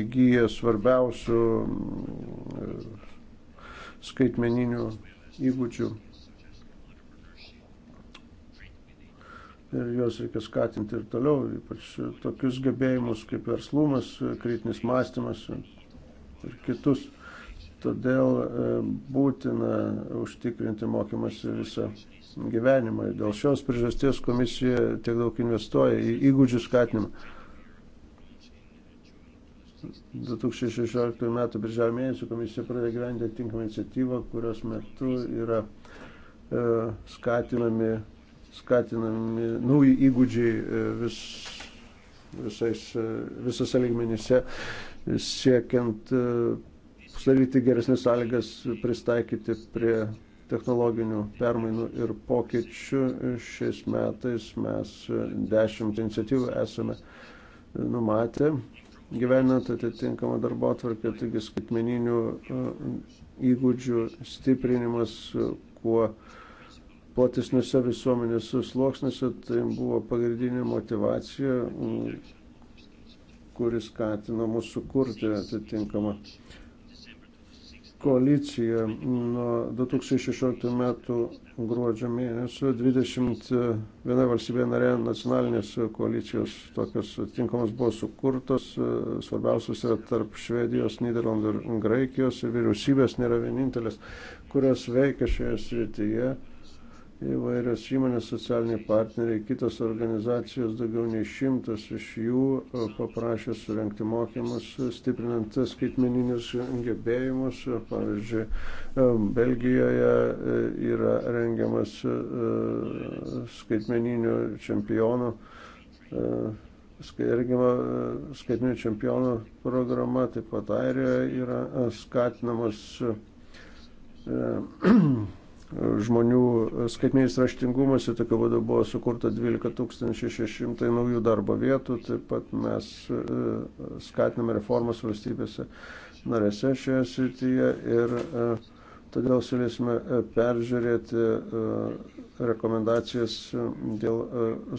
įgyję svarbiausių e, skaitmeninių įgūdžių. Ir juos reikia skatinti ir toliau, ypač tokius gebėjimus kaip verslumas, kritinis mąstymas ir kitus. Todėl e, būtina užtikrinti mokymasi visą gyvenimą. Dėl šios priežasties komisija tiek daug investuoja į įgūdžių skatinimą. 2016 m. birželio mėnesį komisija pradėjo gyventi atitinkamą iniciatyvą, kurios metu yra e, skatinami, skatinami nauji įgūdžiai e, vis, visais, e, visose lygmenyse, siekiant e, sudaryti geresnės sąlygas pristaikyti prie technologinių permainų ir pokyčių. Šiais metais mes dešimt iniciatyvų esame numatę gyvenant atitinkamą darbo atvarkę, taigi skaitmeninių e, įgūdžių stiprinimas, kuo platesniuose visuomenės sluoksniuose, tai buvo pagrindinė motivacija, kuris skatino mus sukurti atitinkamą koalicija nuo 2016 metų gruodžio mėnesio 21 valstybė narė nacionalinės koalicijos tokios tinkamos buvo sukurtos. Svarbiausios yra tarp Švedijos, Niderlandų ir Graikijos ir vyriausybės nėra vienintelės, kurios veikia šioje srityje įvairios įmonės, socialiniai partneriai, kitos organizacijos, daugiau nei šimtas iš jų e, paprašė surenkti mokymus, stiprinant skaitmeninius gebėjimus. Pavyzdžiui, e, Belgijoje e, yra rengiamas skaitmeninių čempionų rengiama skaitminių čempionų programa, taip pat Airijoje yra skatinamas žmonių skaitmeninis raštingumas ir tai tokiu būdu buvo sukurta 12 600 naujų darbo vietų. Taip pat mes e, skatiname reformas valstybėse narėse šioje srityje ir e, todėl siūlysime e, peržiūrėti rekomendacijas dėl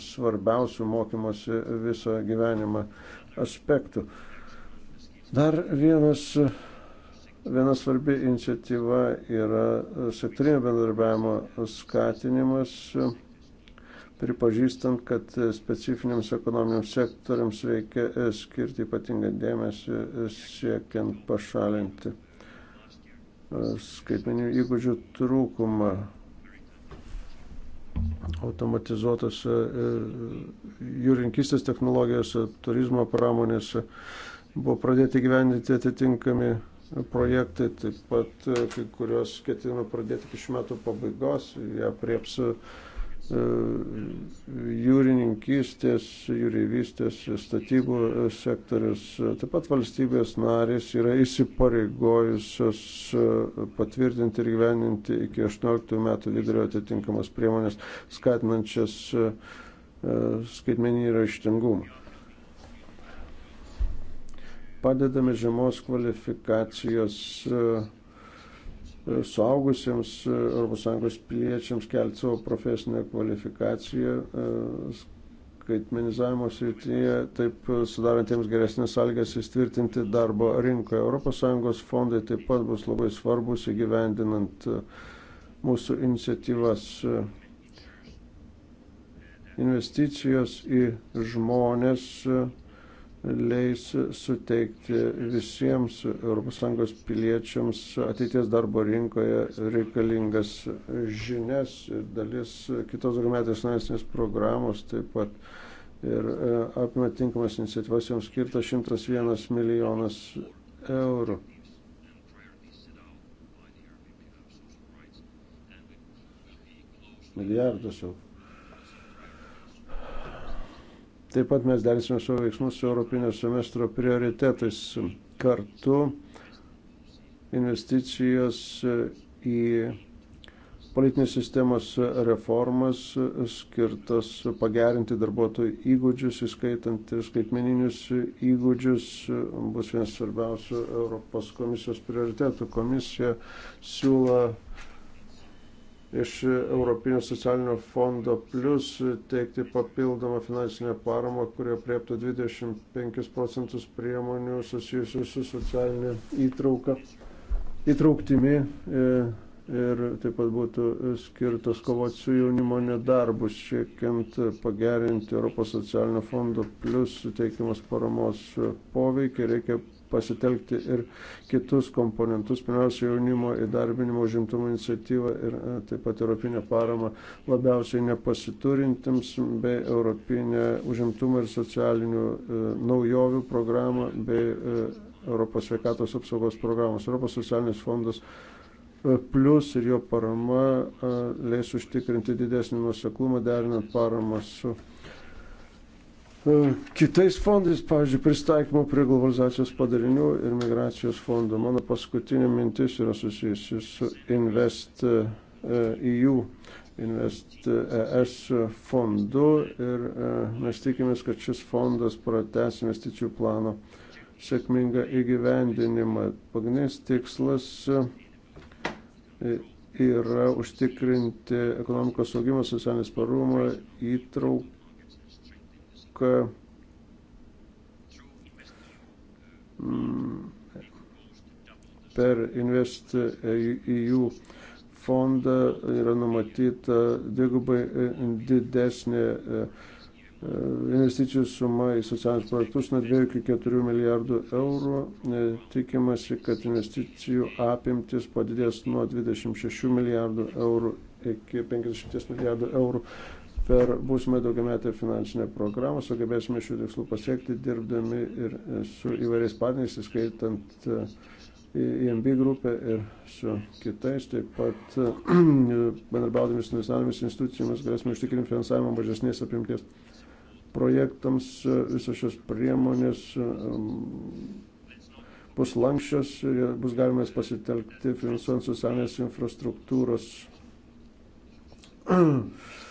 svarbiausių mokymosi visą gyvenimą aspektų. Dar vienas Viena svarbi iniciatyva yra e, sektorinio bendarbiavimo skatinimas, e, pripažįstant, kad e, specifiniams ekonominiams sektoriams reikia skirti ypatingą dėmesį siekiant pašalinti skaitmeninių įgūdžių trūkumą automatizuotose jūrininkistės technologijose, turizmo pramonėse buvo pradėti gyvendinti atitinkami projektai, taip pat e, kai kurios ketiname pradėti iki šių metų pabaigos, jie prieps e, jūrininkystės, jūreivystės, statybų e, sektorius. Taip pat valstybės narės yra įsipareigojusios patvirtinti ir gyveninti iki 18 metų vidurio atitinkamas priemonės skatinančias skaitmeninį raštingumą padedame žemos kvalifikacijos e, e, suaugusiems e, ES piliečiams kelti savo profesinę kvalifikaciją skaitmenizavimo srityje, taip sudarantiems geresnės sąlygas įtvirtinti darbo rinkoje. ES fondai taip pat bus labai svarbus įgyvendinant mūsų iniciatyvas investicijos į žmonės leis suteikti visiems ES piliečiams ateities darbo rinkoje reikalingas žinias ir dalis kitos daugiametės nacinės programos taip pat ir e, apima tinkamas iniciatyvas joms skirta 101 milijonas eurų. Milijardus jau. Taip pat mes derinsime savo veiksmus su Europinio semestro prioritetais. Kartu investicijos į politinės sistemos reformas skirtas pagerinti darbuotojų įgūdžius, įskaitant ir skaitmeninius įgūdžius, bus vienas svarbiausių Europos komisijos prioritetų. Komisija siūlo iš Europinio socialinio fondo plus teikti papildomą finansinę paramą, kurie prieptų 25 procentus priemonių susijusių su socialinė įtrauka, įtrauktimi e, ir taip pat būtų skirtos kovoti su jaunimo nedarbu, siekiant pagerinti Europos socialinio fondo plus suteikiamas paramos poveikį, reikia pasitelkti ir kitus komponentus, pirmiausia, jaunimo įdarbinimo žimtumo iniciatyvą ir e, taip pat Europinę paramą labiausiai nepasiturintiems bei Europinę užimtumo ir socialinių e, naujovių programą bei e, Europos sveikatos apsaugos programos, Europos socialinis fondas plus ir jo parama leis užtikrinti didesnį nuoseklumą, derinant paramą su E, kitais fondais, pavyzdžiui, pristaikymo prie globalizacijos padarinių ir migracijos fondo. Mano paskutinė mintis yra susijusi su Invest EU, e Invest ES fondu ir e, mes tikimės, kad šis fondas pratęs investicijų plano sėkmingą įgyvendinimą. Pagrindinis tikslas yra užtikrinti ekonomikos augimą, socialinį sparumą, įtrauk E, mm, per Invest EU fondą yra numatyta dvigubai e, didesnė e, investicijų suma į socialinius projektus nuo 2 iki 4 milijardų eurų. Tikimasi, kad investicijų apimtis padidės nuo 26 milijardų eurų iki 50 milijardų eurų per būsimą daugiametę finansinę programą sugebėsime šių tikslų pasiekti, dirbdami ir e, su įvairiais partneriais, įskaitant IMB e, e grupę ir su kitais. Taip pat bendarbiaudami su nacionalinėmis institucijomis galėsime užtikrinti finansavimą mažesnės apimties projektams. Visos šios priemonės bus lankščios ir bus galima jas pasitelkti finansuojant socialinės infrastruktūros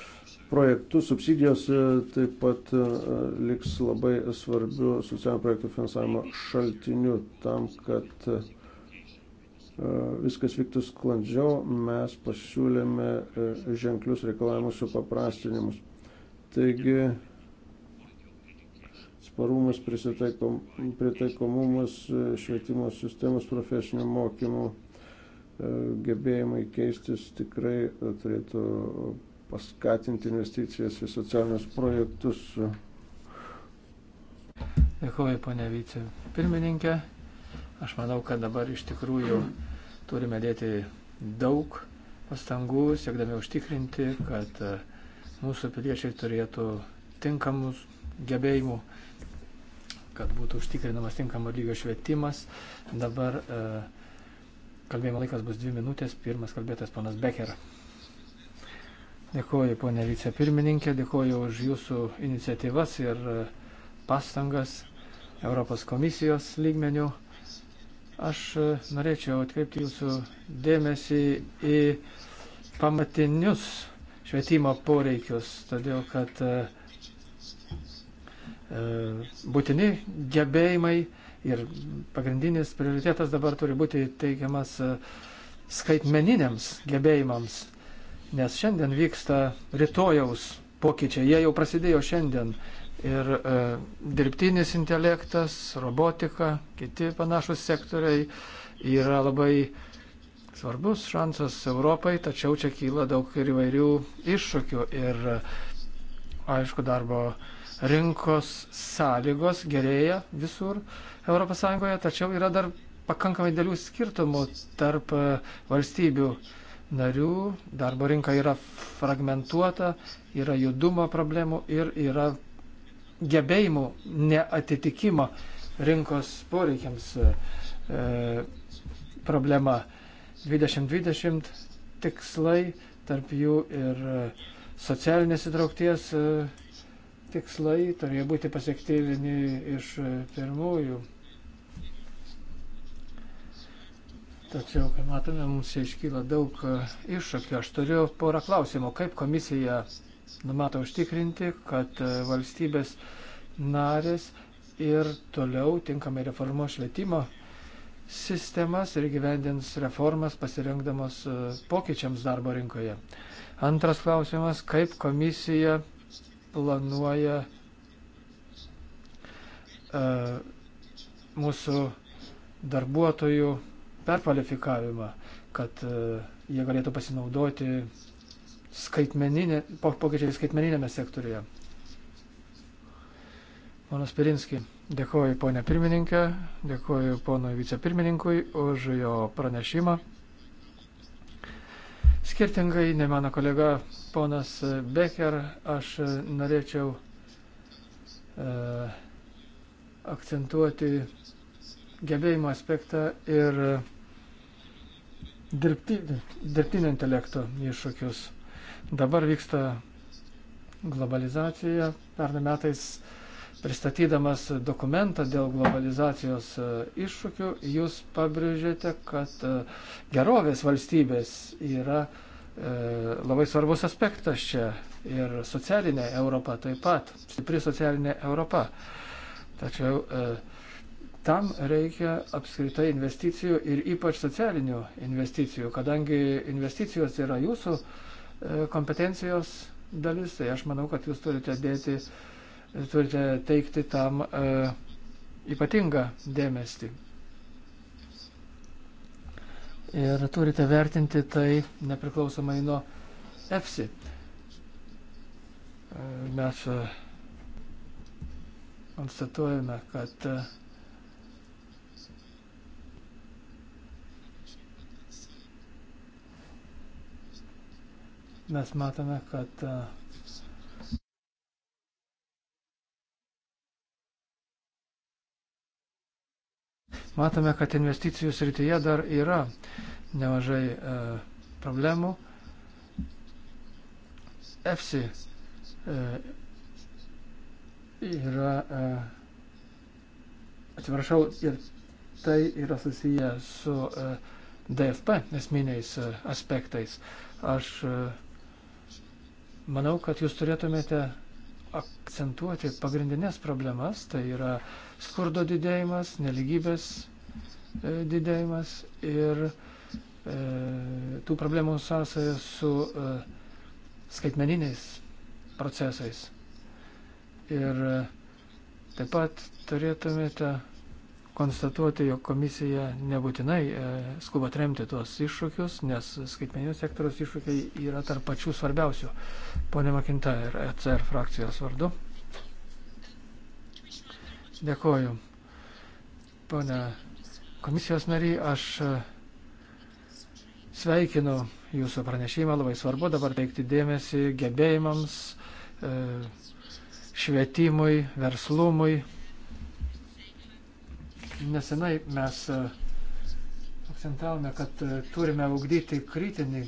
projektus, subsidijos e, taip pat e, liks labai svarbiu socialinių projektų finansavimo šaltiniu tam, kad e, viskas vyktų sklandžiau, mes pasiūlėme ženklius reikalavimus su paprastinimus. Taigi, sparumas, pritaikomumas, švietimo sistemos profesinio mokymo gebėjimai keistis tikrai turėtų paskatinti investicijas į socialinius projektus. Dėkuoju, ponia Vyci. Pirmininkė, aš manau, kad dabar iš tikrųjų turime dėti daug pastangų, siekdami užtikrinti, kad e, mūsų piliečiai turėtų tinkamus gebėjimų, kad būtų užtikrinamas tinkamo lygio švietimas. Dabar e, kalbėjimo laikas bus dvi minutės. Pirmas kalbėtas panas Becker. Dėkuoju, ponė vicepirmininkė, dėkuoju už jūsų iniciatyvas ir e, pastangas Europos komisijos lygmenių. Aš e, norėčiau atkreipti jūsų dėmesį į pamatinius švietimo poreikius, todėl kad e, būtini gebėjimai ir pagrindinis prioritetas dabar turi būti teikiamas skaitmeniniams gebėjimams nes šiandien vyksta rytojaus pokyčiai, jie jau prasidėjo šiandien. Ir e, dirbtinis intelektas, robotika, kiti panašus sektoriai yra labai svarbus šansas Europai, tačiau čia kyla daug ir įvairių iššūkių. Ir aišku, darbo rinkos sąlygos gerėja visur ES, tačiau yra dar pakankamai dėlių skirtumų tarp e, valstybių narių, darbo rinka yra fragmentuota, yra judumo problemų ir yra gebėjimų neatitikimo rinkos poreikiams e, problema. 2020 tikslai, tarp jų ir e, socialinės įtraukties e, tikslai turėjo būti pasiekti vieni iš e, pirmųjų Tačiau, kaip matome, mums čia iškyla daug e, iššūkių. Aš turiu porą klausimų. Kaip komisija numato užtikrinti, kad e, valstybės narės ir toliau tinkamai reformo švietimo sistemas ir gyvendins reformas pasirengdamos e, pokyčiams darbo rinkoje. Antras klausimas, kaip komisija planuoja uh, mūsų darbuotojų perkvalifikavimą, kad e, jie galėtų pasinaudoti skaitmeninė, pokyčiai skaitmeninėme sektoriuje. Ponas Pirinski, dėkoju ponė pirmininkė, dėkoju ponui vicepirmininkui už jo pranešimą. Skirtingai ne mano kolega ponas Becker, aš norėčiau e, akcentuoti gebėjimo aspektą ir e, dirbti, dirbtinio intelekto iššūkius. Dabar vyksta globalizacija. Pernai metais pristatydamas dokumentą dėl globalizacijos e, iššūkių, jūs pabrėžėte, kad e, gerovės valstybės yra e, labai svarbus aspektas čia ir socialinė Europa taip pat, stipri socialinė Europa. Tačiau e, Tam reikia apskritai investicijų ir ypač socialinių investicijų, kadangi investicijos yra jūsų e, kompetencijos dalis, tai aš manau, kad jūs turite dėti, turite teikti tam e, ypatingą dėmesį. Ir turite vertinti tai nepriklausomai nuo EFSI. E, mes e, konstatuojame, kad e, mes matome, kad e, Matome, kad investicijų srityje dar yra nemažai e, problemų. EFSI e, yra, e, atsiprašau, ir tai yra susiję su e, DFP esminiais e, aspektais. Aš e, manau, kad jūs turėtumėte akcentuoti pagrindinės problemas, tai yra skurdo didėjimas, neligybės e, didėjimas ir e, tų problemų sąsaja su e, skaitmeniniais procesais. Ir e, taip pat turėtumėte konstatuoti, jog komisija nebūtinai e, skuba tremti tuos iššūkius, nes skaitmeninio sektoriaus iššūkiai yra tarp pačių svarbiausių. Pone Makinta ir ECR frakcijos vardu. Dėkoju. Pone komisijos nariai, aš e, sveikinu jūsų pranešimą, labai svarbu dabar teikti dėmesį gebėjimams, e, švietimui, verslumui Nesenai mes e, akcentavome, kad e, turime augdyti kritinį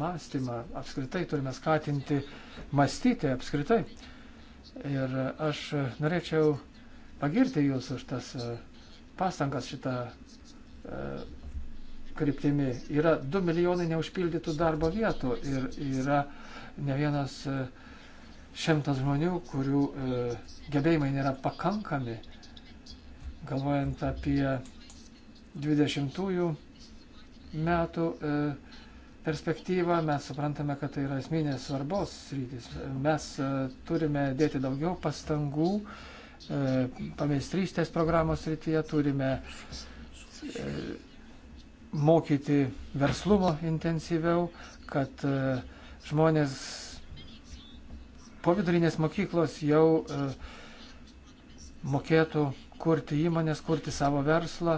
mąstymą, apskritai turime skatinti mąstyti apskritai. Ir aš e, norėčiau pagirti jūs už tas pastangas šitą kryptimi. Yra 2 milijonai neužpildytų darbo vietų ir yra ne vienas šimtas žmonių, kurių gebėjimai nėra pakankami galvojant apie 20-ųjų metų e, perspektyvą, mes suprantame, kad tai yra esminės svarbos sritis. Mes e, turime dėti daugiau pastangų e, pameistrystės programos srityje, turime mokyti verslumo intensyviau, kad žmonės po vidurinės mokyklos jau mokėtų kurti įmonės, kurti savo verslą.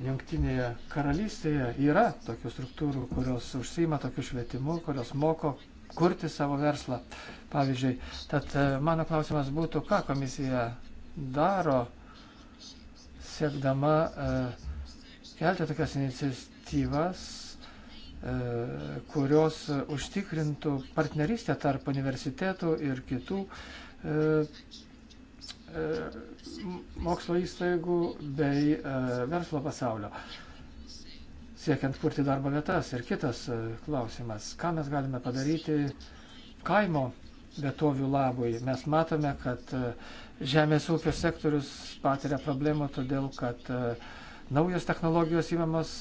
Junktinėje karalystėje yra tokių struktūrų, kurios užsima tokiu švietimu, kurios moko kurti savo verslą. Pavyzdžiui, tad e, mano klausimas būtų, ką komisija daro siekdama e, kelti tokias iniciatyvas, e, kurios užtikrintų partnerystę tarp universitetų ir kitų e, E, mokslo įstaigų bei e, verslo pasaulio, siekiant kurti darbo vietas. Ir kitas e, klausimas, ką mes galime padaryti kaimo vietovių labui. Mes matome, kad žemės ūkio sektorius patiria problemų, todėl kad naujos technologijos įmamos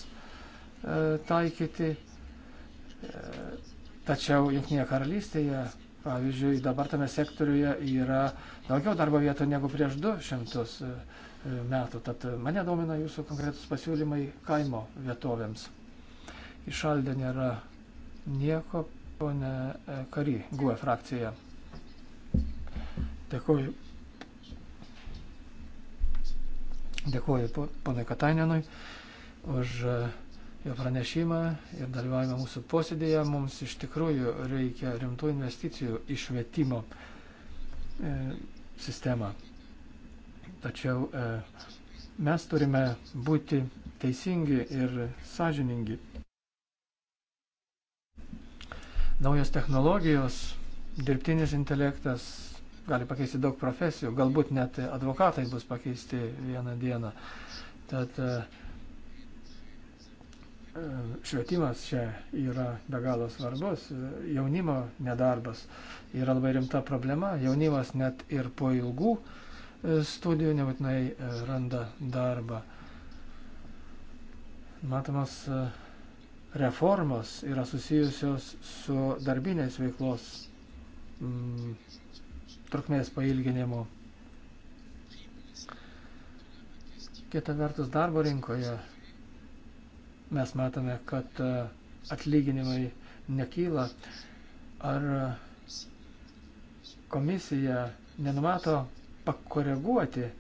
taikyti. Tačiau Junktinėje karalystėje Pavyzdžiui, dabar tame sektoriuje yra daugiau darbo vietų negu prieš 200 e, e, metų. Tad mane domina jūsų konkretus pasiūlymai kaimo vietovėms. Išaldė nėra nieko, ponė e, Kary, GUE frakcija. Dėkuoju. Dėkuoju ponai Katainenui už. Uh, jo pranešimą ir dalyvavimą mūsų posėdėje. Mums iš tikrųjų reikia rimtų investicijų išvietimo e, sistemą. Tačiau e, mes turime būti teisingi ir sąžiningi. Naujos technologijos, dirbtinis intelektas gali pakeisti daug profesijų, galbūt net advokatai bus pakeisti vieną dieną. Tad e, švietimas čia yra be galo svarbus. Jaunimo nedarbas yra labai rimta problema. Jaunimas net ir po ilgų e, studijų nebūtinai e, randa darbą. Matomas e, reformos yra susijusios su darbinės veiklos mm, trukmės pailginimu. Kita vertus, darbo rinkoje mes matome, kad e, atlyginimai nekyla. Ar e, komisija nenumato pakoreguoti e,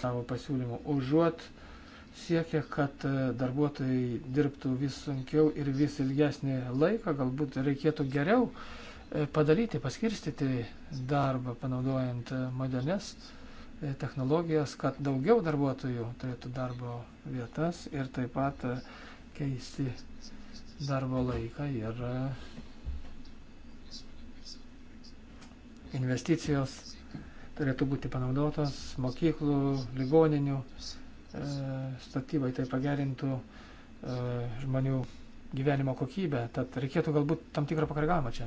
savo pasiūlymų, užuot siekia, kad e, darbuotojai dirbtų vis sunkiau ir vis ilgesnį laiką, galbūt reikėtų geriau padalyti, paskirstyti darbą, panaudojant modernes technologijas, kad daugiau darbuotojų turėtų darbo vietas ir taip pat e, keisti darbo laiką ir e, investicijos turėtų būti panaudotos mokyklų, ligoninių e, statybai, tai pagerintų žmonių gyvenimo kokybę, tad reikėtų galbūt tam tikrą pakargavimą čia.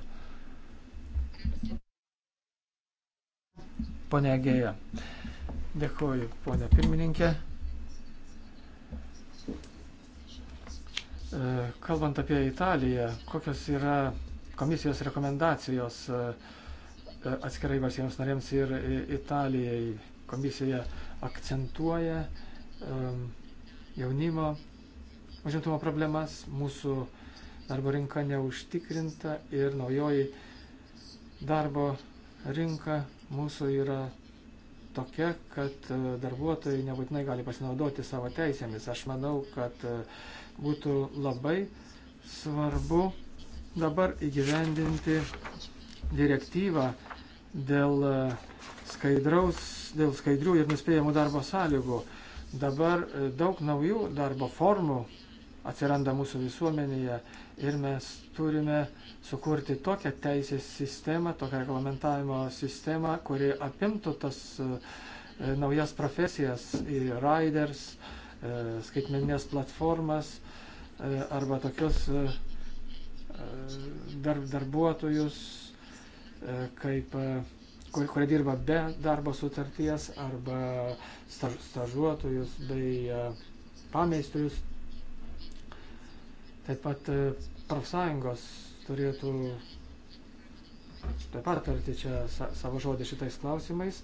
Pone Gėja. Dėkuoju, ponė pirmininkė. E, kalbant apie Italiją, kokios yra komisijos rekomendacijos e, atskirai valstybėms narėms ir Italijai. Komisija akcentuoja jaunimo užimtumo problemas, mūsų darbo rinka neužtikrinta ir naujoji darbo rinka mūsų yra tokia, kad e, darbuotojai nebūtinai gali pasinaudoti savo teisėmis. Aš manau, kad e, būtų labai svarbu dabar įgyvendinti direktyvą dėl, e, skaidraus, dėl skaidrių ir nuspėjamų darbo sąlygų. Dabar daug naujų darbo formų atsiranda mūsų visuomenėje ir mes turime sukurti tokią teisės sistemą, tokią reglamentavimo sistemą, kuri apimtų tas e, naujas profesijas, riders, e, skaitmeninės platformas e, arba tokius dar, darbuotojus, kaip, kur, kurie dirba be darbo sutarties arba stažuotojus bei pameistrius Taip pat e, profsąjungos turėtų taip pat tarti čia savo žodį šitais klausimais.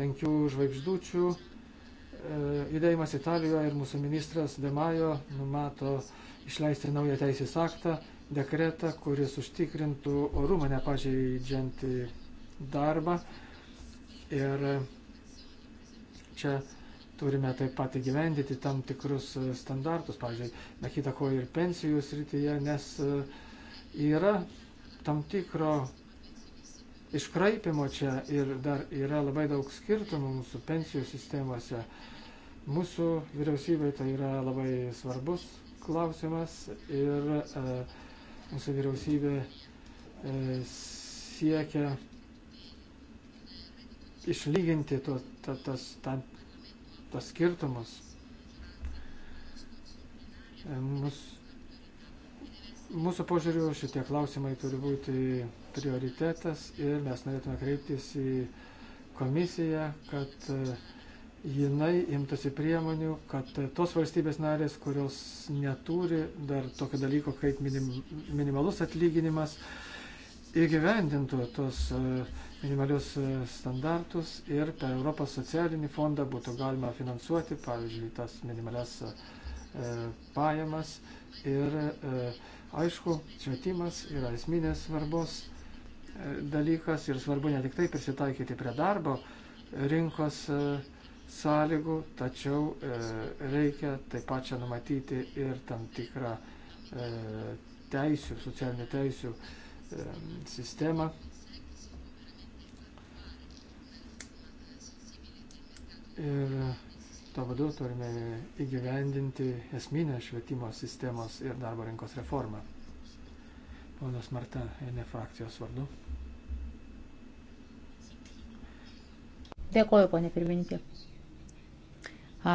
Penkių žvaigždučių e, judėjimas Italijoje ir mūsų ministras Demajo numato išleisti naują teisės aktą, dekretą, kuris užtikrintų orumą nepažeidžiantį darbą. Ir e, čia turime taip pat įgyvendyti tam tikrus e, standartus, pavyzdžiui, be kita ko ir pensijų srityje, nes e, yra tam tikro iškraipimo čia ir dar yra labai daug skirtumų mūsų pensijų sistemose. Mūsų vyriausybė tai yra labai svarbus klausimas ir e, mūsų vyriausybė e, siekia išlyginti to, ta, tas, tam tas skirtumas e, mus, mūsų požiūriu šitie klausimai turi būti prioritetas ir mes norėtume kreiptis į komisiją, kad e, jinai imtasi priemonių, kad e, tos valstybės narės, kurios neturi dar tokio dalyko kaip minim, minimalus atlyginimas, įgyvendintų tos minimalius e, standartus ir per Europos socialinį fondą būtų galima finansuoti, pavyzdžiui, tas minimalias e, pajamas. Ir e, aišku, švietimas yra esminės svarbos e, dalykas ir svarbu ne tik tai prisitaikyti prie darbo e, rinkos e, sąlygų, tačiau e, reikia taip pat čia numatyti ir tam tikrą e, teisių, socialinių teisių e, sistemą ir to vadu turime įgyvendinti esminę švietimo sistemos ir darbo rinkos reformą. Ponas Marta, ne frakcijos vardu. Dėkoju, ponė pirmininkė.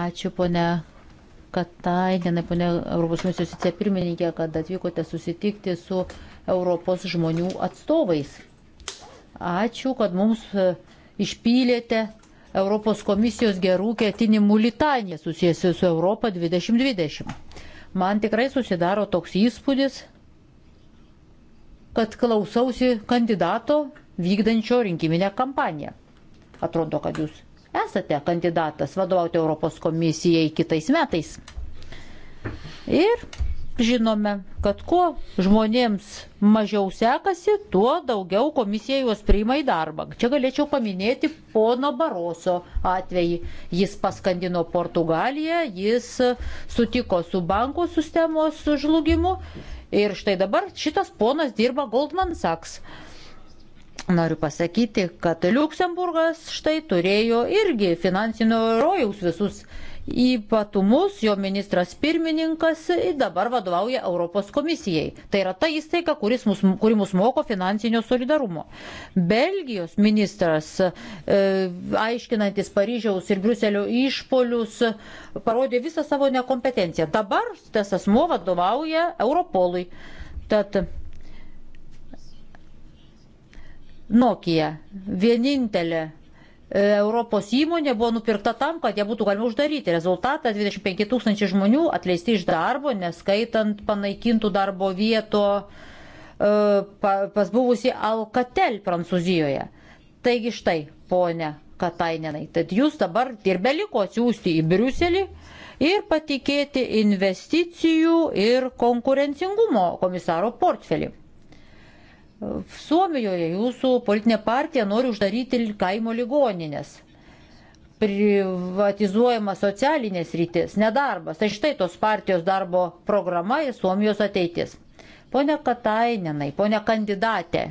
Ačiū, ponė Katainė, ponė Europos komisijos vicepirmininkė, kad atvykote susitikti su Europos žmonių atstovais. Ačiū, kad mums e, išpylėte Europos komisijos gerų ketinimų litanė susijęsi su Europa 2020. Man tikrai susidaro toks įspūdis, kad klausausi kandidato vykdančio rinkiminę kampaniją. Atrodo, kad jūs esate kandidatas vadovauti Europos komisijai kitais metais. Ir žinome, kad kuo žmonėms mažiau sekasi, tuo daugiau komisija juos priima į darbą. Čia galėčiau paminėti pono Baroso atvejį. Jis paskandino Portugaliją, jis sutiko su banko sistemos žlugimu ir štai dabar šitas ponas dirba Goldman Sachs. Noriu pasakyti, kad Luksemburgas štai turėjo irgi finansinio rojaus visus ypatumus, jo ministras pirmininkas dabar vadovauja Europos komisijai. Tai yra ta įstaiga, mus, kuri mus moko finansinio solidarumo. Belgijos ministras, e, aiškinantis Paryžiaus ir Bruselio išpolius, parodė visą savo nekompetenciją. Dabar tas asmo vadovauja Europolui. Tad Nokia vienintelė E, Europos įmonė buvo nupirkta tam, kad ją būtų galima uždaryti. Rezultatas - 25 tūkstančiai žmonių atleisti iš darbo, neskaitant panaikintų darbo vietų e, pas buvusi Alkatel Prancūzijoje. Taigi štai, ponia Katainenai, tad jūs dabar ir beliko atsiųsti į Briuselį ir patikėti investicijų ir konkurencingumo komisaro portfelį. Suomijoje jūsų politinė partija nori uždaryti kaimo ligoninės. Privatizuojama socialinės rytis, nedarbas. Tai štai tos partijos darbo programa ir Suomijos ateitis. Pone Katainenai, pone kandidatė,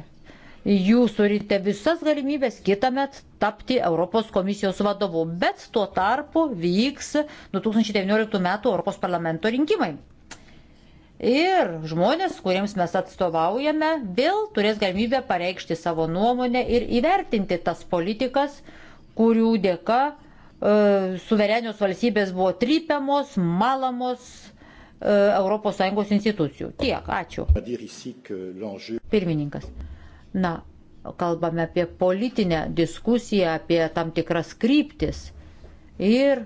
jūs turite visas galimybės kitamet tapti Europos komisijos vadovu, bet tuo tarpu vyks 2019 m. Europos parlamento rinkimai. Ir žmonės, kuriems mes atstovaujame, vėl turės galimybę pareikšti savo nuomonę ir įvertinti tas politikas, kurių dėka e, suverenios valstybės buvo trypiamos, malamos e, ES institucijų. Tiek, ačiū. Pirmininkas. Na, kalbame apie politinę diskusiją, apie tam tikras kryptis. Ir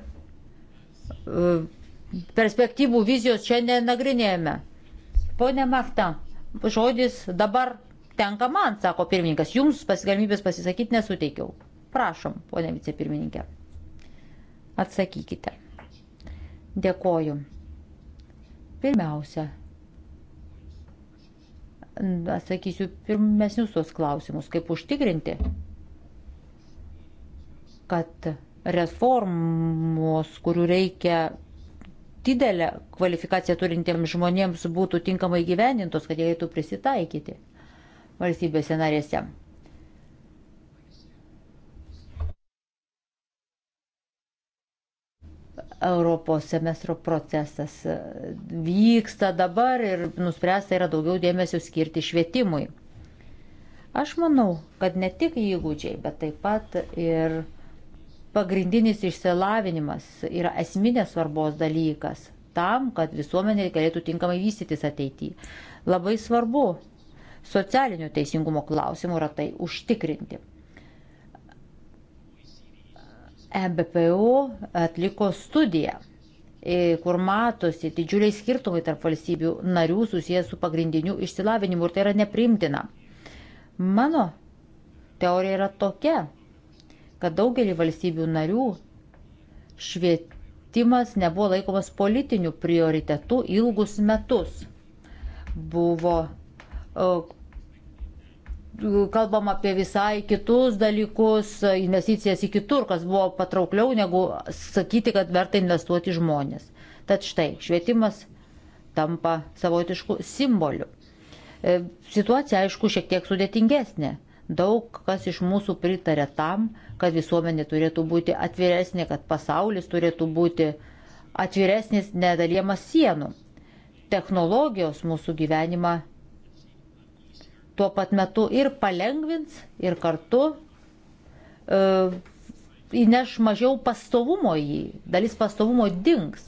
e, perspektyvų vizijos čia nenagrinėjame. Pone Machta, žodis dabar tenka man, sako pirmininkas. Jums pasigalimybės pasisakyti nesuteikiau. Prašom, ponė vicepirmininkė. Atsakykite. Dėkoju. Pirmiausia, atsakysiu pirmesnius tos klausimus, kaip užtikrinti, kad reformos, kurių reikia didelę kvalifikaciją turintiems žmonėms būtų tinkamai gyvenintos, kad jie galėtų prisitaikyti valstybėse narėse. Europos semestro procesas vyksta dabar ir nuspręsta yra daugiau dėmesio skirti švietimui. Aš manau, kad ne tik įgūdžiai, bet taip pat ir pagrindinis išsilavinimas yra esminės svarbos dalykas tam, kad visuomenė galėtų tinkamai vystytis ateityje. Labai svarbu socialinio teisingumo klausimų yra tai užtikrinti. EBPO atliko studiją, e, kur matosi didžiuliai skirtumai tarp valstybių narių susijęs su pagrindiniu išsilavinimu ir tai yra neprimtina. Mano teorija yra tokia, kad daugelį valstybių narių švietimas nebuvo laikomas politiniu prioritetu ilgus metus. Buvo e, kalbam apie visai kitus dalykus, investicijas į kitur, kas buvo patraukliau negu sakyti, kad verta investuoti žmonės. Tad štai, švietimas tampa savotišku simboliu. E, situacija, aišku, šiek tiek sudėtingesnė. Daug kas iš mūsų pritarė tam, kad visuomenė turėtų būti atviresnė, kad pasaulis turėtų būti atviresnis, nedaliemas sienų. Technologijos mūsų gyvenimą tuo pat metu ir palengvins, ir kartu e, įneš mažiau pastovumo į jį, dalis pastovumo dings.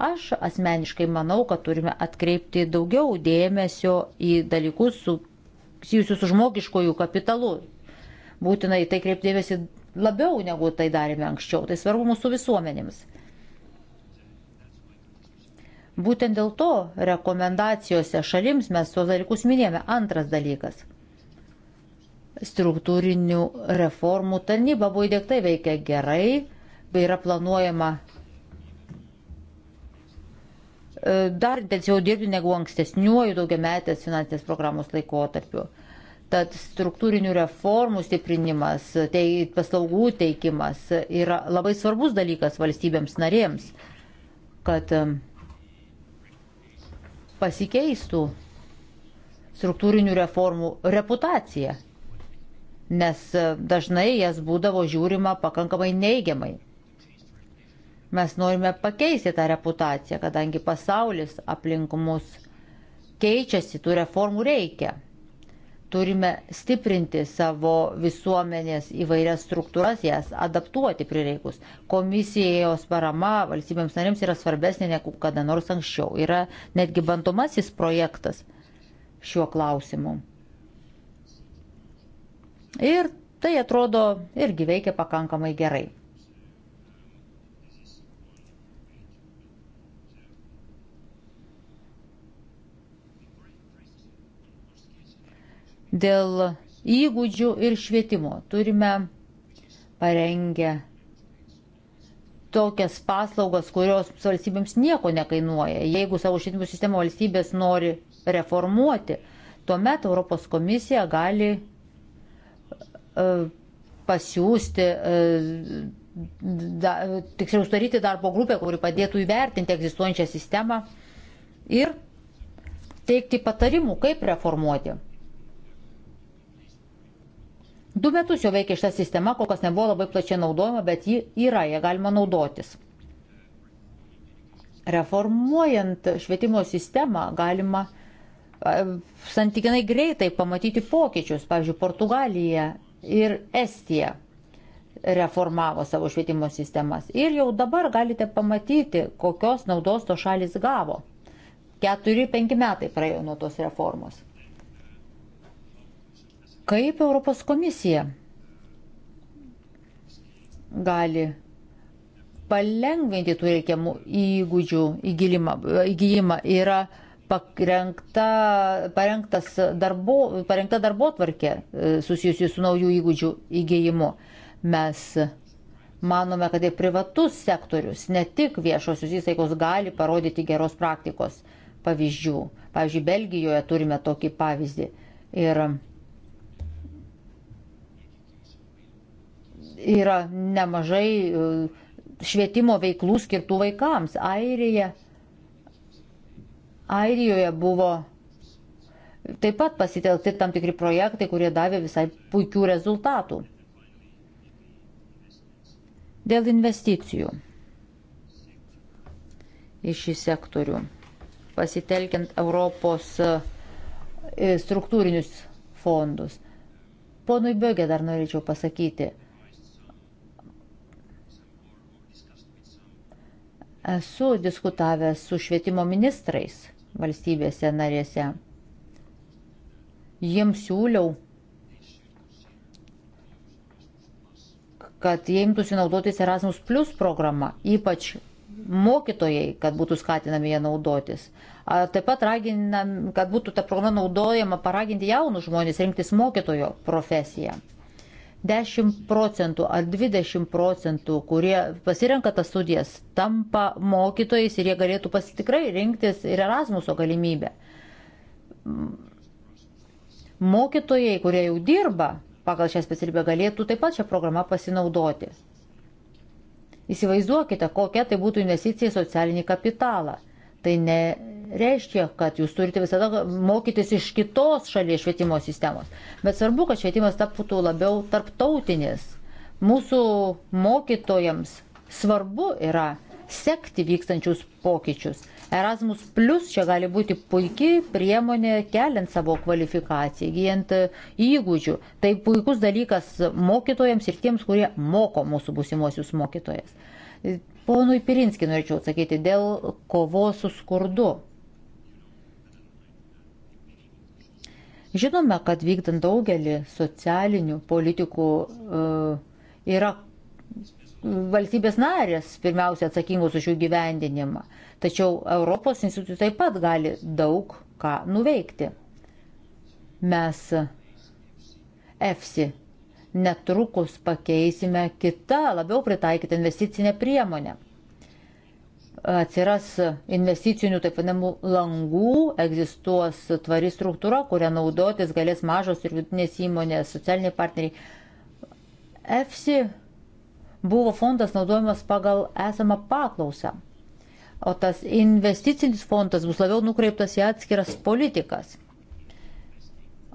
Aš asmeniškai manau, kad turime atkreipti daugiau dėmesio į dalykus, su susijusių su žmogiškojų kapitalu. Būtinai tai kreipdėvėsi labiau negu tai darėme anksčiau. Tai svarbu mūsų visuomenėms. Būtent dėl to rekomendacijose šalims mes tuos dalykus minėjome. Antras dalykas. Struktūrinių reformų tarnyba buvo įdėktai veikia gerai, bei yra planuojama E, dar intensyviau dirbti negu ankstesniuoju daugiametės finansinės programos laikotarpiu. Tad struktūrinių reformų stiprinimas, tai paslaugų teikimas yra labai svarbus dalykas valstybėms narėms, kad e, pasikeistų struktūrinių reformų reputacija, nes e, dažnai jas būdavo žiūrima pakankamai neigiamai. Mes norime pakeisti tą reputaciją, kadangi pasaulis aplink mus keičiasi, tų reformų reikia. Turime stiprinti savo visuomenės įvairias struktūras, jas adaptuoti prireikus. Komisijos parama valstybėms narėms yra svarbesnė negu kada nors anksčiau. Yra netgi bandomasis projektas šiuo klausimu. Ir tai atrodo irgi veikia pakankamai gerai. dėl įgūdžių ir švietimo. Turime parengę tokias paslaugas, kurios valstybėms nieko nekainuoja. Jeigu savo švietimo sistemą valstybės nori reformuoti, tuomet Europos komisija gali e, pasiūsti, e, da, tiksliau, sudaryti darbo grupę, kuri padėtų įvertinti egzistuojančią sistemą ir teikti patarimų, kaip reformuoti. Du metus jau veikia šitą sistemą, kol kas nebuvo labai plačiai naudojama, bet ji yra, ją galima naudotis. Reformuojant švietimo sistemą galima santykinai greitai pamatyti pokyčius. Pavyzdžiui, Portugalija ir Estija reformavo savo švietimo sistemas. Ir jau dabar galite pamatyti, kokios naudos to šalis gavo. 4-5 metai praėjo nuo tos reformos. Kaip Europos komisija gali palengvinti tų reikiamų įgūdžių įgyjimą yra parengta, parengtas darbo, parengta darbo tvarkė e, susijusi su naujų įgūdžių įgyjimu. Mes manome, kad ir privatus sektorius, ne tik viešosios įstaigos gali parodyti geros praktikos pavyzdžių. Pavyzdžiui, Belgijoje turime tokį pavyzdį. Ir yra nemažai e, švietimo veiklų skirtų vaikams. Airija, Airijoje buvo taip pat pasitelkti tam tikri projektai, kurie davė visai puikių rezultatų. Dėl investicijų į šį sektorių, pasitelkiant Europos e, struktūrinius fondus. Ponui Bögė dar norėčiau pasakyti, Esu diskutavęs su švietimo ministrais valstybėse narėse. Jiems siūliau, kad jie imtųsi naudotis Erasmus Plus programą, ypač mokytojai, kad būtų skatinami jie naudotis. A, taip pat raginam, kad būtų ta programa naudojama paraginti jaunus žmonės rinktis mokytojo profesiją. 10 procentų ar 20 procentų, kurie pasirenka tas studijas, tampa mokytojais ir jie galėtų pasitikrai rinktis ir Erasmuso galimybę. Mokytojai, kurie jau dirba pagal šią specialybę, galėtų taip pat šią programą pasinaudoti. Įsivaizduokite, kokia tai būtų investicija į socialinį kapitalą. Tai ne, reiškia, kad jūs turite visada mokytis iš kitos šalies švietimo sistemos. Bet svarbu, kad švietimas taptų labiau tarptautinis. Mūsų mokytojams svarbu yra sekti vykstančius pokyčius. Erasmus Plus čia gali būti puikiai priemonė keliant savo kvalifikaciją, gyjant įgūdžių. Tai puikus dalykas mokytojams ir tiems, kurie moko mūsų busimuosius mokytojas. Ponui Pirinskį norėčiau atsakyti dėl kovos su skurdu. Žinome, kad vykdant daugelį socialinių politikų e, yra valstybės narės pirmiausia atsakingos už jų gyvendinimą. Tačiau Europos institucijų taip pat gali daug ką nuveikti. Mes EFSI netrukus pakeisime kitą labiau pritaikytą investicinę priemonę atsiras investicinių taip vadinamų langų, egzistuos tvari struktūra, kurią naudotis galės mažos ir vidutinės įmonės, socialiniai partneriai. EFSI buvo fondas naudojamas pagal esamą paklausą, o tas investicinis fondas bus labiau nukreiptas į atskiras politikas.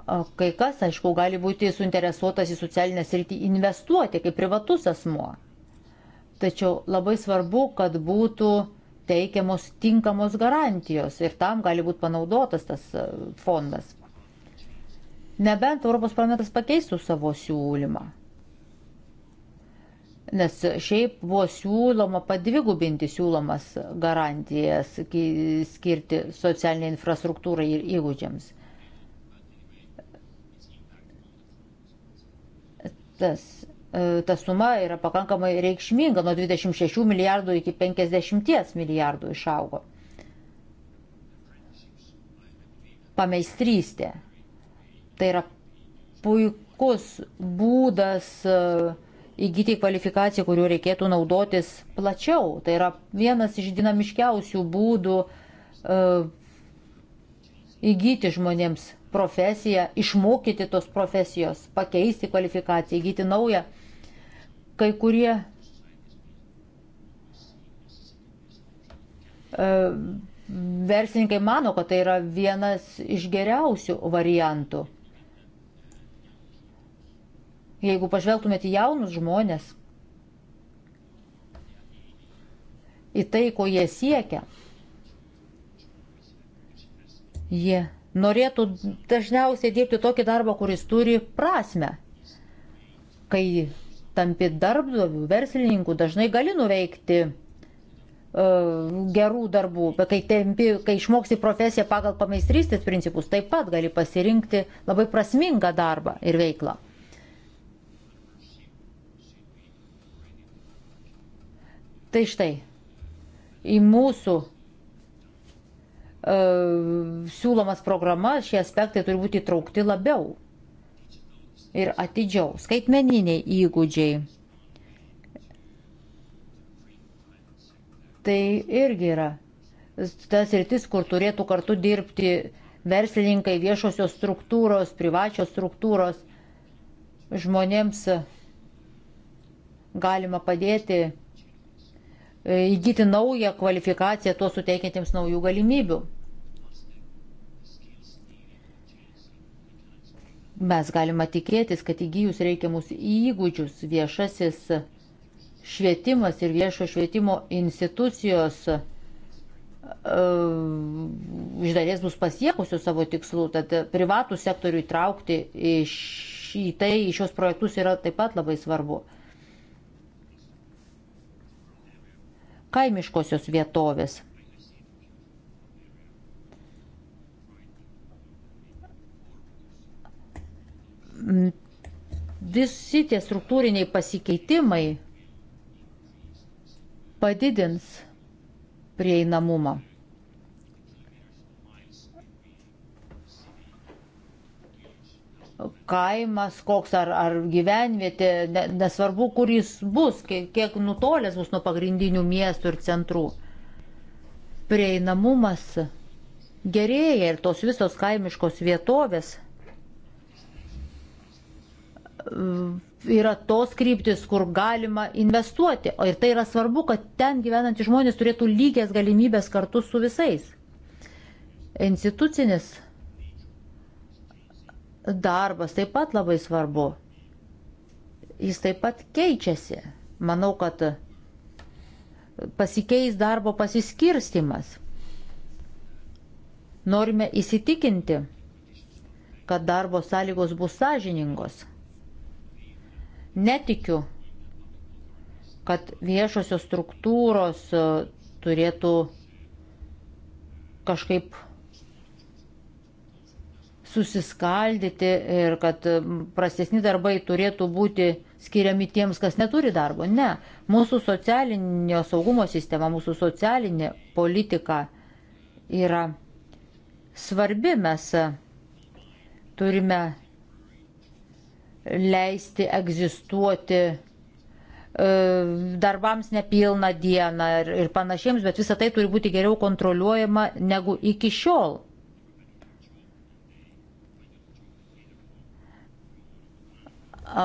O kai kas, aišku, gali būti suinteresuotas į socialinę sritį investuoti kaip privatus asmuo. Tačiau labai svarbu, kad būtų teikiamos tinkamos garantijos ir tam gali būti panaudotas tas e, fondas. Nebent Europos parlamentas pakeistų savo siūlymą. Nes šiaip buvo siūloma padvigubinti siūlomas garantijas skirti socialiniai infrastruktūrai ir įgūdžiams. Tas E, ta suma yra pakankamai reikšminga, nuo 26 milijardų iki 50 milijardų išaugo. Pameistrystė. Tai yra puikus būdas e, įgyti kvalifikaciją, kuriuo reikėtų naudotis plačiau. Tai yra vienas iš dinamiškiausių būdų e, įgyti žmonėms profesiją, išmokyti tos profesijos, pakeisti kvalifikaciją, įgyti naują profesiją kai kurie e, verslininkai mano, kad tai yra vienas iš geriausių variantų. Jeigu pažvelgtumėte jaunus žmonės, į tai, ko jie siekia, jie norėtų dažniausiai dirbti tokį darbą, kuris turi prasme, kai tampi darbdavių, verslininkų, dažnai gali nuveikti e, gerų darbų, bet kai, tempi, kai išmoksti profesiją pagal pameistrystės principus, taip pat gali pasirinkti labai prasmingą darbą ir veiklą. Tai štai, į mūsų e, siūlomas programas šie aspektai turi būti įtraukti labiau ir atidžiau. Skaitmeniniai įgūdžiai. Tai irgi yra tas rytis, kur turėtų kartu dirbti verslininkai, viešosios struktūros, privačios struktūros. Žmonėms galima padėti e, įgyti naują kvalifikaciją, tuo suteikiantiems naujų galimybių. Mes galima tikėtis, kad įgyjus reikiamus įgūdžius viešasis švietimas ir viešo švietimo institucijos e, iš dalies bus pasiekusių savo tikslų, tad privatų sektorių įtraukti iš, į tai, į šios projektus yra taip pat labai svarbu. Kaimiškosios vietovės. Mm, visi tie struktūriniai pasikeitimai padidins prieinamumą. kaimas, koks ar, ar gyvenvietė, ne, nesvarbu, kur jis bus, kiek, kiek nutolęs bus nuo pagrindinių miestų ir centrų. Prieinamumas gerėja ir tos visos kaimiškos vietovės yra tos kryptis, kur galima investuoti. O ir tai yra svarbu, kad ten gyvenantys žmonės turėtų lygias galimybės kartu su visais. Institucinis darbas taip pat labai svarbu. Jis taip pat keičiasi. Manau, kad pasikeis darbo pasiskirstimas. Norime įsitikinti, kad darbo sąlygos bus sąžiningos Netikiu, kad viešosios struktūros e, turėtų kažkaip susiskaldyti ir kad e, prastesni darbai turėtų būti skiriami tiems, kas neturi darbo. Ne, mūsų socialinio saugumo sistema, mūsų socialinė politika yra svarbi. Mes e, turime leisti egzistuoti e, darbams nepilną dieną ir, ir panašiems, bet visa tai turi būti geriau kontroliuojama negu iki šiol.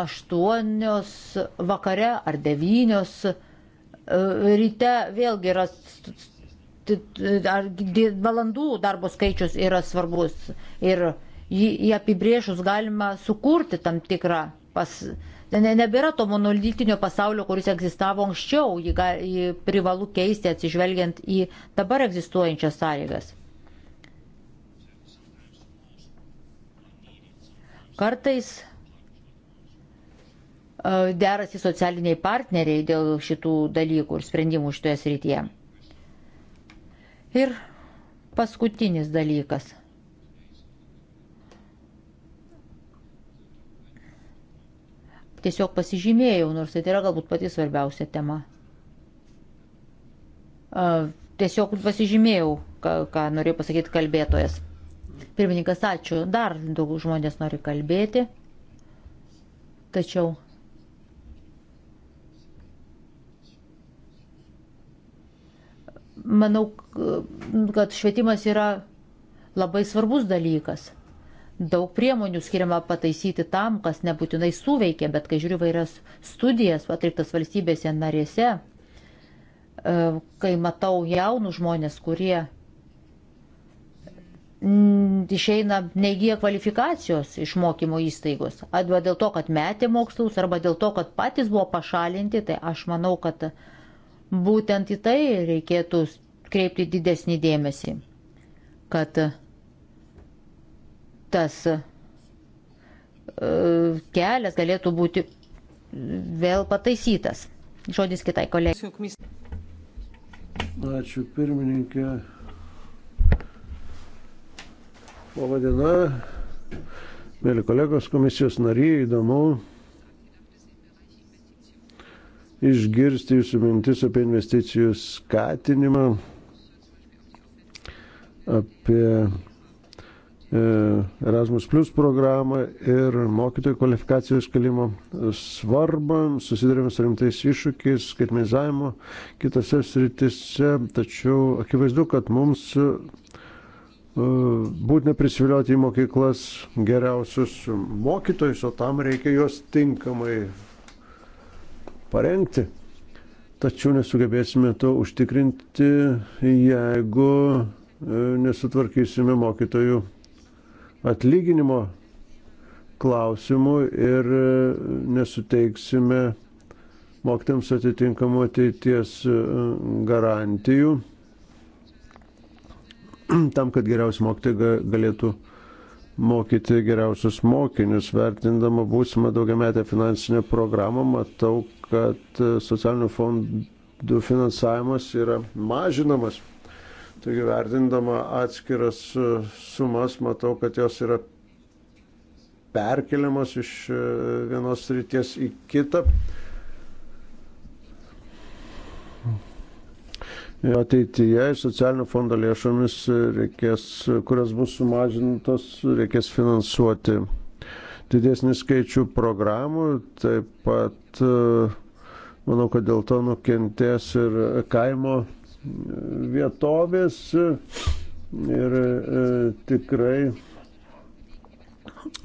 Aštuonios vakare ar devynios e, ryte vėlgi yra ar valandų darbo skaičius yra svarbus ir jį, jį apibrėžus galima sukurti tam tikrą pas. Ne, nebėra to monolitinio pasaulio, kuris egzistavo anksčiau, jį, gal, jį privalu keisti atsižvelgiant į dabar egzistuojančias sąlygas. Kartais e, derasi socialiniai partneriai dėl šitų dalykų ir sprendimų šitoje srityje. Ir paskutinis dalykas. tiesiog pasižymėjau, nors tai yra galbūt pati svarbiausia tema. Tiesiog pasižymėjau, ką, ką norėjo pasakyti kalbėtojas. Pirmininkas, ačiū. Dar daug žmonės nori kalbėti. Tačiau manau, kad švietimas yra labai svarbus dalykas. Daug priemonių skiriama pataisyti tam, kas nebūtinai suveikia, bet kai žiūriu vairias studijas atliktas valstybėse narėse, e, kai matau jaunų žmonės, kurie mm, išeina neįgyja kvalifikacijos iš mokymo įstaigos, arba dėl to, kad metė mokslus, arba dėl to, kad patys buvo pašalinti, tai aš manau, kad būtent į tai reikėtų kreipti didesnį dėmesį, kad tas e, kelias galėtų būti vėl pataisytas. Žodis kitai kolegijai. Ačiū pirmininkė. Labadiena, mėly kolegos komisijos nariai, įdomu išgirsti jūsų mintis apie investicijų skatinimą, apie E, Erasmus Plus programą ir mokytojų kvalifikacijos kelimo svarbą, susidurėme su rimtais iššūkiais, skaitmenizavimo kitose sritise, tačiau akivaizdu, kad mums e, būtina prisivilioti į mokyklas geriausius mokytojus, o tam reikia juos tinkamai parengti. Tačiau nesugebėsime to užtikrinti, jeigu e, nesutvarkysime mokytojų atlyginimo klausimų ir e, nesuteiksime mokytams atitinkamų ateities e, garantijų tam, kad geriausi mokytojai galėtų mokyti geriausius mokinius. Vertindama būsimą daugiametę finansinę programą, matau, kad e, socialinių fondų finansavimas yra mažinamas Taigi vertindama atskiras e, sumas, matau, kad jos yra perkeliamos iš e, vienos ryties į kitą. ateityje iš socialinio fondo lėšomis, reikės, kurios bus sumažintos, reikės finansuoti didesnį skaičių programų. Taip pat e, manau, kad dėl to nukentės ir kaimo vietovės ir e, tikrai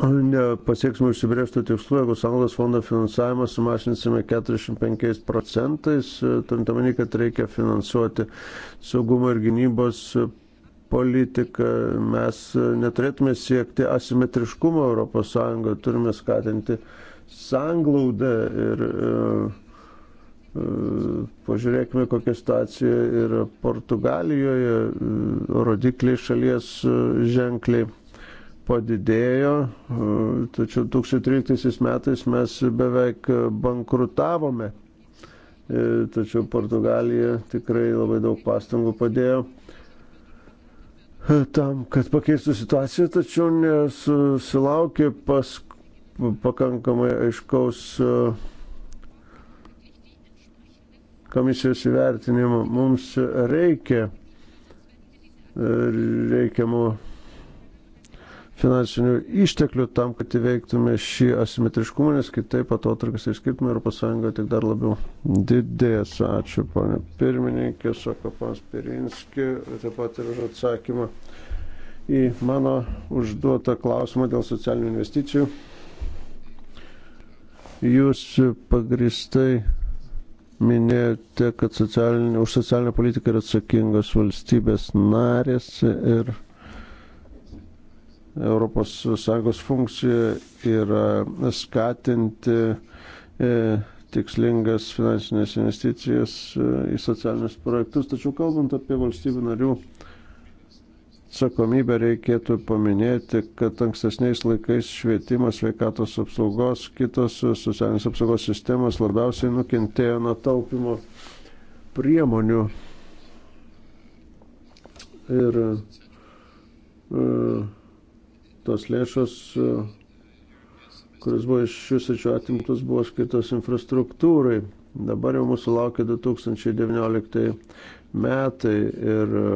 nepasieksime užsibrėžtų tikslų, jeigu sąnaudos fondo finansavimą sumažinsime 45 procentais, e, turint omeny, kad reikia finansuoti saugumo ir gynybos politiką, mes neturėtume siekti asimetriškumo ES, turime skatinti sanglaudą ir e, Pažiūrėkime, kokia situacija yra Portugalijoje. Rodikliai šalies ženkliai padidėjo, tačiau 2013 metais mes beveik bankrutavome. Tačiau Portugalija tikrai labai daug pastangų padėjo tam, kad pakeistų situaciją, tačiau nesusilaukė pas pakankamai aiškaus uh, komisijos įvertinimo mums reikia e, reikiamų finansinių išteklių tam, kad įveiktume šį asimetriškumą, nes kitaip atotrukis ir skirtumai Europos Sąjungoje tik dar labiau didės. Ačiū, ponė pirmininkė, sako pons Pirinski, taip pat ir už atsakymą į mano užduotą klausimą dėl socialinių investicijų. Jūs pagristai Minėjote, kad socialinė, už socialinę politiką yra atsakingos valstybės narės ir ES funkcija yra skatinti e, tikslingas finansinės investicijas e, į socialinius projektus. Tačiau kalbant apie valstybių narių e, atsakomybę reikėtų paminėti, kad ankstesniais laikais švietimas, sveikatos apsaugos, kitos socialinės apsaugos sistemas labiausiai nukentėjo nuo taupimo priemonių. Ir e, tos lėšos, e, kuris buvo iš šių sečių atimtos, buvo skirtos infrastruktūrai. Dabar jau mūsų laukia 2019 metai ir e,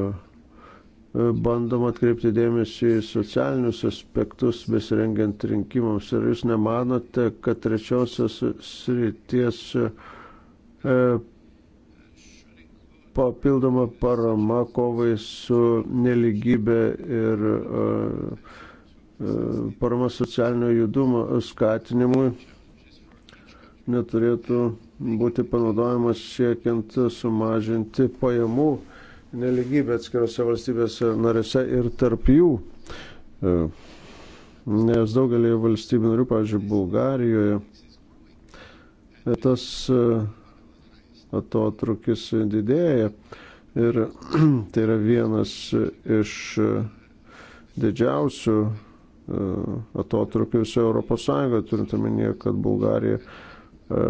E, bandoma atkreipti dėmesį į socialinius aspektus besirengiant rinkimams. Ar jūs nemanote, kad trečiosios srities e, papildoma parama kovai su neligybė ir e, parama socialinio judumo skatinimui neturėtų būti panaudojamas siekiant sumažinti pajamų neligybė atskirose valstybėse narėse ir tarp jų. E, nes daugelį valstybių narių, pavyzdžiui, Bulgarijoje, e, tas e, atotrukis didėja. Ir tai yra vienas iš didžiausių atotrukių visoje Europos Sąjungoje, turint omenyje, kad Bulgarija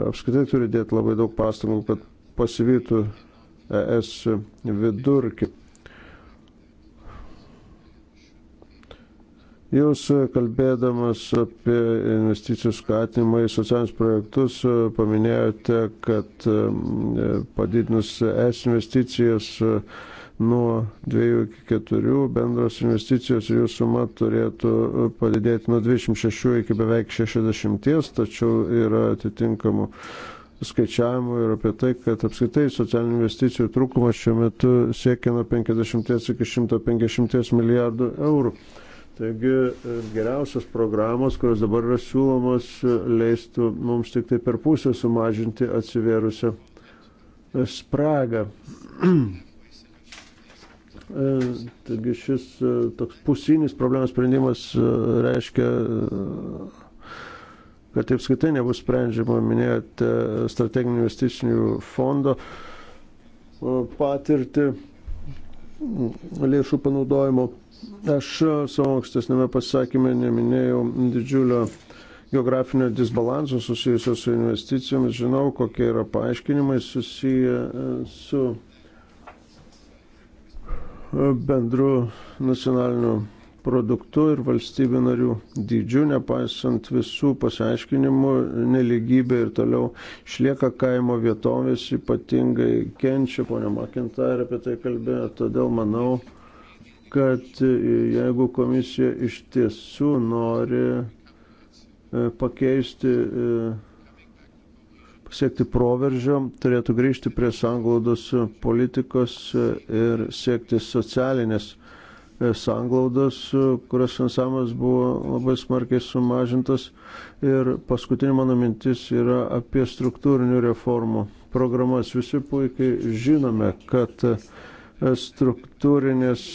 apskritai turi dėti labai daug pastangų, kad pasivytų ES vidurkį. Jūs kalbėdamas apie investicijų skatinimą į socialinius projektus paminėjote, kad e, padidinus es investicijas e, nuo 2 iki 4 bendros investicijos ir jų suma turėtų padidėti nuo 26 iki beveik 60, tačiau yra atitinkamų skaičiavimų ir apie tai, kad apskaitai socialinių investicijų trūkumas šiuo metu siekia nuo 50 iki 150 milijardų eurų. Taigi e, geriausios programos, kurios dabar yra siūlomos, e, leistų mums tik tai per pusę sumažinti atsivėrusią e, spragą. Taigi šis toks pusinis problemos sprendimas reiškia kad apskritai nebus sprendžiama, minėjote, strateginių investicinių fondo patirtį lėšų panaudojimo. Aš e, savo ankstesnėme pasakymė neminėjau didžiulio geografinio disbalanso susijusio su investicijomis. Žinau, kokie yra paaiškinimai susiję e, su e, bendru nacionaliniu produktu ir valstybių narių dydžiu, nepaisant visų pasiaiškinimų, neligybė ir toliau išlieka kaimo vietovės, ypatingai kenčia, ponia Makintarė apie tai kalbėjo, todėl manau, kad jeigu komisija iš tiesų nori e, pakeisti, e, pasiekti proveržio, turėtų grįžti prie sanglaudos politikos e, ir siekti socialinės E, sanglaudas, e, kurios finansavimas buvo labai smarkiai sumažintas. Ir paskutinė mano mintis yra apie struktūrinių reformų programas. Visi puikiai žinome, kad e, struktūrinės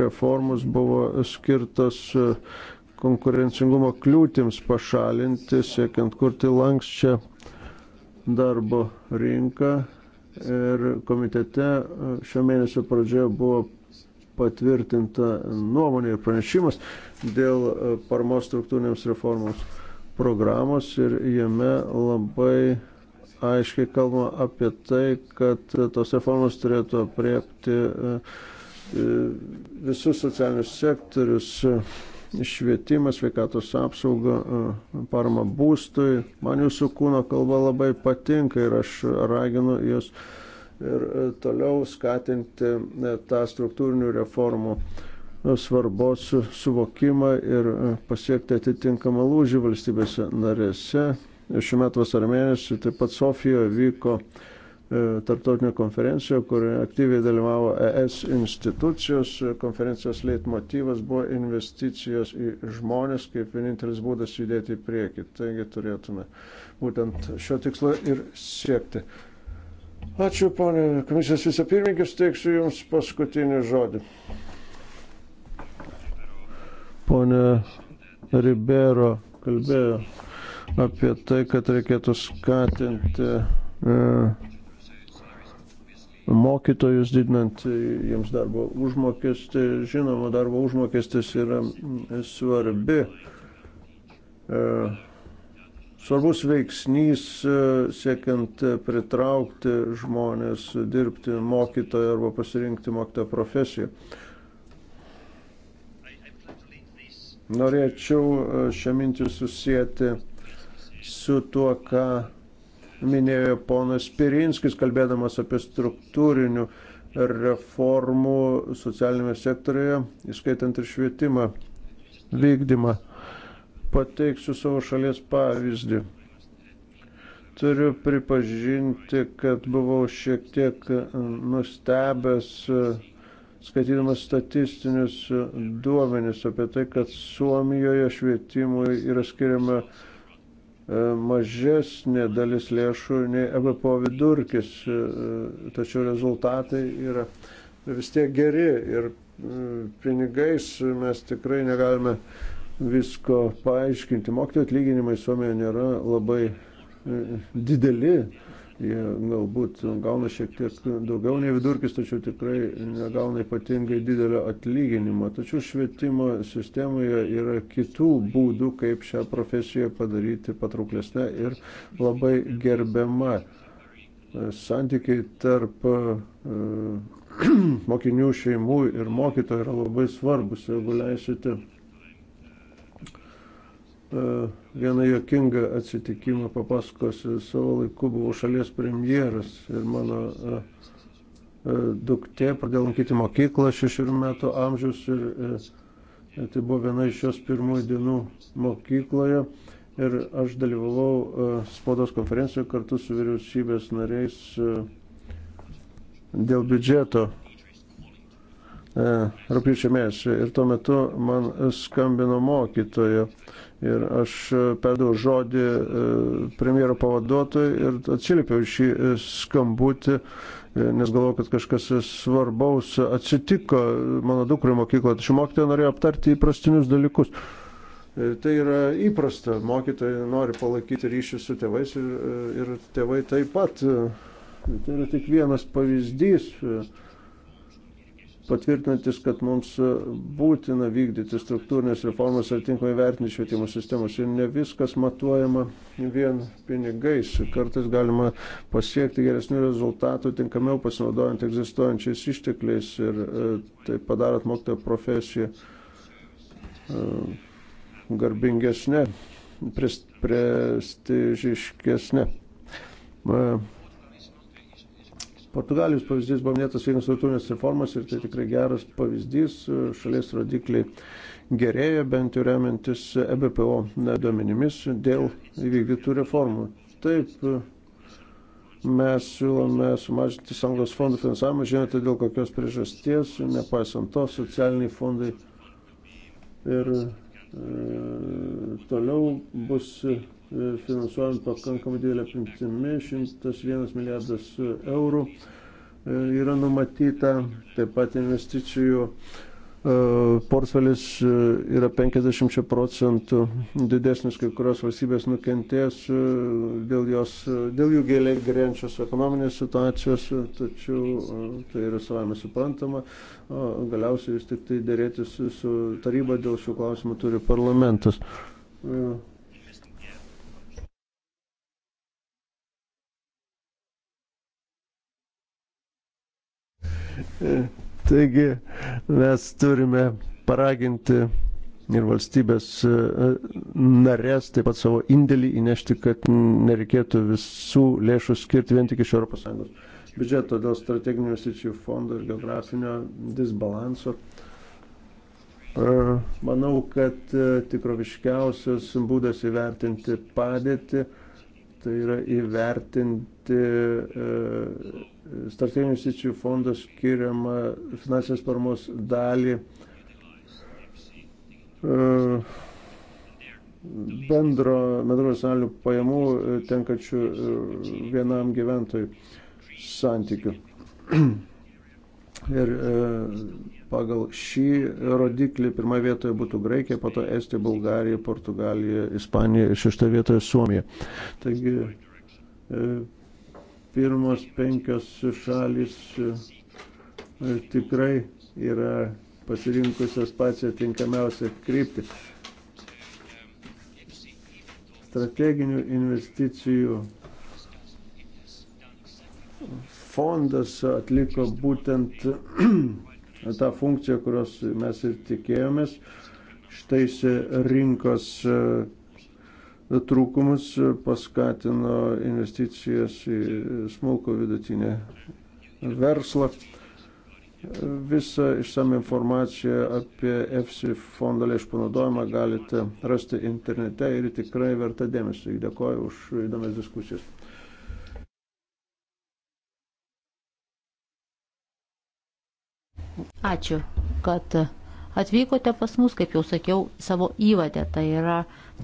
reformos buvo skirtos konkurencingumo kliūtims pašalinti, siekiant kurti lankščią darbo rinką. Ir komitete šio mėnesio pradžioje buvo patvirtinta nuomonė ir pranešimas dėl e, paramos struktūrinėms reformoms programos ir jame labai aiškiai kalbama apie tai, kad tos reformos turėtų apriepti e, e, visus socialinius sektorius švietimas, sveikatos apsauga, parama būstui. Man jūsų kūno kalba labai patinka ir aš raginu jūs ir e, toliau skatinti e, tą struktūrinių reformų e, svarbos suvokimą ir pasiekti atitinkamą lūžį valstybėse narėse. Šiuo metu vasarą mėnesį taip pat Sofijoje vyko tarptautinė konferencija, kurioje aktyviai dalyvavo ES institucijos. Konferencijos leitmotivas buvo investicijos į žmonės kaip vienintelis būdas judėti į priekį. Taigi turėtume būtent šio tikslo ir siekti. Ačiū, ponė komisijos vicepirmininkė, suteiksiu Jums paskutinį žodį. Pone Ribero kalbėjo apie tai, kad reikėtų skatinti e, mokytojus, didinant jiems darbo užmokestį. Žinoma, darbo užmokestis yra svarbi. E, svarbus veiksnys e, siekiant e, pritraukti žmonės dirbti mokytoją arba pasirinkti mokytojo profesiją. Norėčiau e, šią mintį susijęti su tuo, ką minėjo ponas Pirinskis, kalbėdamas apie struktūrinių reformų socialinėme sektorėje, įskaitant ir švietimą vykdymą. Pateiksiu savo šalies pavyzdį. Turiu pripažinti, kad buvau šiek tiek nustebęs skaitydamas statistinius duomenis apie tai, kad Suomijoje švietimui yra skiriama e, mažesnė dalis lėšų nei EBPO vidurkis, e, tačiau rezultatai yra vis tiek geri ir e, pinigais mes tikrai negalime visko paaiškinti. Mokytojų atlyginimai Suomijoje nėra labai e, dideli, jie galbūt gauna šiek tiek daugiau nei vidurkis, tačiau tikrai negauna ypatingai didelio atlyginimo. Tačiau švietimo sistemoje yra kitų būdų, kaip šią profesiją padaryti patrauklesnę ir labai gerbiamą. E, santykiai tarp e, mokinių šeimų ir mokytojų yra labai svarbus. Jeigu leisite E, vieną jokingą atsitikimą papasakosiu. Savo laiku buvau šalies premjeras ir mano e, e, duktė pradėjo lankyti mokyklą šešių metų amžiaus ir tai buvo viena iš jos pirmųjų dienų mokykloje. Ir aš dalyvavau spaudos konferencijoje kartu su vyriausybės nariais dėl biudžeto rūpiučio mėnesį. Ir tuo metu man skambino mokytojo Ir aš e, perduodu žodį e, premjero pavaduotojui ir atsilipiau šį e, skambutį, nes galvoju, kad kažkas svarbaus atsitiko mano dukrai mokykloje. Tačiau mokytoja norėjo aptarti įprastinius dalykus. Ir tai yra įprasta. Mokytojai nori palaikyti ryšį su tėvais ir, ir tėvai taip pat. Tai yra tik vienas pavyzdys patvirtinantis, kad mums būtina vykdyti struktūrinės reformas ir tinkamai vertinti švietimo sistemos. Ir ne viskas matuojama vien pinigais. Kartais galima pasiekti geresnių rezultatų, tinkamiau pasinaudojant egzistuojančiais ištekliais ir e, tai padarant mokytojo profesiją e, garbingesnė, prestižiškesnė. E, Portugalijos pavyzdys buvo minėtas vienas struktūrinės reformas ir tai tikrai geras pavyzdys. Šalies rodikliai gerėja, bent jau remiantis EBPO duomenimis dėl įvykdytų reformų. Taip, mes siūlome sumažinti sąjungos fondų finansavimą, žinote, dėl kokios priežasties, nepaisant to, socialiniai fondai ir e, toliau bus finansuojant pakankamai didelę apimtimi, 101 milijardas eurų e, yra numatyta, taip pat investicijų e, portfelis e, yra 50 procentų didesnis, kai kurios valstybės nukentės dėl, jos, dėl jų gėliai gerėjančios ekonominės situacijos, tačiau tai yra savame suprantama. Galiausiai vis tik tai dėrėtis su taryba dėl šių klausimų turi parlamentas. Taigi mes turime paraginti ir valstybės e, narės taip pat savo indėlį įnešti, kad nereikėtų visų lėšų skirti vien tik iš ES biudžeto dėl strateginių investicijų fondo ir geografinio disbalanso. E, manau, kad e, tikroviškiausias būdas įvertinti padėtį tai yra įvertinti Startinių investicijų fondas skiriama finansinės paramos dalį e, bendro, bendro nacionalinių pajamų e, tenkačių e, vienam gyventojui santykių. Ir pagal šį rodiklį pirmoje vietoje būtų Graikija, po to Estija, Bulgarija, Portugalija, Ispanija ir šeštoje vietoje Suomija. Taigi pirmos penkios šalis e, e, tikrai yra pasirinkusios pačią tinkamiausią kryptį. Strateginių investicijų fondas atliko būtent tą funkciją, kurios mes ir tikėjomės, ištaisė rinkos e, trūkumus paskatino investicijas į smulko vidutinę verslą. Visą išsame informaciją apie EFSI fondo lėšų panaudojimą galite rasti internete ir tikrai verta dėmesio. Dėkoju už įdomias diskusijas. Ačiū, kad atvykote pas mus, kaip jau sakiau, savo įvadę. Tai yra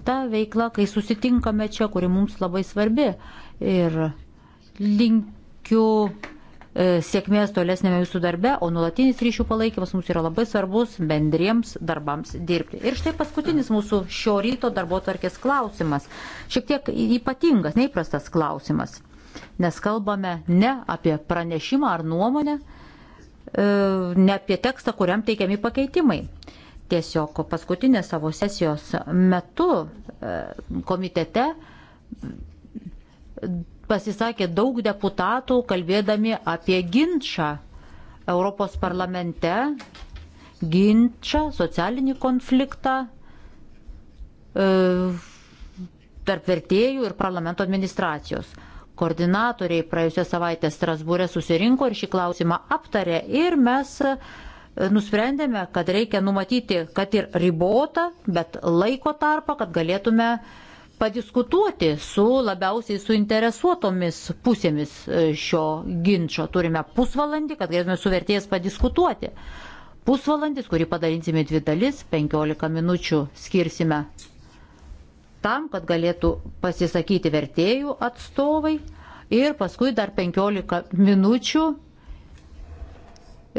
ta veikla, kai susitinkame čia, kuri mums labai svarbi. Ir linkiu e, sėkmės tolesnėme jūsų darbe, o nulatinis ryšių palaikymas mums yra labai svarbus bendriems darbams dirbti. Ir štai paskutinis mūsų šio ryto darbo tvarkės klausimas. Šiek tiek ypatingas, neįprastas klausimas. Nes kalbame ne apie pranešimą ar nuomonę, e, ne apie tekstą, kuriam teikiami pakeitimai. Tiesiog paskutinės savo sesijos metu e, komitete pasisakė daug deputatų, kalbėdami apie ginčą Europos parlamente, ginčą, socialinį konfliktą e, tarp vertėjų ir parlamento administracijos. Koordinatoriai praėjusią savaitę Strasbūrė susirinko ir šį klausimą aptarė ir mes nusprendėme, kad reikia numatyti, kad ir ribotą, bet laiko tarpą, kad galėtume padiskutuoti su labiausiai suinteresuotomis pusėmis e, šio ginčio. Turime pusvalandį, kad galėtume su vertėjas padiskutuoti. Pusvalandis, kurį padarinsime dvi dalis, 15 minučių skirsime tam, kad galėtų pasisakyti vertėjų atstovai ir paskui dar 15 minučių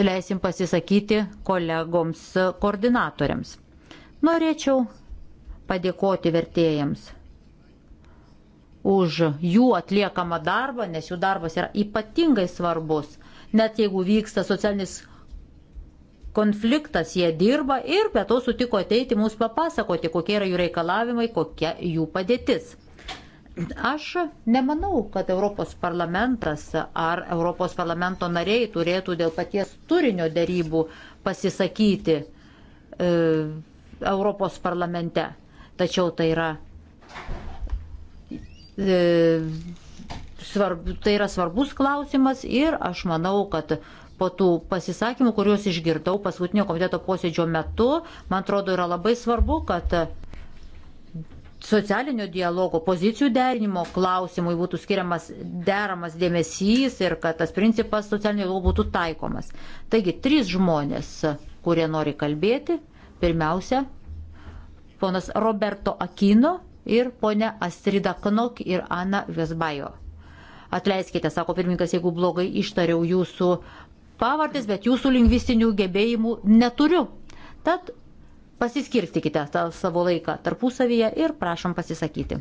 leisim pasisakyti kolegoms koordinatoriams. Norėčiau padėkoti vertėjams už jų atliekamą darbą, nes jų darbas yra ypatingai svarbus. Net jeigu vyksta socialinis konfliktas, jie dirba ir be to sutiko ateiti mums papasakoti, kokie yra jų reikalavimai, kokia jų padėtis. Aš nemanau, kad Europos parlamentas ar Europos parlamento nariai turėtų dėl paties turinio dėrybų pasisakyti e, Europos parlamente. Tačiau tai yra, e, svarb, tai yra svarbus klausimas ir aš manau, kad po tų pasisakymų, kuriuos išgirdau paskutinio komiteto posėdžio metu, man atrodo, yra labai svarbu, kad socialinio dialogo, pozicijų derinimo klausimui būtų skiriamas deramas dėmesys ir kad tas principas socialinio dialogo būtų taikomas. Taigi, trys žmonės, kurie nori kalbėti. Pirmiausia, ponas Roberto Akino ir ponia Astrida Knok ir Ana Vesbajo. Atleiskite, sako pirmininkas, jeigu blogai ištariau jūsų pavardės, bet jūsų lingvistinių gebėjimų neturiu. Tad pasiskirstykite tą savo laiką tarpusavyje ir prašom pasisakyti.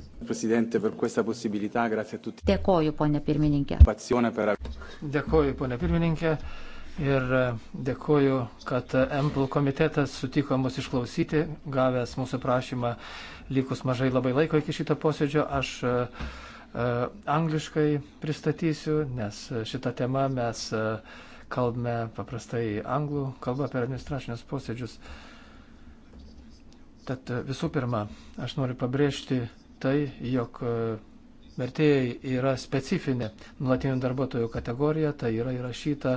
Dėkoju, ponė pirmininkė. Dėkoju, ponė pirmininkė. Ir e, dėkoju, kad MPL komitetas sutiko mus išklausyti, gavęs mūsų prašymą likus mažai labai laiko iki šito posėdžio. Aš uh, angliškai pristatysiu, nes šitą temą mes uh, kalbame paprastai anglų kalba per administracinius posėdžius. Uh, Tad e, visų pirma, aš noriu pabrėžti tai, jog e, vertėjai yra specifinė nulatinių darbuotojų kategorija, tai yra įrašyta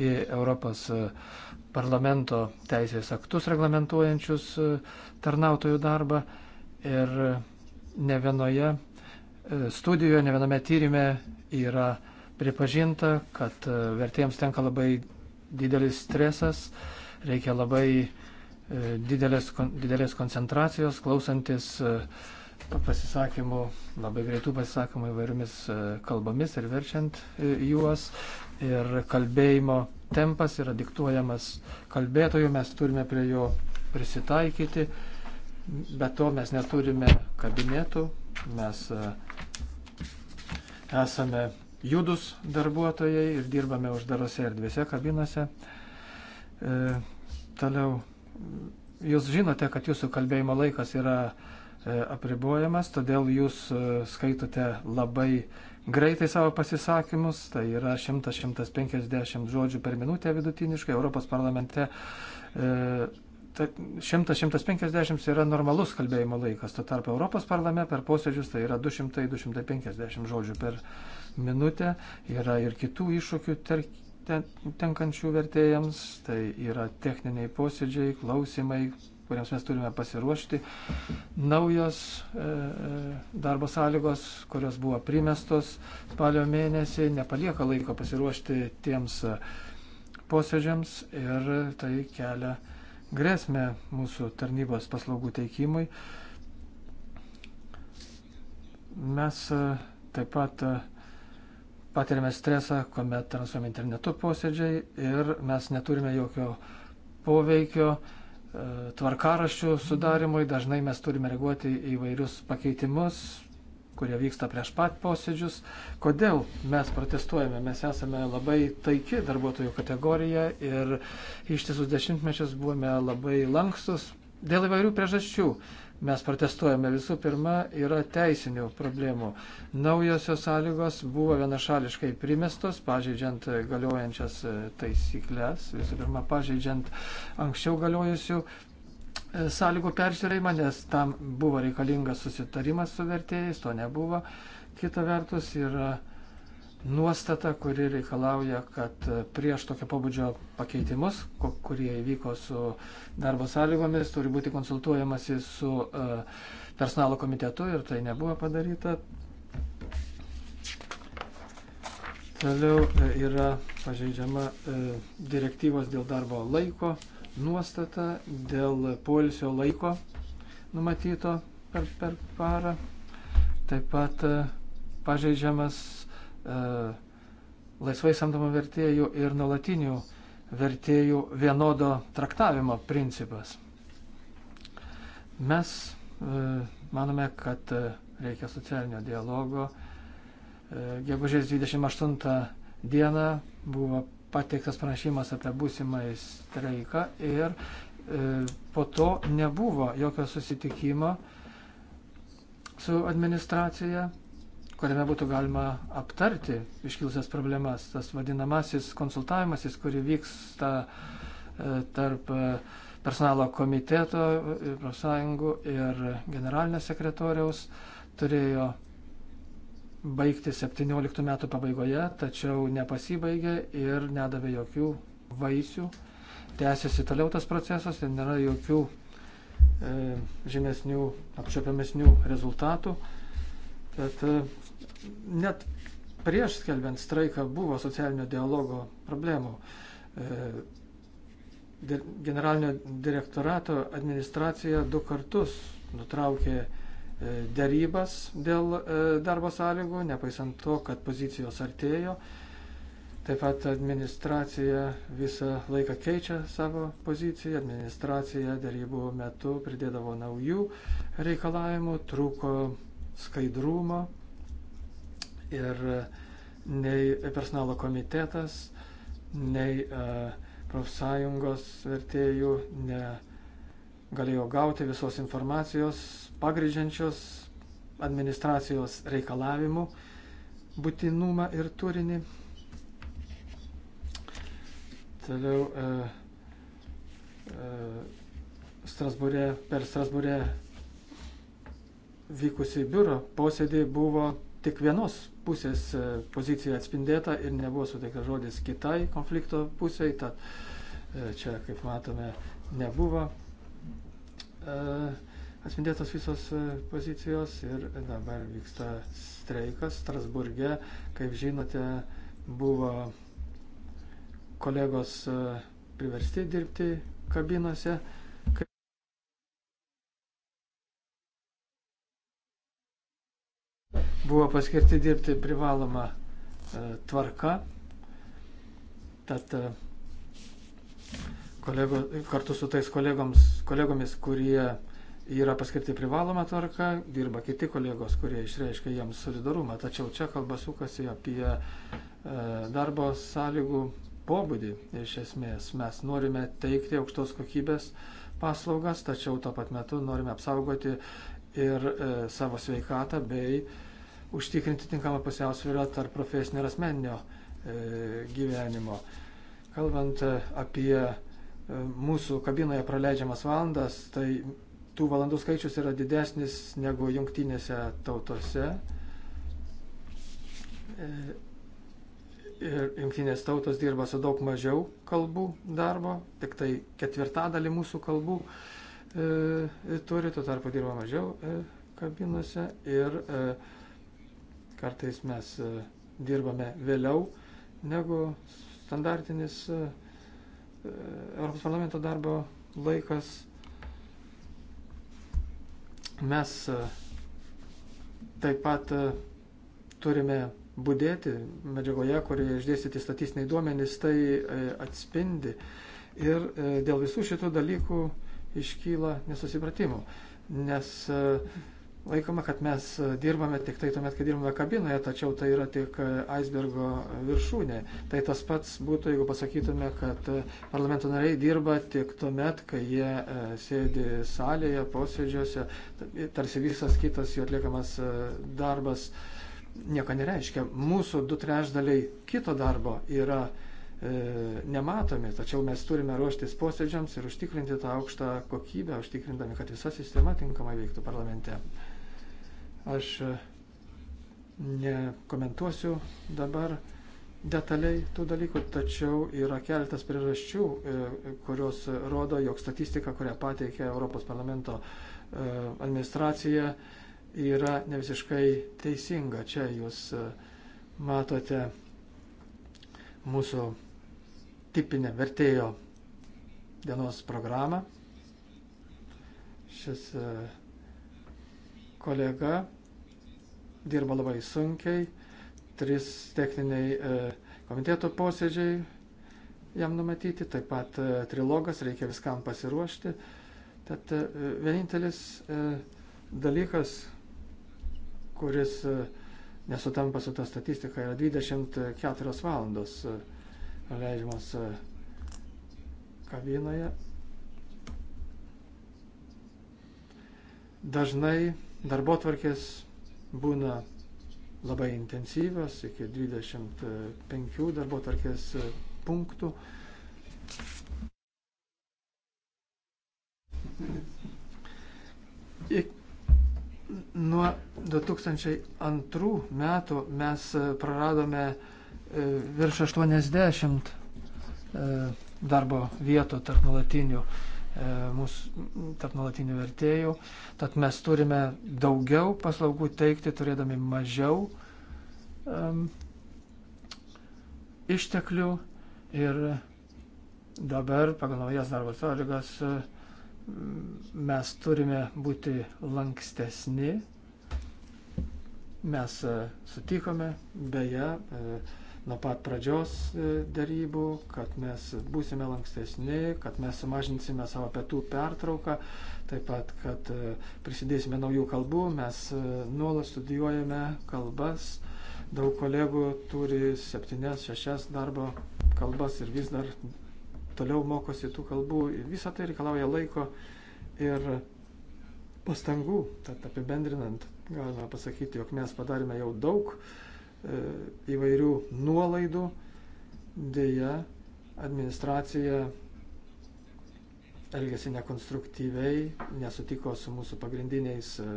į Europos e, parlamento teisės aktus reglamentuojančius tarnautojų darbą ir ne vienoje studijoje, ne viename tyrimė yra pripažinta, kad vertėjams tenka labai didelis stresas, reikia labai E, didelės, didelės koncentracijos, klausantis e, pasisakymų, labai greitų pasisakymų įvairiomis e, kalbomis ir verčiant juos. Ir kalbėjimo tempas yra diktuojamas kalbėtojų, mes turime prie jo prisitaikyti. Be to mes neturime kabinetų, mes esame judus darbuotojai ir dirbame uždarose erdvėse kabinose. E, toliau Jūs žinote, kad jūsų kalbėjimo laikas yra e, apribojamas, todėl jūs e, skaitote labai greitai savo pasisakymus, tai yra 100-150 žodžių per minutę vidutiniškai Europos parlamente. 100-150 e, tai yra normalus kalbėjimo laikas, tuo tarpu Europos parlame per posėdžius tai yra 200-250 žodžių per minutę. Yra ir kitų iššūkių, tenkančių vertėjams, tai yra techniniai posėdžiai, klausimai, kuriems mes turime pasiruošti, naujos e, e darbo sąlygos, kurios buvo primestos spalio mėnesį, nepalieka laiko pasiruošti tiems e, posėdžiams ir tai kelia grėsmę mūsų tarnybos paslaugų teikimui. Mes e, taip pat e, patiriame stresą, kuomet transliuojame internetu posėdžiai ir mes neturime jokio poveikio e, tvarkaraščių sudarimui. Dažnai mes turime reaguoti į vairius pakeitimus, kurie vyksta prieš pat posėdžius. Kodėl mes protestuojame? Mes esame labai taiki darbuotojų kategorija ir ištisus dešimtmečius buvome labai lankstus dėl įvairių priežasčių mes protestuojame. Visų pirma, yra teisinių problemų. Naujosios sąlygos buvo vienašališkai primestos, pažeidžiant galiojančias e, taisyklės, visų pirma, pažeidžiant anksčiau galiojusių e, sąlygų peržiūrėjimą, nes tam buvo reikalingas susitarimas su vertėjais, to nebuvo. Kita vertus yra. Ir nuostata, kuri reikalauja, kad prieš tokio pobūdžio pakeitimus, kurie įvyko su darbo sąlygomis, turi būti konsultuojamasi su e, personalo komitetu ir tai nebuvo padaryta. Toliau e, yra pažeidžiama e, direktyvos dėl darbo laiko nuostata, dėl poilsio laiko numatyto per, per parą. Taip pat pažeidžiamas E, laisvai samdomų vertėjų ir nuolatinių vertėjų vienodo traktavimo principas. Mes e, manome, kad e, reikia socialinio dialogo. Gegužės 28 dieną buvo pateiktas pranešimas apie būsimąjį streiką ir po to nebuvo jokio susitikimo su administracija kuriame būtų galima aptarti iškilusias problemas. Tas vadinamasis konsultavimasis, kuri vyksta e, tarp e, personalo komiteto, e, profsąjungų ir generalinio sekretoriaus, turėjo baigti 17 metų pabaigoje, tačiau nepasibaigė ir nedavė jokių vaisių. Tęsiasi toliau tas procesas ir nėra jokių e, žemesnių, apčiopiamesnių rezultatų. Tad net prieš skelbiant straiką buvo socialinio dialogo problemų. E, generalinio direktorato administracija du kartus nutraukė e, dėrybas dėl e, darbo sąlygų, nepaisant to, kad pozicijos artėjo. Taip pat administracija visą laiką keičia savo poziciją, administracija dėrybų metu pridėdavo naujų reikalavimų, trūko skaidrumo, ir e, nei personalo komitetas, nei e, profsąjungos vertėjų negalėjo gauti visos informacijos pagrindžiančios administracijos reikalavimų būtinumą ir turinį. Toliau e, e, Strasbūrė, per Strasbūrė vykusi biuro posėdį buvo tik vienos pusės e, pozicija atspindėta ir nebuvo suteikta žodis kitai konflikto pusiai, tad e, čia, kaip matome, nebuvo e, atspindėtos visos pozicijos ir dabar vyksta streikas Strasburgė, kaip žinote, buvo kolegos priversti dirbti kabinose buvo paskirti dirbti privaloma e, tvarka. Tad e, kolego, kartu su tais kolegoms, kolegomis, kurie yra paskirti privaloma tvarka, dirba kiti kolegos, kurie išreiškia jiems solidarumą. Tačiau čia kalba sukasi apie e, darbo sąlygų pobūdį. Iš esmės mes norime teikti aukštos kokybės paslaugas, tačiau tuo pat metu norime apsaugoti ir e, savo sveikatą bei e, užtikrinti tinkamą pusiausvyrą tarp profesinio ir asmeninio e, gyvenimo. Kalbant e, apie e, mūsų kabinoje praleidžiamas valandas, tai tų valandų skaičius yra didesnis negu jungtinėse tautose. Ir jungtinės tautos dirba su daug mažiau kalbų darbo, tik tai ketvirtadalį mūsų kalbų e, turi, tuo tarpu dirba mažiau e, kabinose. Ir, e, Kartais mes e, dirbame vėliau negu standartinis e, e, Europos parlamento darbo laikas. Mes taip pat turime būdėti medžiagoje, kurioje išdėstyti statistiniai duomenys, tai atspindi. Ir dėl visų šitų dalykų iškyla nesusipratimų, nes laikoma, kad mes dirbame tik tai tuomet, kai dirbame kabinoje, tačiau tai yra tik aisbergo viršūnė. Tai tas pats būtų, jeigu pasakytume, kad parlamento nariai dirba tik tuomet, kai jie e, sėdi salėje, posėdžiuose, tarsi visas kitas jų atliekamas e, darbas nieko nereiškia. Mūsų du trešdaliai kito darbo yra e, nematomi, tačiau mes turime ruoštis posėdžiams ir užtikrinti tą aukštą kokybę, užtikrindami, kad visa sistema tinkamai veiktų parlamente. Aš e, nekomentuosiu dabar detaliai tų dalykų, tačiau yra keletas priežasčių, e, kurios rodo, jog statistika, kurią pateikia Europos parlamento e, administracija, yra ne visiškai teisinga. Čia jūs matote mūsų tipinę vertėjo dienos programą. Šis kolega dirba labai sunkiai, trys techniniai e, komiteto posėdžiai jam numatyti, taip pat e, trilogas, reikia viskam pasiruošti. Tad e, vienintelis dalykas, kuris nesutampa su ta statistika, yra 24 valandos leidžiamas kabinoje. Dažnai darbo tvarkės būna labai intensyvios, iki 25 darbo tarkės e, punktų. Ik, nuo 2002 metų mes e, praradome e, virš 80 darbo vietų tarp nulatinių E, mūsų tarp nuolatinių vertėjų. Tad mes turime daugiau paslaugų teikti, turėdami mažiau um, išteklių ir dabar pagal naujas darbo sąlygas e, mes turime būti lankstesni. Mes e, sutikome, beje, uh, nuo pat pradžios e, darybų, kad mes būsime lankstesni, kad mes sumažinsime savo pietų pertrauką, taip pat, kad e, prisidėsime naujų kalbų, mes e, nuolat studijuojame kalbas, daug kolegų turi septynes, šešias darbo kalbas ir vis dar toliau mokosi tų kalbų ir visą tai reikalauja laiko ir pastangų. Tad apibendrinant, galime pasakyti, jog mes padarėme jau daug, E, įvairių nuolaidų, dėja administracija elgėsi nekonstruktyviai, nesutiko su mūsų pagrindiniais e,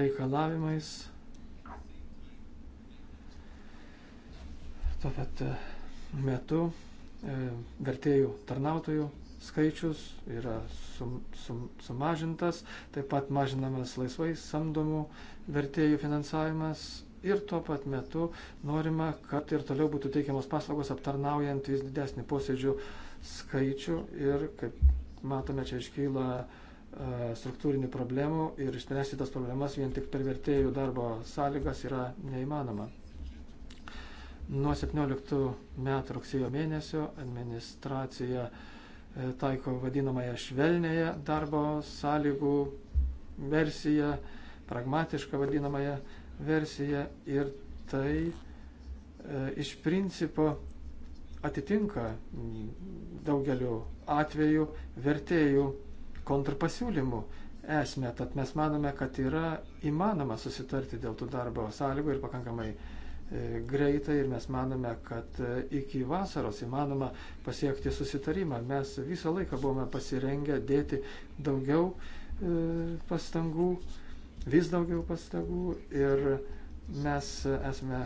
reikalavimais. Tuo pat e, metu vertėjų tarnautojų skaičius yra sum, sum, sumažintas, taip pat mažinamas laisvai samdomų vertėjų finansavimas ir tuo pat metu norima, kad ir toliau būtų teikiamos paslaugos aptarnaujant vis didesnį posėdžių skaičių ir, kaip matome, čia iškyla e, struktūrinių problemų ir išspręsti tas problemas vien tik per vertėjų darbo sąlygas yra neįmanoma. Nuo 17 metų rugsėjo mėnesio administracija e, taiko vadinamąją švelnėje darbo sąlygų versiją, pragmatišką vadinamąją versija ir tai e, iš principo atitinka daugeliu atveju vertėjų kontrpasiūlymų esmę. Tad mes manome, kad yra įmanoma susitarti dėl tų darbo sąlygų ir pakankamai e, greitai ir mes manome, kad e, iki vasaros įmanoma pasiekti susitarimą. Mes visą laiką buvome pasirengę dėti daugiau e, pastangų vis daugiau pastangų ir mes esame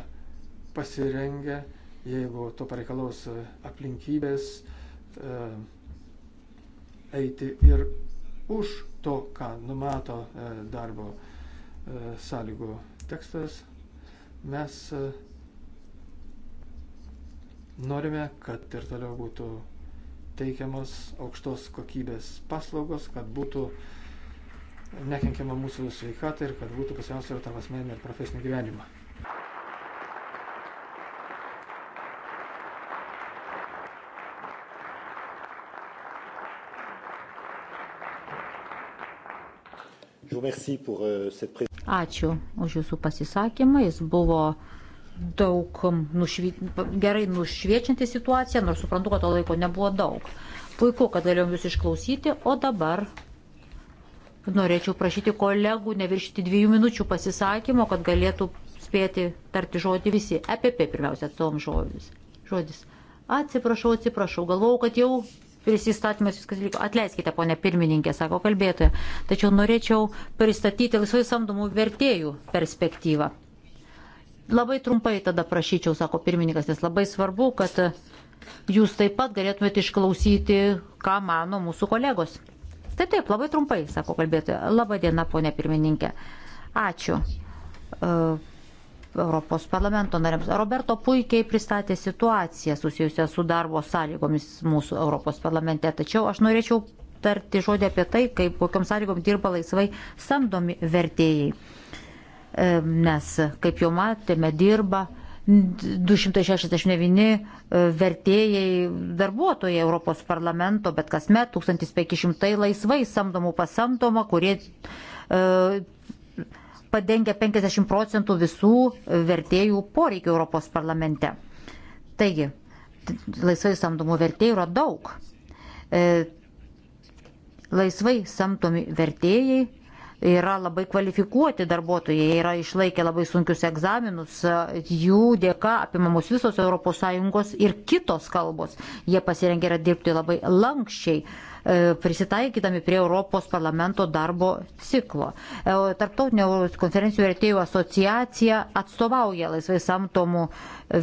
pasirengę, jeigu to pareikalaus aplinkybės, e, eiti ir už to, ką numato e, darbo e, sąlygų tekstas. Mes norime, kad ir toliau būtų teikiamos aukštos kokybės paslaugos, kad būtų uh, nekenkiama mūsų sveikatai ir kad būtų pusiausvėra tarp asmeninio ir profesinio gyvenimo. Euh, Ačiū už Jūsų pasisakymą. Jis buvo daug nušvi... gerai nušviečianti situaciją, nors suprantu, kad to laiko nebuvo daug. Puiku, kad galėjom Jūs išklausyti, o dabar Norėčiau prašyti kolegų neviršyti dviejų minučių pasisakymo, kad galėtų spėti tarti žodį visi. EPP pirmiausia atstovom žodis. žodis. Atsiprašau, atsiprašau. Galvau, kad jau prisistatymas viskas liko. Atleiskite, ponė pirmininkė, sako kalbėtoja. Tačiau norėčiau pristatyti laisvai samdomų vertėjų perspektyvą. Labai trumpai tada prašyčiau, sako pirmininkas, nes labai svarbu, kad jūs taip pat galėtumėte išklausyti, ką mano mūsų kolegos. Taip, taip, labai trumpai, sako kalbėtoja. Labadiena, ponė pirmininkė. Ačiū. Uh, Europos parlamento nariams. Roberto puikiai pristatė situaciją susijusią su darbo sąlygomis mūsų Europos parlamente, tačiau aš norėčiau tarti žodį apie tai, kaip kokiam sąlygom dirba laisvai samdomi vertėjai. E, nes, kaip jau matėme, dirba 269 e, vertėjai darbuotojai Europos parlamento, bet kasmet 1500 laisvai samdomų pasamdoma, kurie e, padengia 50 procentų visų vertėjų poreikių Europos parlamente. Taigi, laisvai samdomų vertėjų yra daug. E, laisvai samdomi vertėjai yra labai kvalifikuoti darbuotojai, jie yra išlaikę labai sunkius egzaminus, jų dėka apimamos visos ES ir kitos kalbos. Jie pasirengę yra dirbti labai lankščiai e, prisitaikydami prie Europos parlamento darbo ciklo. E, tarptautinio konferencijų vertėjų asociacija atstovauja laisvai samtomų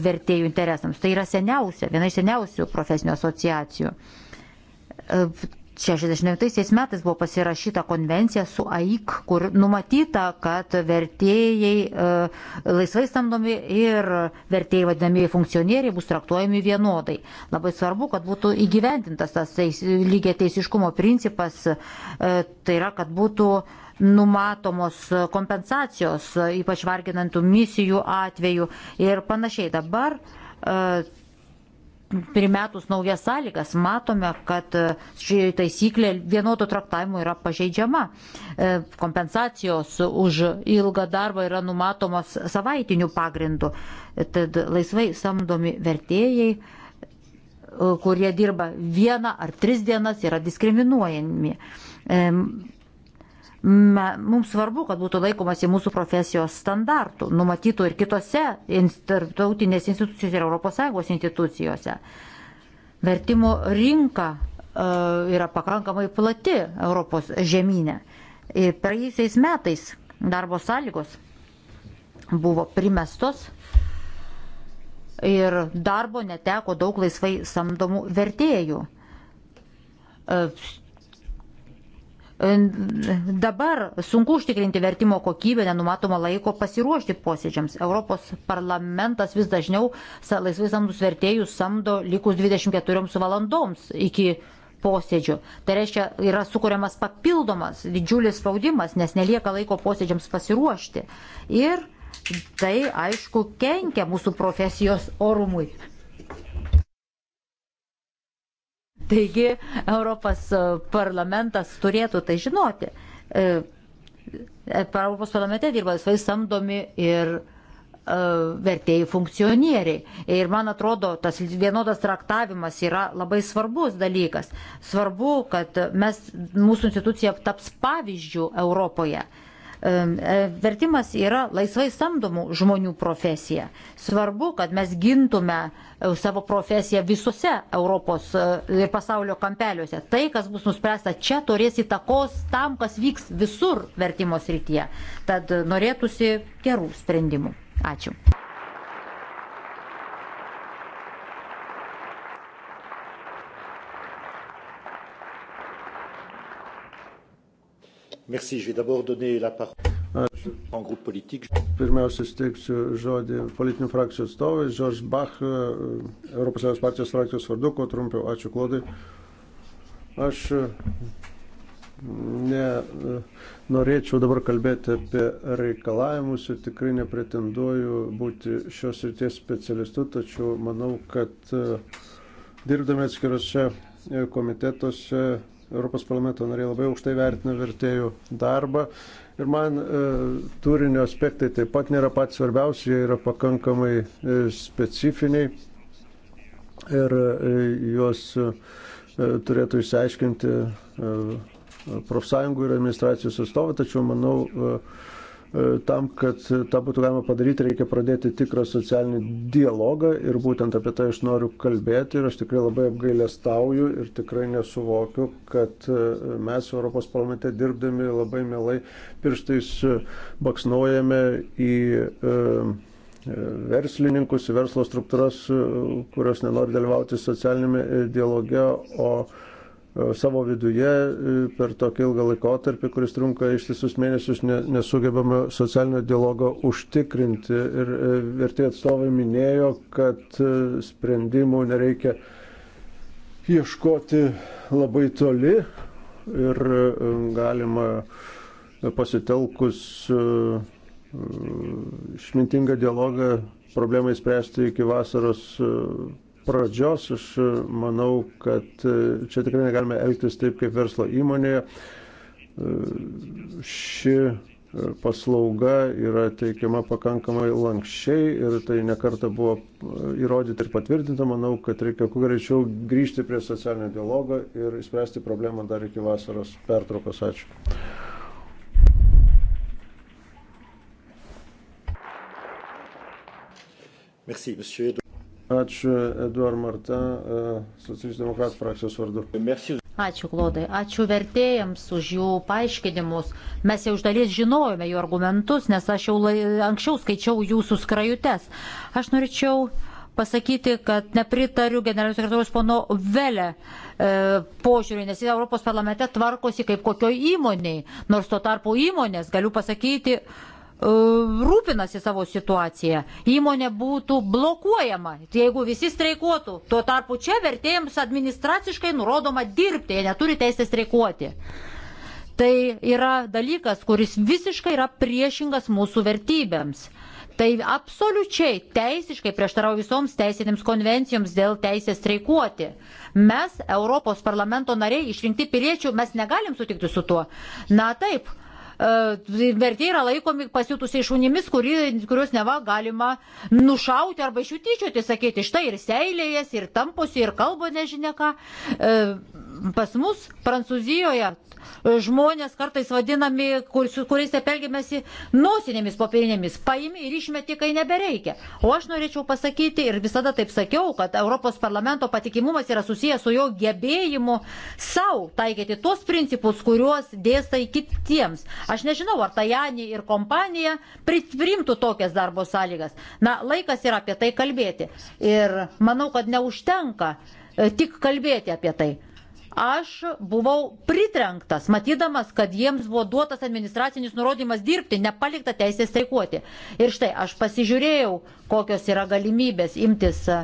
vertėjų interesams. Tai yra seniausia, viena iš seniausių profesinių asociacijų e, 69 metais buvo pasirašyta konvencija su AIK, kur numatyta, kad vertėjai e, laisvai samdomi ir vertėjai vadinamieji funkcionieriai bus traktuojami vienodai. Labai svarbu, kad būtų įgyvendintas tas lygiai teisiškumo principas, e, tai yra, kad būtų numatomos kompensacijos, ypač varginantų misijų atveju ir panašiai. Dabar e, primetus naujas sąlygas, matome, kad ši taisyklė vienodo traktavimo yra pažeidžiama. E, kompensacijos už ilgą darbą yra numatomos savaitinių pagrindų. Tad laisvai samdomi vertėjai, e, kurie dirba vieną ar tris dienas, yra diskriminuojami. E, Mums svarbu, kad būtų laikomasi mūsų profesijos standartų, numatytų ir kitose tarptautinės institucijose ir ES institucijose. Vertimo rinka e, yra pakankamai plati Europos žemynė. Ir praėjusiais metais darbo sąlygos buvo primestos ir darbo neteko daug laisvai samdomų vertėjų. E, Dabar sunku užtikrinti vertimo kokybę, nenumatoma laiko pasiruošti posėdžiams. Europos parlamentas vis dažniau laisvai samdus vertėjus samdo likus 24 valandoms iki posėdžių. Tai reiškia, yra sukūriamas papildomas didžiulis spaudimas, nes nelieka laiko posėdžiams pasiruošti. Ir tai, aišku, kenkia mūsų profesijos orumui. Taigi Europos e, parlamentas turėtų tai žinoti. E, e, Europos parlamente dirba laisvai samdomi ir vertėjai funkcionieriai. Ir man atrodo, tas vienodas traktavimas yra labai svarbus dalykas. Svarbu, kad mes, mūsų institucija taps pavyzdžių Europoje. E, vertimas yra laisvai samdomų žmonių profesija. Svarbu, kad mes gintume e, savo profesiją visose Europos e, ir pasaulio kampeliuose. Tai, kas bus nuspręsta čia, turės įtakos tam, kas vyks visur vertimo srityje. Tad norėtųsi gerų sprendimų. Ačiū. Merci, je vais d'abord donner la parole. Pirmiausia, steiksiu žodį politinių frakcijų atstovai, Žorž Bach, e, Europos Liaudės partijos frakcijos vardu, kuo trumpiau. Ačiū, Klodai. Aš e, ne, e, norėčiau dabar kalbėti apie reikalavimus ir tikrai nepretenduoju būti šios ryties specialistu, tačiau manau, kad dirbdami atskirose komitetuose Europos parlamento nariai labai aukštai vertina vertėjų darbą. Ir man e, turinio aspektai taip pat nėra pats svarbiausi, jie yra pakankamai e, specifiniai ir e, juos e, turėtų išsiaiškinti e, e profsąjungų ir administracijos atstovai, tačiau manau, e, E, tam, kad tą būtų galima padaryti, reikia pradėti tikrą socialinį dialogą ir būtent apie tai aš noriu kalbėti ir aš tikrai labai apgailestauju ir tikrai nesuvokiu, kad e, mes Europos parlamente dirbdami labai mielai pirštais e, baksnuojame į verslininkus, verslo struktūras, kurios nenori dalyvauti socialinėme dialoge, o E, savo viduje e, per tokį ilgą laikotarpį, kuris trunka ištisus mėnesius, nesugebame socialinio dialogo užtikrinti. Ir e, vertėjai atstovai minėjo, kad sprendimų nereikia ieškoti labai toli ir galima pasitelkus išmintingą dialogą problemai spręsti iki vasaros pradžios aš e, manau, kad e, čia tikrai negalime elgtis taip kaip verslo įmonėje. E, ši paslauga yra teikiama pakankamai lankščiai ir tai nekarta buvo įrodyta ir patvirtinta. Manau, kad reikia kuo greičiau grįžti prie socialinio dialogo ir išspręsti problemą dar iki vasaros pertraukos. Ačiū. Merci, monsieur. Ačiū Eduard Marta, e, socialistų demokratų frakcijos vardu. Ačiū Klodai, ačiū vertėjams už jų paaiškinimus. Mes jau iš dalies žinojome jų argumentus, nes aš jau lai, anksčiau skaičiau jūsų skrajutes. Aš norėčiau pasakyti, kad nepritariu generalinio sekretoriaus pono Vele e, požiūriui, nes jis Europos parlamente tvarkosi kaip kokioj įmoniai, nors tuo tarpu įmonės, galiu pasakyti, e, E, rūpinasi savo situaciją. Įmonė būtų blokuojama, jeigu visi streikuotų. Tuo tarpu čia vertėjams administraciškai nurodoma dirbti, jie neturi teisės streikuoti. Tai yra dalykas, kuris visiškai yra priešingas mūsų vertybėms. Tai absoliučiai teisiškai prieštarau visoms teisinėms konvencijoms dėl teisės streikuoti. Mes, Europos parlamento nariai, išrinkti piliečių, mes negalim sutikti su tuo. Na taip, E, vertėjai yra laikomi pasiutusiai šunimis, kuri, kuriuos neva galima nušauti arba iš jų tyčioti, sakyti, štai ir seilėjas, ir tamposi, ir kalba nežinia ką. E, pas mus Prancūzijoje žmonės kartais vadinami, kur, su kuriais taip elgiamasi nosinėmis popierinėmis, paimi ir išmeti, kai nebereikia. O aš norėčiau pasakyti ir visada taip sakiau, kad Europos parlamento patikimumas yra susijęs su jo gebėjimu savo taikyti tuos principus, kuriuos dėstai kitiems. Aš nežinau, ar Tajani ir kompanija priimtų tokias darbo sąlygas. Na, laikas yra apie tai kalbėti. Ir manau, kad neužtenka e, tik kalbėti apie tai. Aš buvau pritrenktas, matydamas, kad jiems buvo duotas administracinis nurodymas dirbti, nepalikta teisė streikuoti. Ir štai aš pasižiūrėjau, kokios yra galimybės imtis e,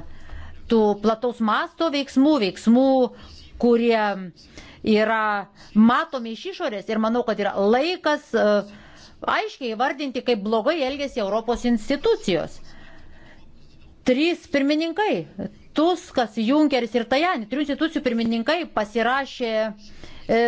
tų plataus masto veiksmų, veiksmų, kurie yra matomi iš išorės ir manau, kad yra laikas e, aiškiai įvardinti, kaip blogai elgesi Europos institucijos. Trys pirmininkai Tuskas, Junkeris ir Tajani, trijų institucijų pirmininkai pasirašė e,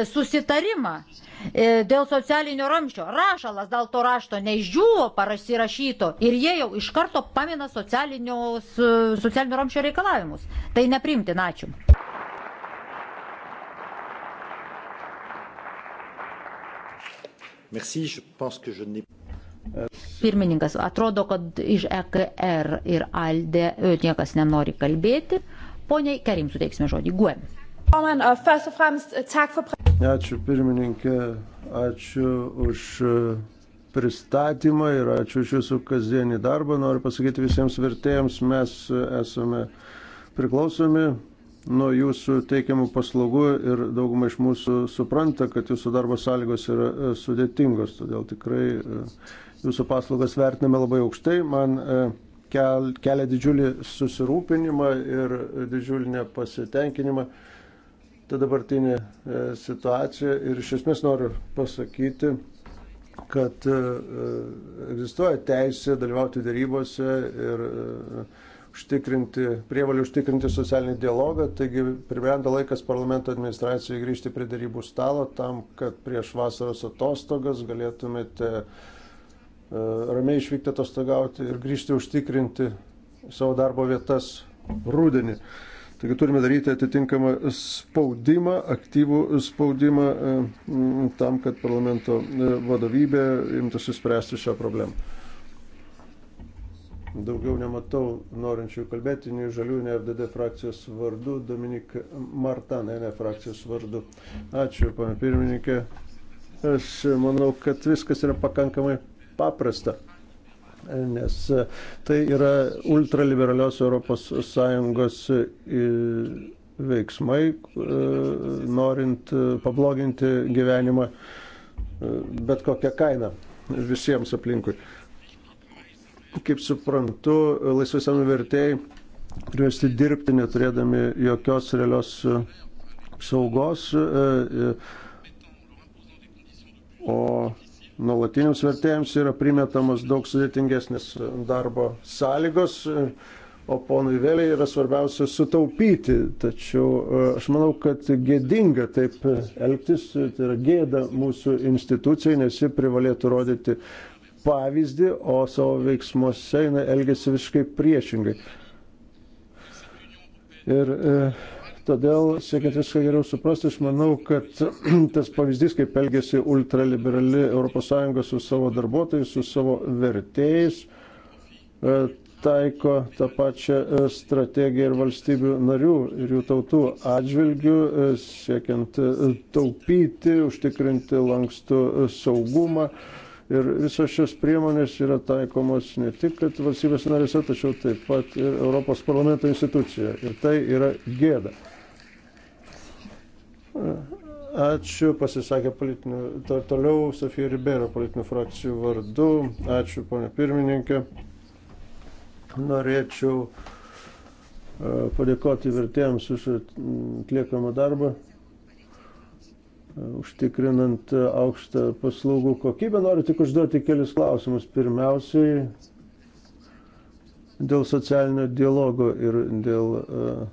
susitarimą e, dėl socialinio ramščio. Rašalas dėl to rašto neišdžiuvo parašyto ir jie jau iš karto pamina socialinio, e, socialinio ramščio reikalavimus. Tai neprimtina, ačiū. Merci, je pense que je n'ai Pirmininkas, atrodo, kad iš EKR ir ALDE e, niekas nenori kalbėti. Pone Kerim, suteiksime žodį. Guem. Eh, ačiū pirmininkė, ačiū už e, pristatymą ir ačiū už jūsų kasdienį darbą. Noriu pasakyti visiems vertėjams, mes e, esame priklausomi nuo jūsų teikiamų paslaugų ir dauguma iš mūsų supranta, kad jūsų darbo sąlygos yra sudėtingos, todėl tikrai jūsų paslaugas vertiname labai aukštai. Man e, kel, kelia didžiulį susirūpinimą ir didžiulį nepasitenkinimą ta dabartinė e, situacija. Ir iš esmės noriu pasakyti, kad e, egzistuoja teisė dalyvauti darybose ir užtikrinti, prievalių užtikrinti socialinį dialogą, taigi pribrendo laikas parlamento administracijai grįžti prie darybų stalo tam, kad prieš vasaros atostogas galėtumėte uh, E, ramiai išvykti atostogauti ir grįžti užtikrinti savo darbo vietas rudenį. Taigi turime daryti atitinkamą spaudimą, aktyvų spaudimą e, tam, kad parlamento e, vadovybė imtųsi spręsti šią problemą. Daugiau nematau norinčių kalbėti, nei žalių, nei FDD frakcijos vardu, Dominik Martan, ne frakcijos vardu. Ačiū, pana pirmininkė. Aš manau, kad viskas yra pakankamai paprasta, nes tai yra ultraliberalios ES e, veiksmai, e, norint pabloginti gyvenimą e, bet kokią kainą visiems aplinkui. Kaip suprantu, laisvai samų vertėjai priversti dirbti neturėdami jokios realios saugos, o nuolatiniams vertėjams yra primetamas daug sudėtingesnis darbo sąlygos, o ponui vėliai yra svarbiausia sutaupyti. Tačiau e, aš manau, kad gėdinga taip elgtis, tai yra gėda mūsų institucijai, nes ji privalėtų rodyti pavyzdį, o savo veiksmuose jinai elgesi visiškai priešingai. Ir e, Todėl, siekiant viską geriau suprasti, aš manau, kad tas pavyzdys, kaip elgesi ultraliberali ES su savo darbuotojais, su savo vertėjais, e, taiko tą pačią e, strategiją ir valstybių narių ir jų tautų atžvilgių, e, siekiant taupyti, užtikrinti lankstų saugumą. Ir visos šios priemonės yra taikomos ne tik valstybės narėse, tačiau taip pat ir Europos parlamento institucijoje. Ir tai yra gėda. Ačiū, pasisakė politinių, toliau Sofija Ribeiro politinių frakcijų vardu. Ačiū, ponė pirmininkė. Norėčiau e, padėkoti vertėjams už atliekamą darbą, e, užtikrinant aukštą paslaugų kokybę. Noriu tik užduoti kelius klausimus. Pirmiausiai dėl socialinio dialogo ir dėl uh,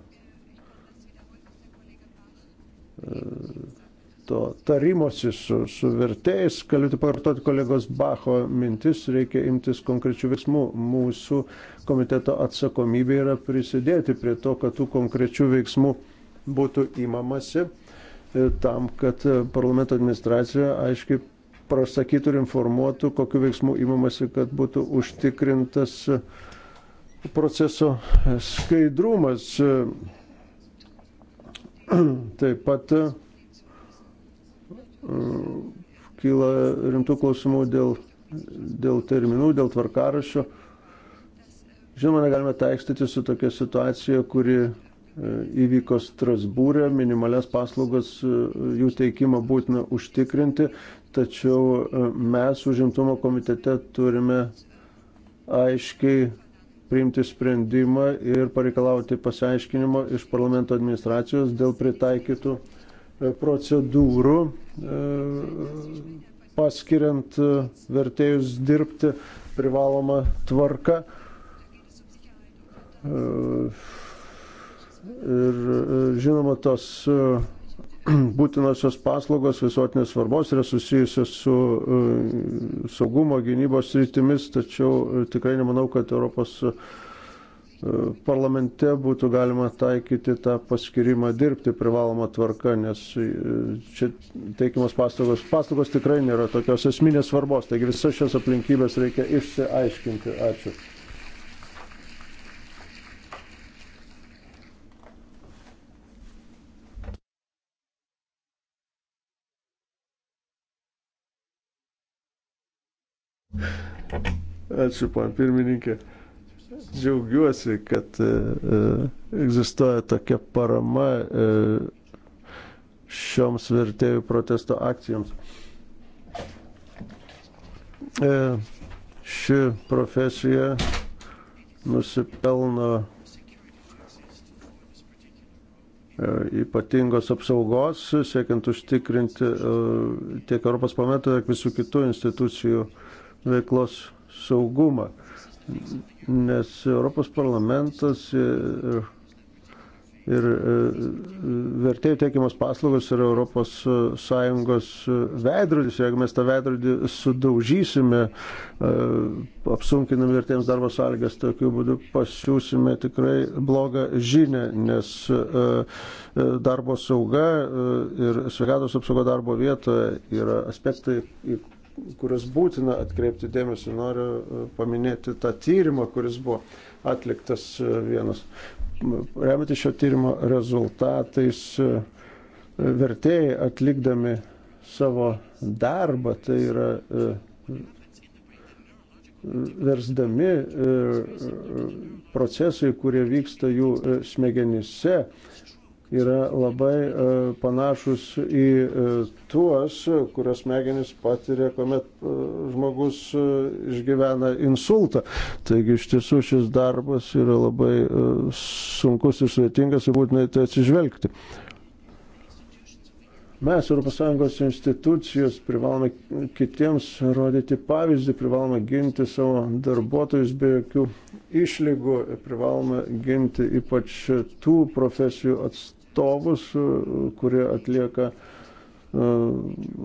to tarimosi su, su vertėjais, galiu tik pakartoti kolegos Bacho mintis, reikia imtis konkrečių veiksmų. Mūsų komiteto atsakomybė yra prisidėti prie to, kad tų konkrečių veiksmų būtų įmamasi e, tam, kad parlamento administracija aiškiai prasakytų ir informuotų, kokiu veiksmu įmamasi, kad būtų užtikrintas proceso skaidrumas. Taip pat e, kyla rimtų klausimų dėl, dėl terminų, dėl tvarkarašio. Žinoma, negalime taikstyti su tokia situacija, kuri e, įvyko Strasbūrė, minimalias paslaugas e, jų teikimą būtina užtikrinti, tačiau mes užimtumo komitete turime aiškiai priimti sprendimą ir pareikalauti pasiaiškinimo iš parlamento administracijos dėl pritaikytų e, procedūrų e, paskiriant e, vertėjus dirbti privaloma tvarka. Ir žinoma, tos būtinosios paslaugos visuotinės svarbos yra susijusios su e, saugumo gynybos rytimis, tačiau e, tikrai nemanau, kad Europos e, parlamente būtų galima taikyti tą paskirimą dirbti privalomą tvarką, nes čia teikiamas paslaugos, paslaugos tikrai nėra tokios esminės svarbos, taigi visas šias aplinkybės reikia išsiaiškinti. Ačiū. Ačiū, pan pirmininkė. Džiaugiuosi, kad e, e, egzistuoja tokia parama e, šioms vertėjų protesto akcijoms. Ši profesija nusipelno ypatingos apsaugos, siekiant užtikrinti tiek Europos parlamento, tiek visų kitų institucijų veiklos saugumą. Nes Europos parlamentas ir, ir e, vertėjų teikiamas paslaugos yra Europos Sąjungos veidrodis. Jeigu mes tą veidrodį sudaužysime, e, apsunkinam vertėjams darbo sąlygas, tokiu būdu pasiūsime tikrai blogą žinę, nes e, darbo sauga ir sveikatos apsauga darbo vietoje yra aspektai, į kurias būtina atkreipti dėmesį. Noriu e, paminėti tą tyrimą, kuris buvo atliktas e, vienas. Remianti šio tyrimo rezultatais, e, vertėjai atlikdami savo darbą, tai yra versdami procesai, kurie vyksta jų smegenyse, yra labai e, panašus į e, tuos, kurios smegenys patiria, kuomet e, žmogus išgyvena insultą. Taigi iš tiesų šis darbas yra labai sunkus ir sudėtingas ir būtinai tai atsižvelgti. Mes, ES institucijos, privalome kitiems rodyti pavyzdį, privalome ginti savo darbuotojus be jokių išlygų, privalome ginti ypač tų profesijų atstovų atstovus, e, kurie atlieka e,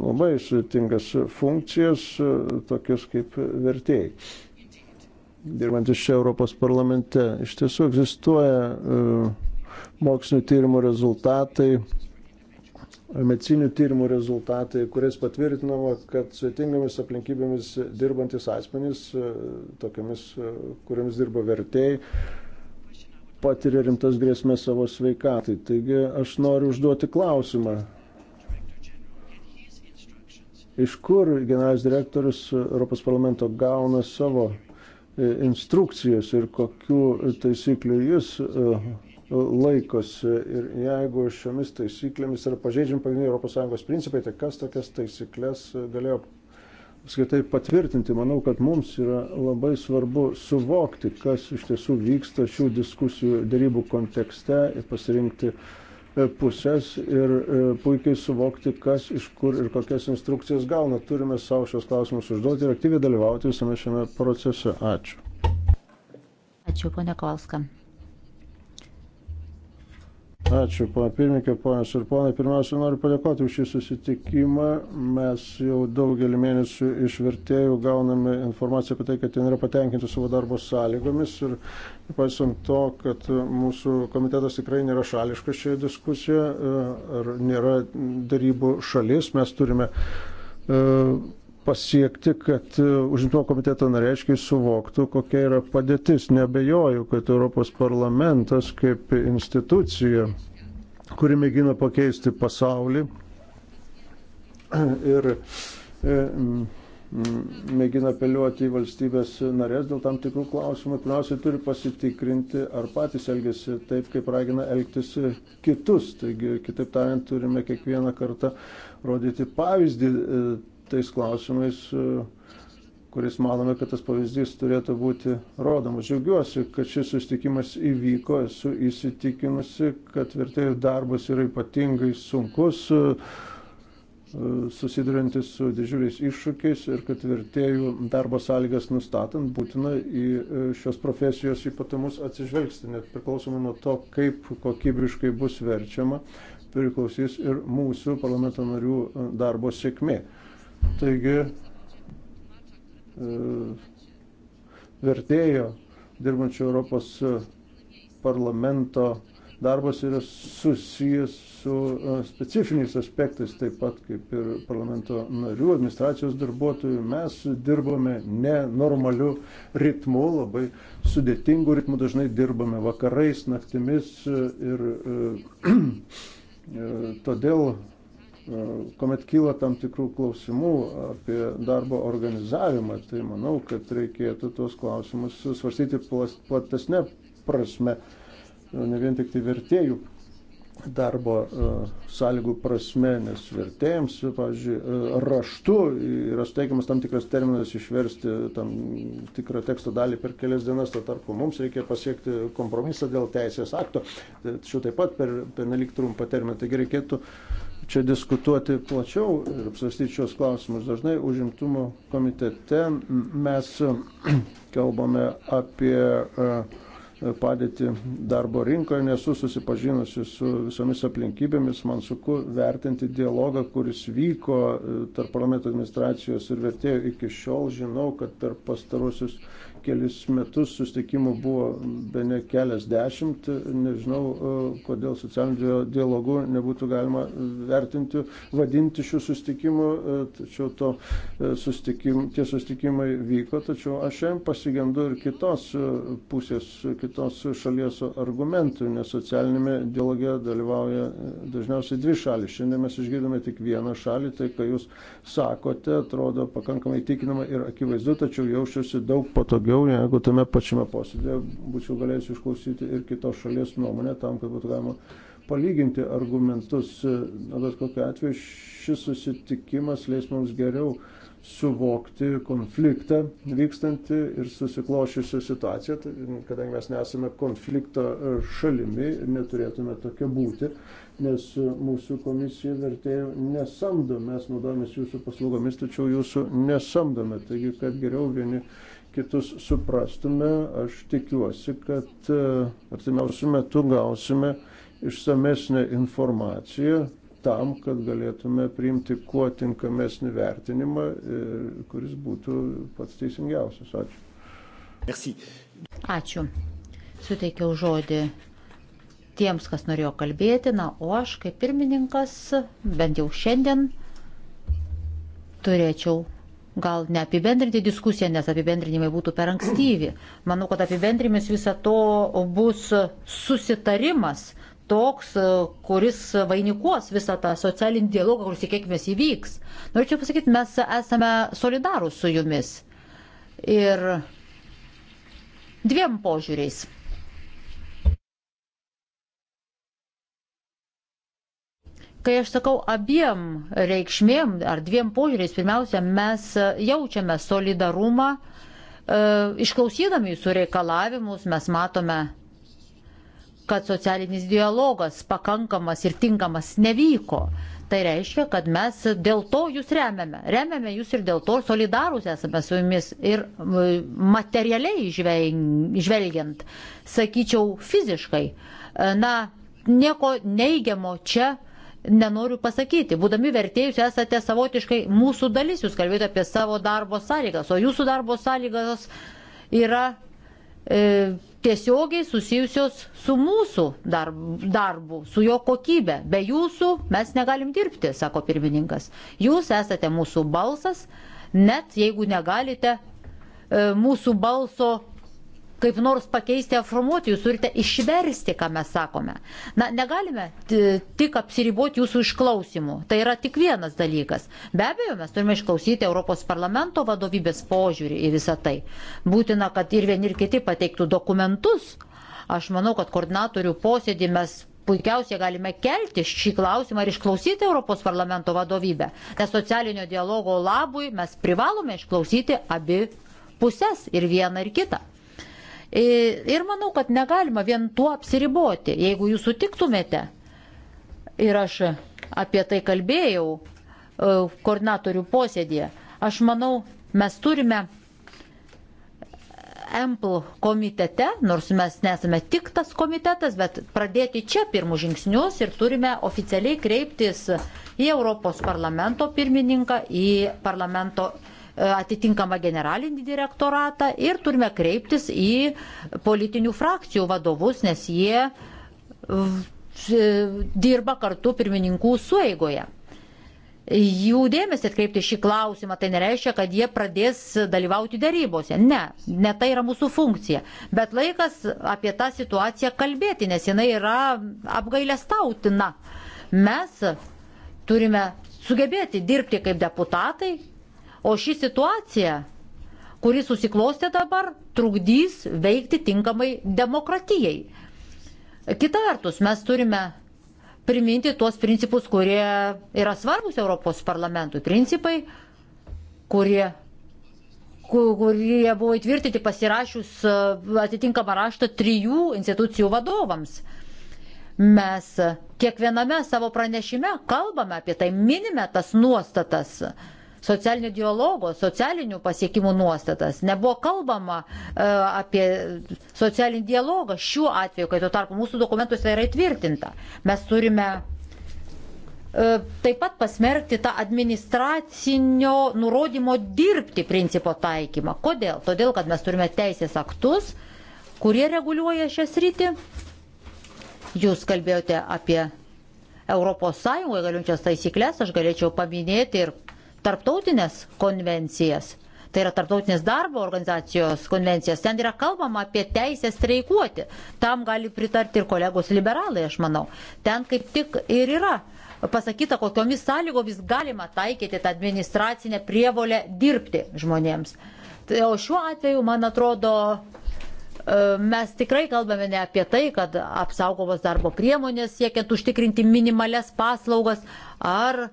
labai sudėtingas funkcijas, e, tokias kaip vertėjai. Dirbantis čia Europos parlamente. Iš tiesų egzistuoja mokslinio tyrimų rezultatai, medicinių tyrimų rezultatai, kuriais patvirtinama, kad sudėtingomis aplinkybėmis dirbantis asmenys, tokiamis, kuriamis dirba vertėjai, patiria rimtas grėsmės savo sveikatai. Taigi aš noriu užduoti klausimą. Iš kur generalinis direktorius Europos parlamento gauna savo e, instrukcijas ir kokių taisyklių jis e, laikosi. Ir jeigu šiomis taisyklėmis yra pažeidžiami pagrindiniai ES principai, tai kas tokias taisyklės galėjo apskritai patvirtinti. Manau, kad mums yra labai svarbu suvokti, kas iš tiesų vyksta šių diskusijų darybų kontekste ir pasirinkti e, pusės ir e, puikiai suvokti, kas iš kur ir kokias instrukcijas gauna. Turime savo šios klausimus užduoti ir aktyviai dalyvauti visame šiame procese. Ačiū. Ačiū, ponia Kolska. Ačiū, pana pirmininkė, ponas ir ponai. Pirmiausia, noriu padėkoti už šį susitikimą. Mes jau daugelį mėnesių iš vertėjų gauname informaciją apie tai, kad jie nėra patenkinti savo darbo sąlygomis. Ir nepaisant to, kad mūsų komitetas tikrai nėra šališkas šioje diskusijoje, e, ar nėra darybų šalis, mes turime. Uh, pasiekti, kad e, užimtumo komiteto nareiškiai suvoktų, kokia yra padėtis. Nebejoju, kad Europos parlamentas kaip institucija, kuri mėgina pakeisti pasaulį ir e, mėgina apeliuoti į valstybės narės dėl tam tikrų klausimų, pirmiausia, turi pasitikrinti, ar patys elgesi taip, kaip ragina elgtis kitus. Taigi, kitaip tariant, turime kiekvieną kartą rodyti pavyzdį e, tais klausimais, e, kuris manome, kad tas pavyzdys turėtų būti rodomas. Džiaugiuosi, kad šis sustikimas įvyko, esu įsitikinusi, kad vertėjų darbas yra ypatingai sunkus, e, susidurintis su didžiuliais iššūkiais ir kad vertėjų darbo sąlygas nustatant būtina į e, šios profesijos ypatumus atsižvelgti, net priklausomai nuo to, kaip kokybiškai bus verčiama, priklausys ir mūsų parlamento narių darbo sėkmė. Taigi e, vertėjo dirbančio Europos parlamento darbas yra susijęs su e, specifiniais aspektais, taip pat kaip ir parlamento narių, administracijos darbuotojų. Mes dirbame nenormaliu ritmu, labai sudėtingu ritmu, dažnai dirbame vakarais, naktimis e, ir todėl E, kuomet kyla tam tikrų klausimų apie darbo organizavimą, tai manau, kad reikėtų tuos klausimus svarstyti platesnė prasme, e, ne vien tik tai vertėjų darbo e, sąlygų prasme, nes vertėjams, pavyzdžiui, raštu yra suteikiamas tam tikras terminas išversti tam tikrą teksto dalį per kelias dienas, tad tarpu mums reikia pasiekti kompromisą dėl teisės akto, tačiau taip pat per, per nelik trumpą terminą, taigi reikėtų uh, čia diskutuoti plačiau ir apsvarstyti šios klausimus. Dažnai užimtumo komitete mes kalbame apie e, padėti darbo rinkoje, nesu susipažinusi su visomis aplinkybėmis, man suku vertinti dialogą, kuris vyko e, tarp parlamento administracijos ir vertėjų iki šiol. Žinau, kad per pastarusius kelis metus susitikimų buvo be ne keliasdešimt, nežinau, e, kodėl socialiniu dialogu nebūtų galima vertinti, vadinti šių susitikimų, e, tačiau to, e, susitikim, tie susitikimai vyko, tačiau aš šiandien pasigendu ir kitos pusės, kitos šalies argumentų, nes socialinėme dialoge dalyvauja dažniausiai dvi šalis. Šiandien mes išgirdome tik vieną šalį, tai ką jūs sakote, atrodo pakankamai tikinama ir akivaizdu, tačiau jaučiuosi daug patogiau daugiau, jeigu tame pačiame posėdėje būčiau galėjęs išklausyti ir kitos šalies nuomonę tam, kad būtų galima palyginti argumentus. Na, bet kokiu atveju šis susitikimas leis mums geriau suvokti konfliktą vykstantį ir susiklošiusią situaciją, tai, kadangi mes nesame konflikto šalimi ir neturėtume tokia būti, nes mūsų komisija vertėjų nesamdo, mes naudojamės jūsų paslaugomis, tačiau jūsų nesamdome, taigi kad geriau vieni kitus suprastume, aš tikiuosi, kad e, artimiausių metų gausime išsamesnę informaciją tam, kad galėtume priimti kuo tinkamesnį vertinimą, kuris būtų pats teisingiausias. Ačiū. Merci. Ačiū. Suteikiau žodį tiems, kas norėjo kalbėti, na, o aš kaip pirmininkas, bent jau šiandien, turėčiau gal neapibendrinti diskusiją, nes apibendrinimai būtų per ankstyvi. Manau, kad apibendrimis viso to bus susitarimas toks, kuris vainikuos visą tą socialinį dialogą, kuris tikėkime įvyks. Norėčiau pasakyti, mes esame solidarūs su jumis. Ir dviem požiūriais. Kai aš sakau abiem reikšmėm ar dviem požiūriais, pirmiausia, mes e, jaučiame solidarumą, e, išklausydami jūsų reikalavimus, mes matome, kad socialinis dialogas pakankamas ir tinkamas nevyko. Tai reiškia, kad mes dėl to jūs remiame. Remiame jūs ir dėl to solidarūs esame su jumis ir materialiai žvelgiant, sakyčiau, fiziškai. E, na, nieko neigiamo čia nenoriu pasakyti. Būdami vertėjus esate savotiškai mūsų dalis, jūs kalbėjote apie savo darbo sąlygas, o jūsų darbo sąlygas yra e, tiesiogiai susijusios su mūsų darbu, darbu, su jo kokybe. Be jūsų mes negalim dirbti, sako pirmininkas. Jūs esate mūsų balsas, net jeigu negalite e, mūsų balso kaip nors pakeisti, afromuoti, jūs turite išversti, ką mes sakome. Na, negalime tik apsiriboti jūsų išklausimų. Tai yra tik vienas dalykas. Be abejo, mes turime išklausyti Europos parlamento vadovybės požiūrį į visą tai. Būtina, kad ir vieni ir kiti pateiktų dokumentus. Aš manau, kad koordinatorių posėdį mes puikiausiai galime kelti šį klausimą ir išklausyti Europos parlamento vadovybę. Nes socialinio dialogo labui mes privalome išklausyti abi pusės ir vieną ir kitą. E, ir manau, kad negalima vien tuo apsiriboti. Jeigu jūs sutiktumėte, ir aš apie tai kalbėjau e, koordinatorių posėdėje, aš manau, mes turime EMPL komitete, nors mes nesame tik tas komitetas, bet pradėti čia pirmus žingsnius ir turime oficialiai kreiptis į Europos parlamento pirmininką, į parlamento pirmininką E, atitinkamą generalinį direktoratą ir turime kreiptis į politinių frakcijų vadovus, nes jie e, dirba kartu pirmininkų sueigoje. Jų dėmesį atkreipti šį klausimą, tai nereiškia, kad jie pradės dalyvauti darybose. Ne, ne tai yra mūsų funkcija. Bet laikas apie tą situaciją kalbėti, nes jinai yra apgailestautina. Mes turime sugebėti dirbti kaip deputatai O ši situacija, kuri susiklostė dabar, trukdys veikti tinkamai demokratijai. Kita vertus, mes turime priminti tuos principus, kurie yra svarbus Europos parlamentui. Principai, kurie kurie buvo įtvirtinti pasirašius e, atitinkamą raštą trijų institucijų vadovams. Mes kiekviename savo pranešime kalbame apie tai, minime tas nuostatas, socialinio dialogo, socialinių pasiekimų nuostatas. Nebuvo kalbama e, apie socialinį dialogą šiuo atveju, kai tuo tarpu mūsų dokumentuose yra įtvirtinta. Mes turime e, taip pat pasmerkti tą administracinio nurodymo dirbti principo taikymą. Kodėl? Todėl, kad mes turime teisės aktus, kurie reguliuoja šią sritį. Jūs kalbėjote apie ES galiučias taisyklės, aš galėčiau paminėti ir tarptautinės konvencijas, tai yra tarptautinės darbo organizacijos konvencijas, ten yra kalbama apie teisę streikuoti. Tam gali pritarti ir kolegos liberalai, aš manau. Ten kaip tik ir yra pasakyta, kokiomis sąlygomis galima taikyti tą administracinę prievolę dirbti žmonėms. Tai, o šiuo atveju, man atrodo, e, mes tikrai kalbame ne apie tai, kad apsaugomos darbo priemonės siekiant užtikrinti minimales paslaugas ar uh,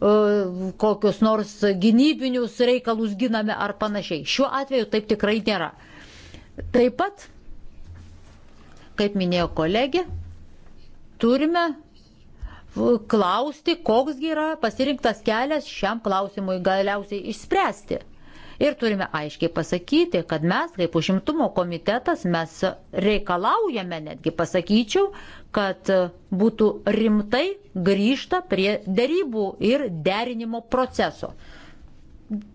E, kokius nors gynybinius reikalus giname ar panašiai. Šiuo atveju taip tikrai nėra. Taip pat, kaip minėjo kolegė, turime klausti, koks yra pasirinktas kelias šiam klausimui galiausiai išspręsti. Ir turime aiškiai pasakyti, kad mes kaip užimtumo komitetas mes reikalaujame, netgi pasakyčiau, kad būtų rimtai grįžta prie darybų ir derinimo proceso.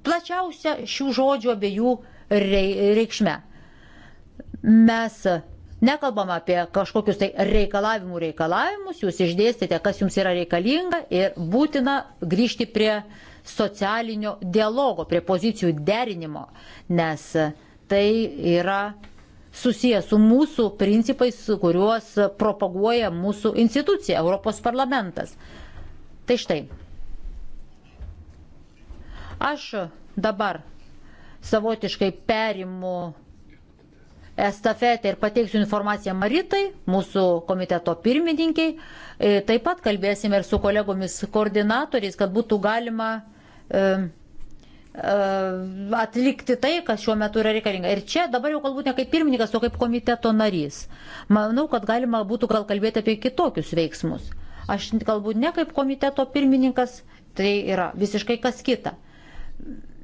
Plačiausia šių žodžių abiejų reikšme. Mes Nekalbam apie kažkokius tai reikalavimų reikalavimus, jūs išdėstėte, kas jums yra reikalinga ir būtina grįžti prie uh, socialinio dialogo, prie pozicijų derinimo, nes tai yra susijęs su mūsų principais, kuriuos propaguoja mūsų institucija, Europos parlamentas. Tai štai. Aš dabar savotiškai perimu estafetę ir pateiksiu informaciją Maritai, mūsų komiteto pirmininkiai. E, taip pat kalbėsime ir su kolegomis koordinatoriais, kad būtų galima atlikti tai, kas šiuo metu yra reikalinga. Ir čia dabar jau galbūt ne kaip pirmininkas, o kaip komiteto narys. Manau, kad galima būtų gal kalbėti apie kitokius veiksmus. Aš galbūt ne kaip komiteto pirmininkas, tai yra visiškai kas kita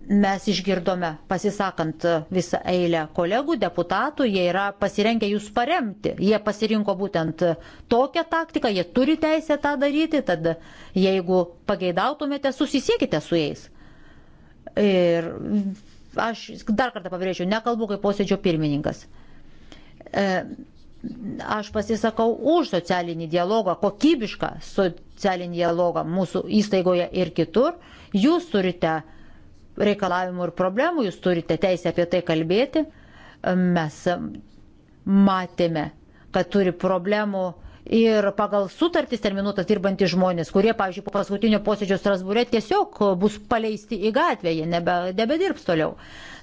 mes išgirdome pasisakant visą eilę kolegų, deputatų, jie yra pasirengę jūs paremti. Jie pasirinko būtent tokią taktiką, jie turi teisę tą daryti, tad jeigu pageidautumėte, susisiekite su jais. Ir aš dar kartą pabrėžiu, nekalbu kaip posėdžio pirmininkas. E, aš pasisakau už socialinį dialogą, kokybišką socialinį dialogą mūsų įstaigoje ir kitur. Jūs turite uh, reikalavimų ir problemų, jūs turite teisę apie tai kalbėti. Mes matėme, kad turi problemų ir pagal sutartis terminuotas dirbantys žmonės, kurie, pavyzdžiui, po paskutinio posėdžio Strasbūrė tiesiog bus paleisti į gatvę, jie nebe, nebedirbs toliau.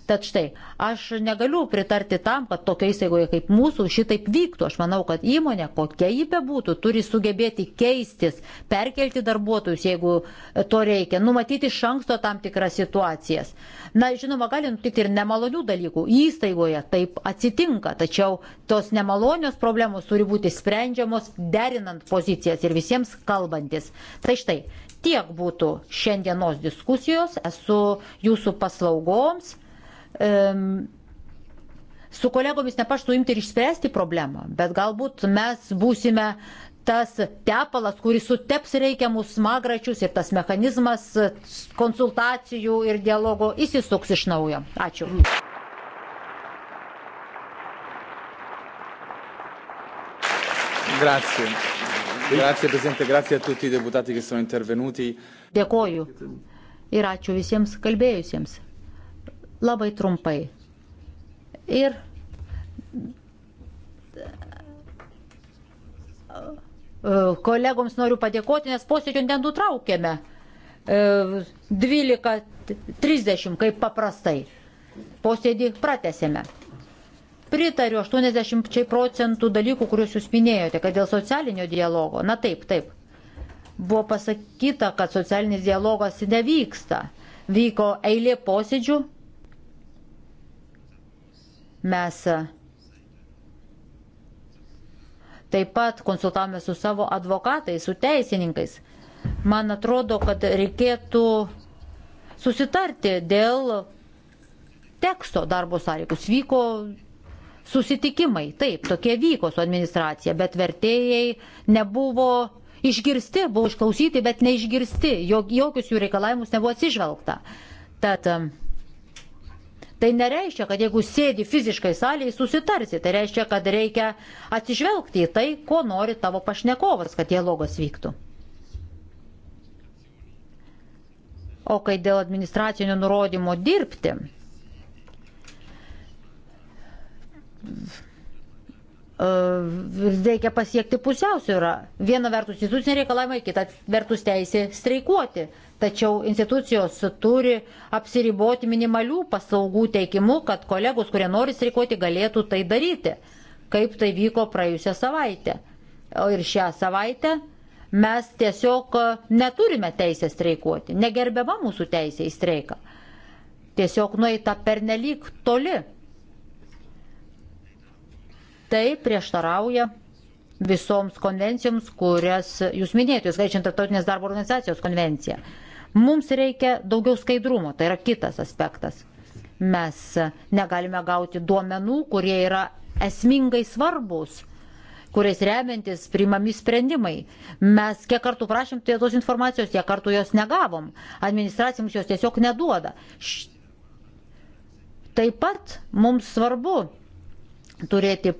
Tad štai, aš negaliu pritarti tam, kad tokia įstaigoje kaip mūsų šitaip vyktų. Aš manau, kad įmonė, kokia ji bebūtų, turi sugebėti keistis, perkelti darbuotojus, jeigu to reikia, numatyti iš anksto tam tikras situacijas. Na, žinoma, gali nutikti ir nemalonių dalykų. Įstaigoje taip atsitinka, tačiau tos nemalonios problemos turi būti sprendžiamos derinant pozicijas ir visiems kalbantis. Tai štai, tiek būtų šiandienos diskusijos. Esu jūsų paslaugoms su kolegomis ne paštu imti ir išspręsti problemą, bet galbūt mes būsime tas tepalas, kuris suteps reikiamus smagračius ir tas mechanizmas konsultacijų ir dialogo įsisuks iš naujo. Ačiū. Grazie. Grazie Presidente, grazie a tutti i deputati che sono intervenuti. Dėkoju ir ačiū visiems kalbėjusiems. Labai trumpai. Ir kolegoms noriu padėkoti, nes posėdžio nenutraukėme 12.30, kaip paprastai. Posėdį pratesėme. Pritariu 80 procentų dalykų, kuriuos jūs minėjote, kad dėl socialinio dialogo. Na taip, taip. Buvo pasakyta, kad socialinis dialogas nevyksta. Vyko eilė posėdžių, Mes taip pat konsultavome su savo advokatais, su teisininkais. Man atrodo, kad reikėtų susitarti dėl teksto darbo sąlygus. Vyko susitikimai, taip, tokie vyko su administracija, bet vertėjai nebuvo išgirsti, buvo išklausyti, bet neišgirsti, jok, jokius jų reikalavimus nebuvo atsižvelgta. Tad um, Tai nereiškia, kad jeigu sėdi fiziškai salėje, susitarsi. Tai reiškia, kad reikia atsižvelgti į tai, ko nori tavo pašnekovas, kad dialogas vyktų. O kai dėl administracinio nurodymo dirbti, E, reikia pasiekti pusiausvyrą. Viena vertus instituciniai reikalavimai, kita vertus teisė streikuoti. Tačiau institucijos turi apsiriboti minimalių paslaugų teikimu, kad kolegos, kurie nori streikuoti, galėtų tai daryti, kaip tai vyko praėjusią savaitę. O ir šią savaitę mes tiesiog neturime teisę streikuoti, negerbiama mūsų teisė į streiką. Tiesiog nueita pernelyg toli Tai prieštarauja visoms konvencijoms, kurias jūs minėjote, skaičiant Tartautinės darbo organizacijos konvenciją. Mums reikia daugiau skaidrumo, tai yra kitas aspektas. Mes negalime gauti duomenų, kurie yra esmingai svarbus kuriais remiantis priimami sprendimai. Mes kiek kartų prašym tos informacijos, tiek kartų jos negavom. Administracijoms jos tiesiog neduoda. Taip pat mums svarbu turėti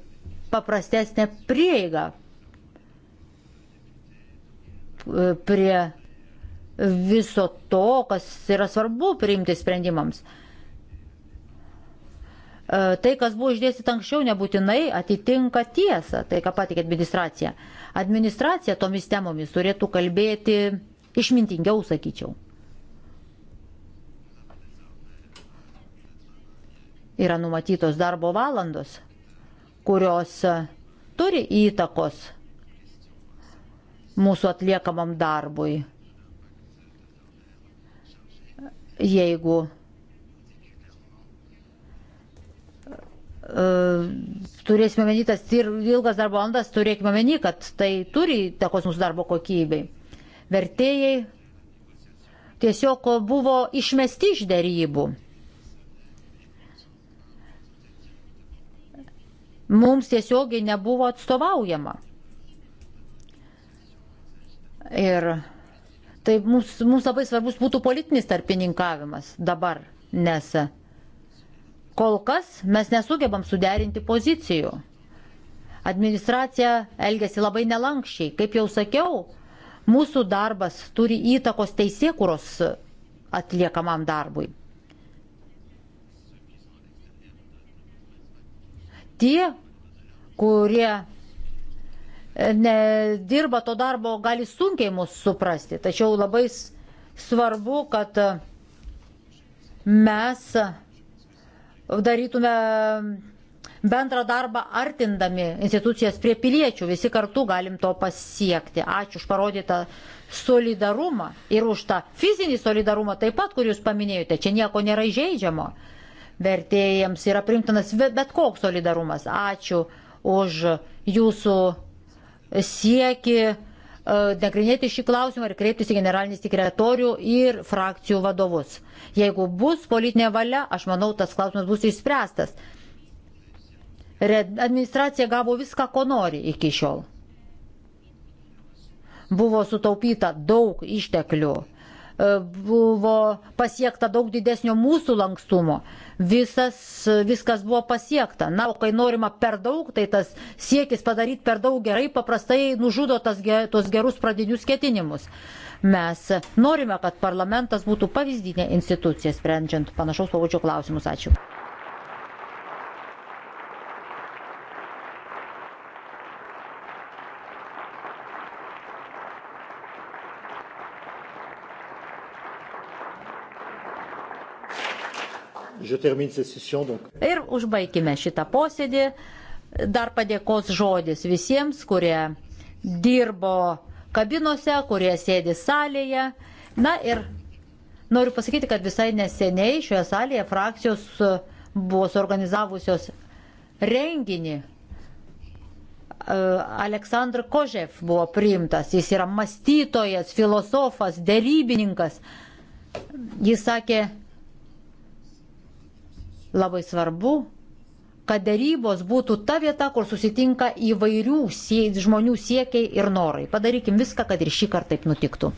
paprastesnę prieigą prie viso to, kas yra svarbu priimti sprendimams. E, tai, kas buvo išdėstyta anksčiau, nebūtinai atitinka tiesą, tai ką patikė administracija. Administracija tomis temomis turėtų kalbėti išmintingiau, sakyčiau. Yra numatytos darbo valandos kurios turi įtakos mūsų atliekamam darbui. Jeigu e, turėsime meni tas ilgas darbo valandas, turėkime meni, kad tai turi įtakos mūsų darbo kokybei. Vertėjai tiesiog buvo išmesti iš dėrybų. mums tiesiogiai nebuvo atstovaujama. Ir tai mums, mums labai svarbus būtų politinis tarpininkavimas dabar, nes kol kas mes nesugebam suderinti pozicijų. Administracija elgesi labai nelankščiai. Kaip jau sakiau, mūsų darbas turi įtakos teisėkuros atliekamam darbui. tie, kurie e, nedirba to darbo, gali sunkiai mus suprasti. Tačiau labai svarbu, kad e, mes darytume bendrą darbą artindami institucijas prie piliečių. Visi kartu galim to pasiekti. Ačiū už parodytą solidarumą ir už tą fizinį solidarumą taip pat, kur jūs paminėjote. Čia nieko nėra įžeidžiamo vertėjams yra primtinas bet koks solidarumas. Ačiū už jūsų sieki e, nagrinėti šį klausimą ir kreiptis į generalinį sekretorių ir frakcijų vadovus. Jeigu bus politinė valia, aš manau, tas klausimas bus išspręstas. Red, administracija gavo viską, ko nori iki šiol. Buvo sutaupyta daug išteklių E, buvo pasiekta daug didesnio mūsų lankstumo. Visas, e, viskas buvo pasiekta. Na, o kai norima per daug, tai tas siekis padaryti per daug gerai paprastai nužudo tas, tos gerus pradinius ketinimus. Mes norime, kad parlamentas būtų pavyzdinė institucija sprendžiant panašaus pavučio klausimus. Ačiū. Ir užbaigime šitą posėdį. Dar padėkos žodis visiems, kurie dirbo kabinose, kurie sėdi salėje. Na ir noriu pasakyti, kad visai neseniai šioje salėje frakcijos buvo suorganizavusios renginį. Aleksandr Kožev buvo priimtas, jis yra mąstytojas, filosofas, dėrybininkas. Jis sakė, Labai svarbu, kad darybos būtų ta vieta, kur susitinka įvairių sie žmonių siekiai ir norai. Padarykim viską, kad ir šį kartą taip nutiktų.